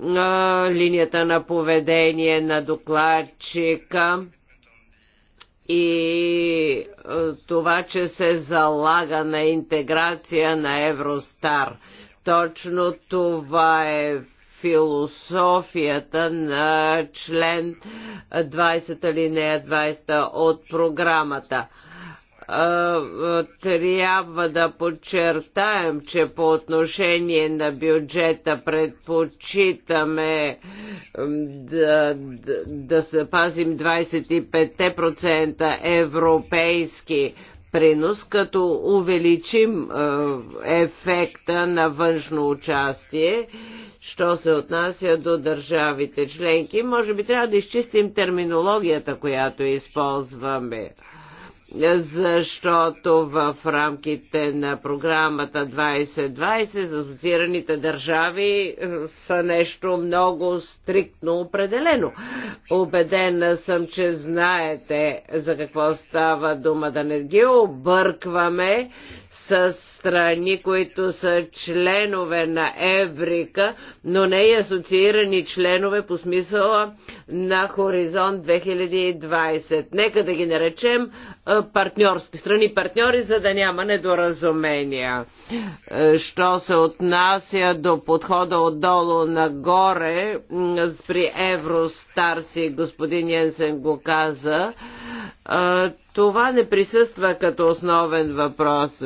а, е, линията на поведение на докладчика и е, това, че се залага на интеграция на Евростар. Точно това е философията на член 20 линия 20 от програмата трябва да подчертаем, че по отношение на бюджета предпочитаме да, да, да се пазим 25% европейски принос, като увеличим ефекта на външно участие що се отнася до държавите членки. Може би трябва да изчистим терминологията, която използваме защото в рамките на програмата 2020 за асоциираните държави е, са нещо много стриктно определено. Обедена съм, че знаете за какво става дума, да не ги объркваме с страни, които са членове на Еврика, но не и асоциирани членове по смисъла на Хоризонт 2020. Нека да ги наречем е, партньорски страни партньори, за да няма недоразумения. Е, що се отнася до подхода отдолу нагоре, при Евростарс и господин Йенсен го каза, е, това не присъства като основен въпрос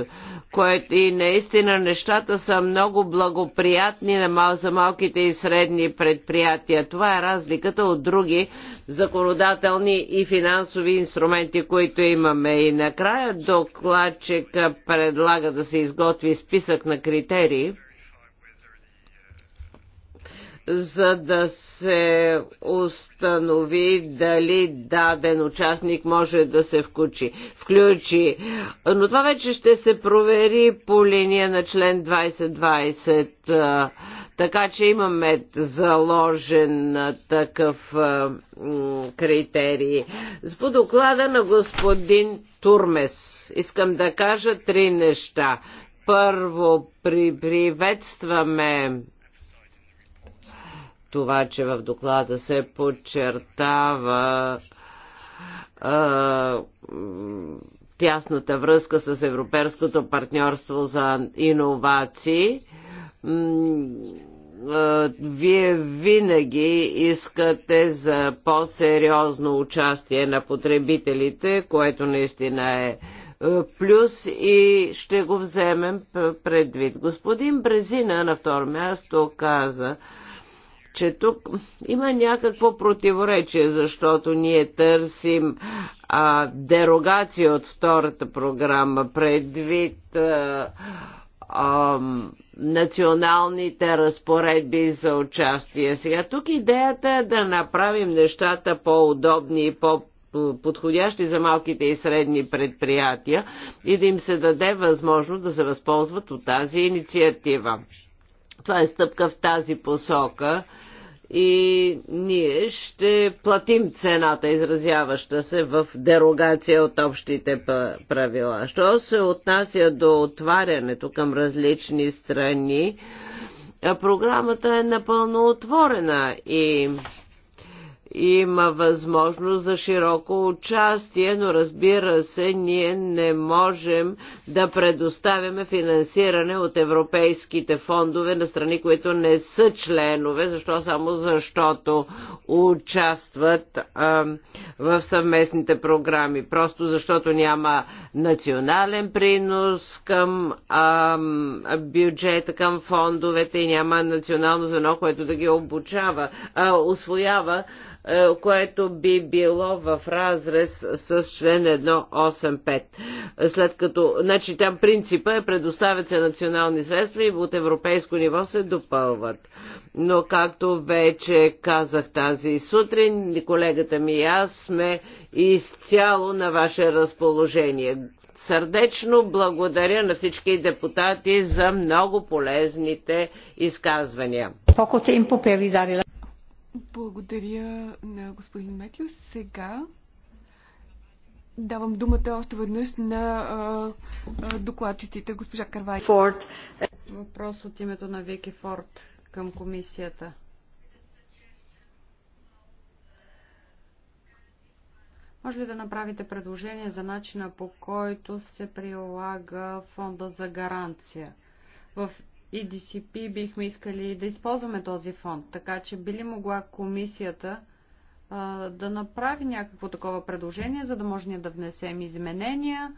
което и наистина нещата са много благоприятни за малките и средни предприятия. Това е разликата от други законодателни и финансови инструменти, които имаме. И накрая докладчика предлага да се изготви списък на критерии, за да се установи дали даден участник може да се включи. включи. Но това вече ще се провери по линия на член 2020, така че имаме заложен такъв критерий. С доклада на господин Турмес искам да кажа три неща. Първо, при приветстваме това, че в доклада се подчертава а, тясната връзка с Европейското партньорство за иновации. Вие винаги искате за по-сериозно участие на потребителите, което наистина е плюс и ще го вземем предвид. Господин Брезина на второ място каза, че тук има някакво противоречие, защото ние търсим а, дерогация от втората програма предвид а, а, националните разпоредби за участие. Сега тук идеята е да направим нещата по-удобни и по- подходящи за малките и средни предприятия и да им се даде възможност да се възползват от тази инициатива. Това е стъпка в тази посока и ние ще платим цената, изразяваща се в дерогация от общите правила. Що се отнася до отварянето към различни страни, програмата е напълно отворена и има възможност за широко участие, но разбира се, ние не можем да предоставяме финансиране от европейските фондове на страни, които не са членове, защо само защото участват а, в съвместните програми. Просто защото няма национален принос към а, бюджета, към фондовете и няма национално звено, което да ги обучава, а, освоява е, което би било в разрез с член 185. След като, значи там принципа е предоставят се национални средства и от европейско ниво се допълват. Но както вече казах тази сутрин, колегата ми и аз сме изцяло на ваше разположение. Сърдечно благодаря на всички депутати за много полезните изказвания. Благодаря на господин Метио. Сега давам думата още веднъж на а, а, докладчиците, госпожа Карвай. Форд. Въпрос от името на Вики Форд към комисията. Може ли да направите предложение за начина по който се прилага фонда за гаранция? В и DCP бихме искали да използваме този фонд, така че би ли могла комисията а, да направи някакво такова предложение, за да може ние да внесем изменения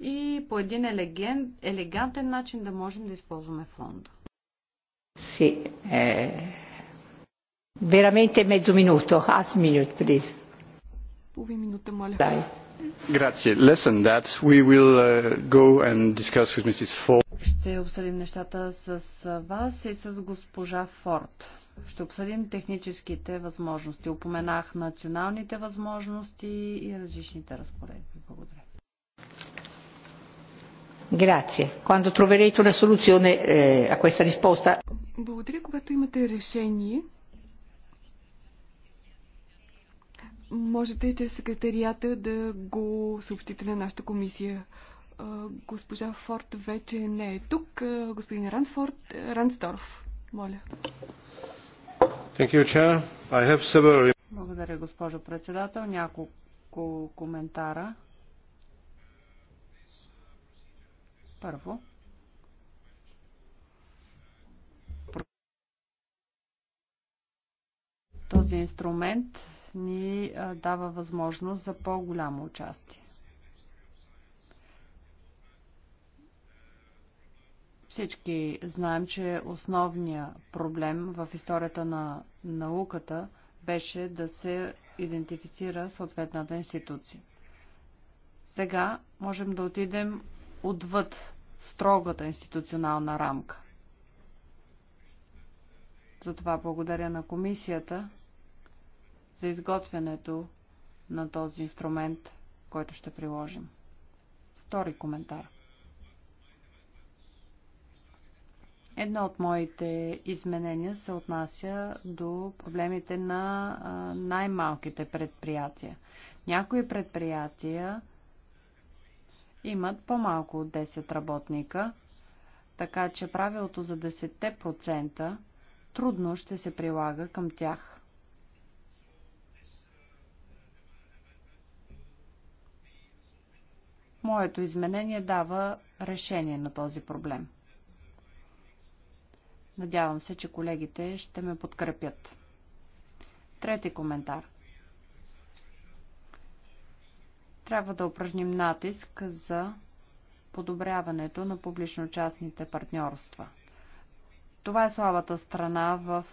и по един елеген, елегантен начин да можем да използваме фонда. Си, е... Veramente mezzo минуто, half minute, please. Половин минута, моля. Дай. Grazie. Less than that, we will uh, go and discuss with Mrs. Ford ще обсъдим нещата с вас и с госпожа Форд. Ще обсъдим техническите възможности. Упоменах националните възможности и различните разпоредби. Благодаря. Grazie. Quando troverete una soluzione eh, a questa risposta. Благодаря, когато имате решение. Можете че секретарията да го съобщите на нашата комисия госпожа Форд вече не е тук. Господин Рансфорд, Рансдорф, моля. Thank you, Chair. I have several... Благодаря, госпожо председател. Няколко коментара. Първо. Този инструмент ни дава възможност за по-голямо участие. Всички знаем, че основният проблем в историята на науката беше да се идентифицира съответната институция. Сега можем да отидем отвъд строгата институционална рамка. Затова благодаря на комисията за изготвянето на този инструмент, който ще приложим. Втори коментар – Едно от моите изменения се отнася до проблемите на най-малките предприятия. Някои предприятия имат по-малко от 10 работника, така че правилото за 10% трудно ще се прилага към тях. Моето изменение дава решение на този проблем. Надявам се, че колегите ще ме подкрепят. Трети коментар. Трябва да упражним натиск за подобряването на публично-частните партньорства. Това е слабата страна в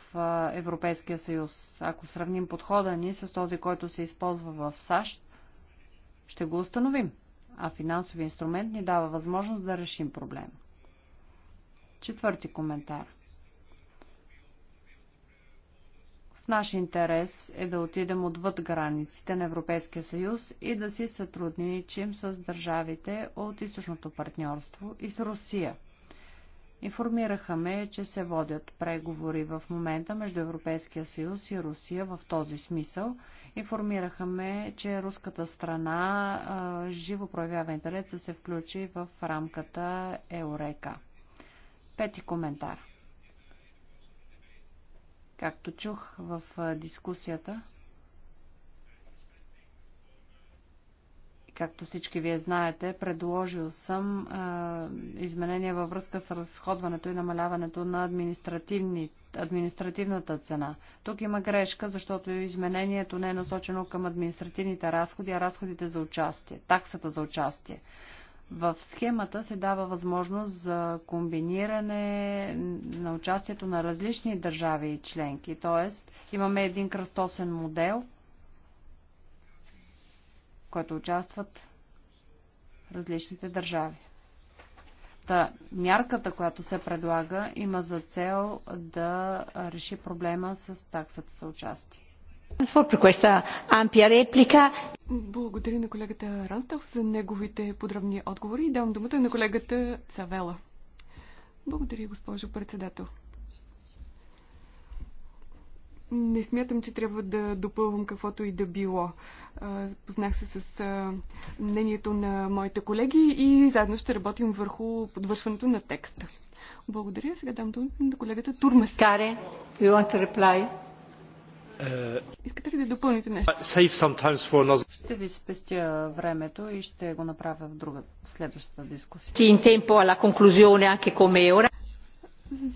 Европейския съюз. Ако сравним подхода ни с този, който се използва в САЩ, ще го установим, а финансови инструмент ни дава възможност да решим проблема. Четвърти коментар – наш интерес е да отидем отвъд границите на Европейския съюз и да си сътрудничим с държавите от източното партньорство и с Русия. Информираха ме, че се водят преговори в момента между Европейския съюз и Русия в този смисъл. Информираха ме, че руската страна а, живо проявява интерес да се включи в рамката Еорека. Пети коментар – Както чух в дискусията, както всички вие знаете, предложил съм а, изменения във връзка с разходването и намаляването на административни, административната цена. Тук има грешка, защото изменението не е насочено към административните разходи, а разходите за участие, таксата за участие. В схемата се дава възможност за комбиниране на участието на различни държави и членки. Тоест, имаме един кръстосен модел, в който участват различните държави. Та, мярката, която се предлага, има за цел да реши проблема с таксата за участие. Благодаря на колегата Ранстов за неговите подробни отговори и давам думата на колегата Савела. Благодаря, госпожо председател. Не смятам, че трябва да допълвам каквото и да било. Познах се с мнението на моите колеги и заедно ще работим върху подвършването на текста. Благодаря. Сега дам думата на колегата Турмас. Каре, you want to reply? Е, Искате ли да допълните нещо? Ще ви спестя времето и ще го направя в друга, следващата дискусия.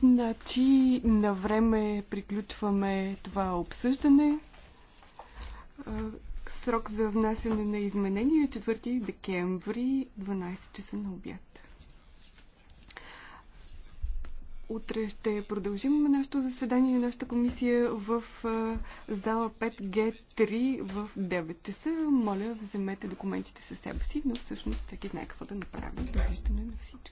Значи, на време приключваме това обсъждане. Срок за внасяне на изменения е 4 декември, 12 часа на обяд. Утре ще продължим нашето заседание и нашата комисия в зала 5G3 в 9 часа. Моля, вземете документите със себе си, но всъщност всеки знае какво да направи. Довиждане на всички.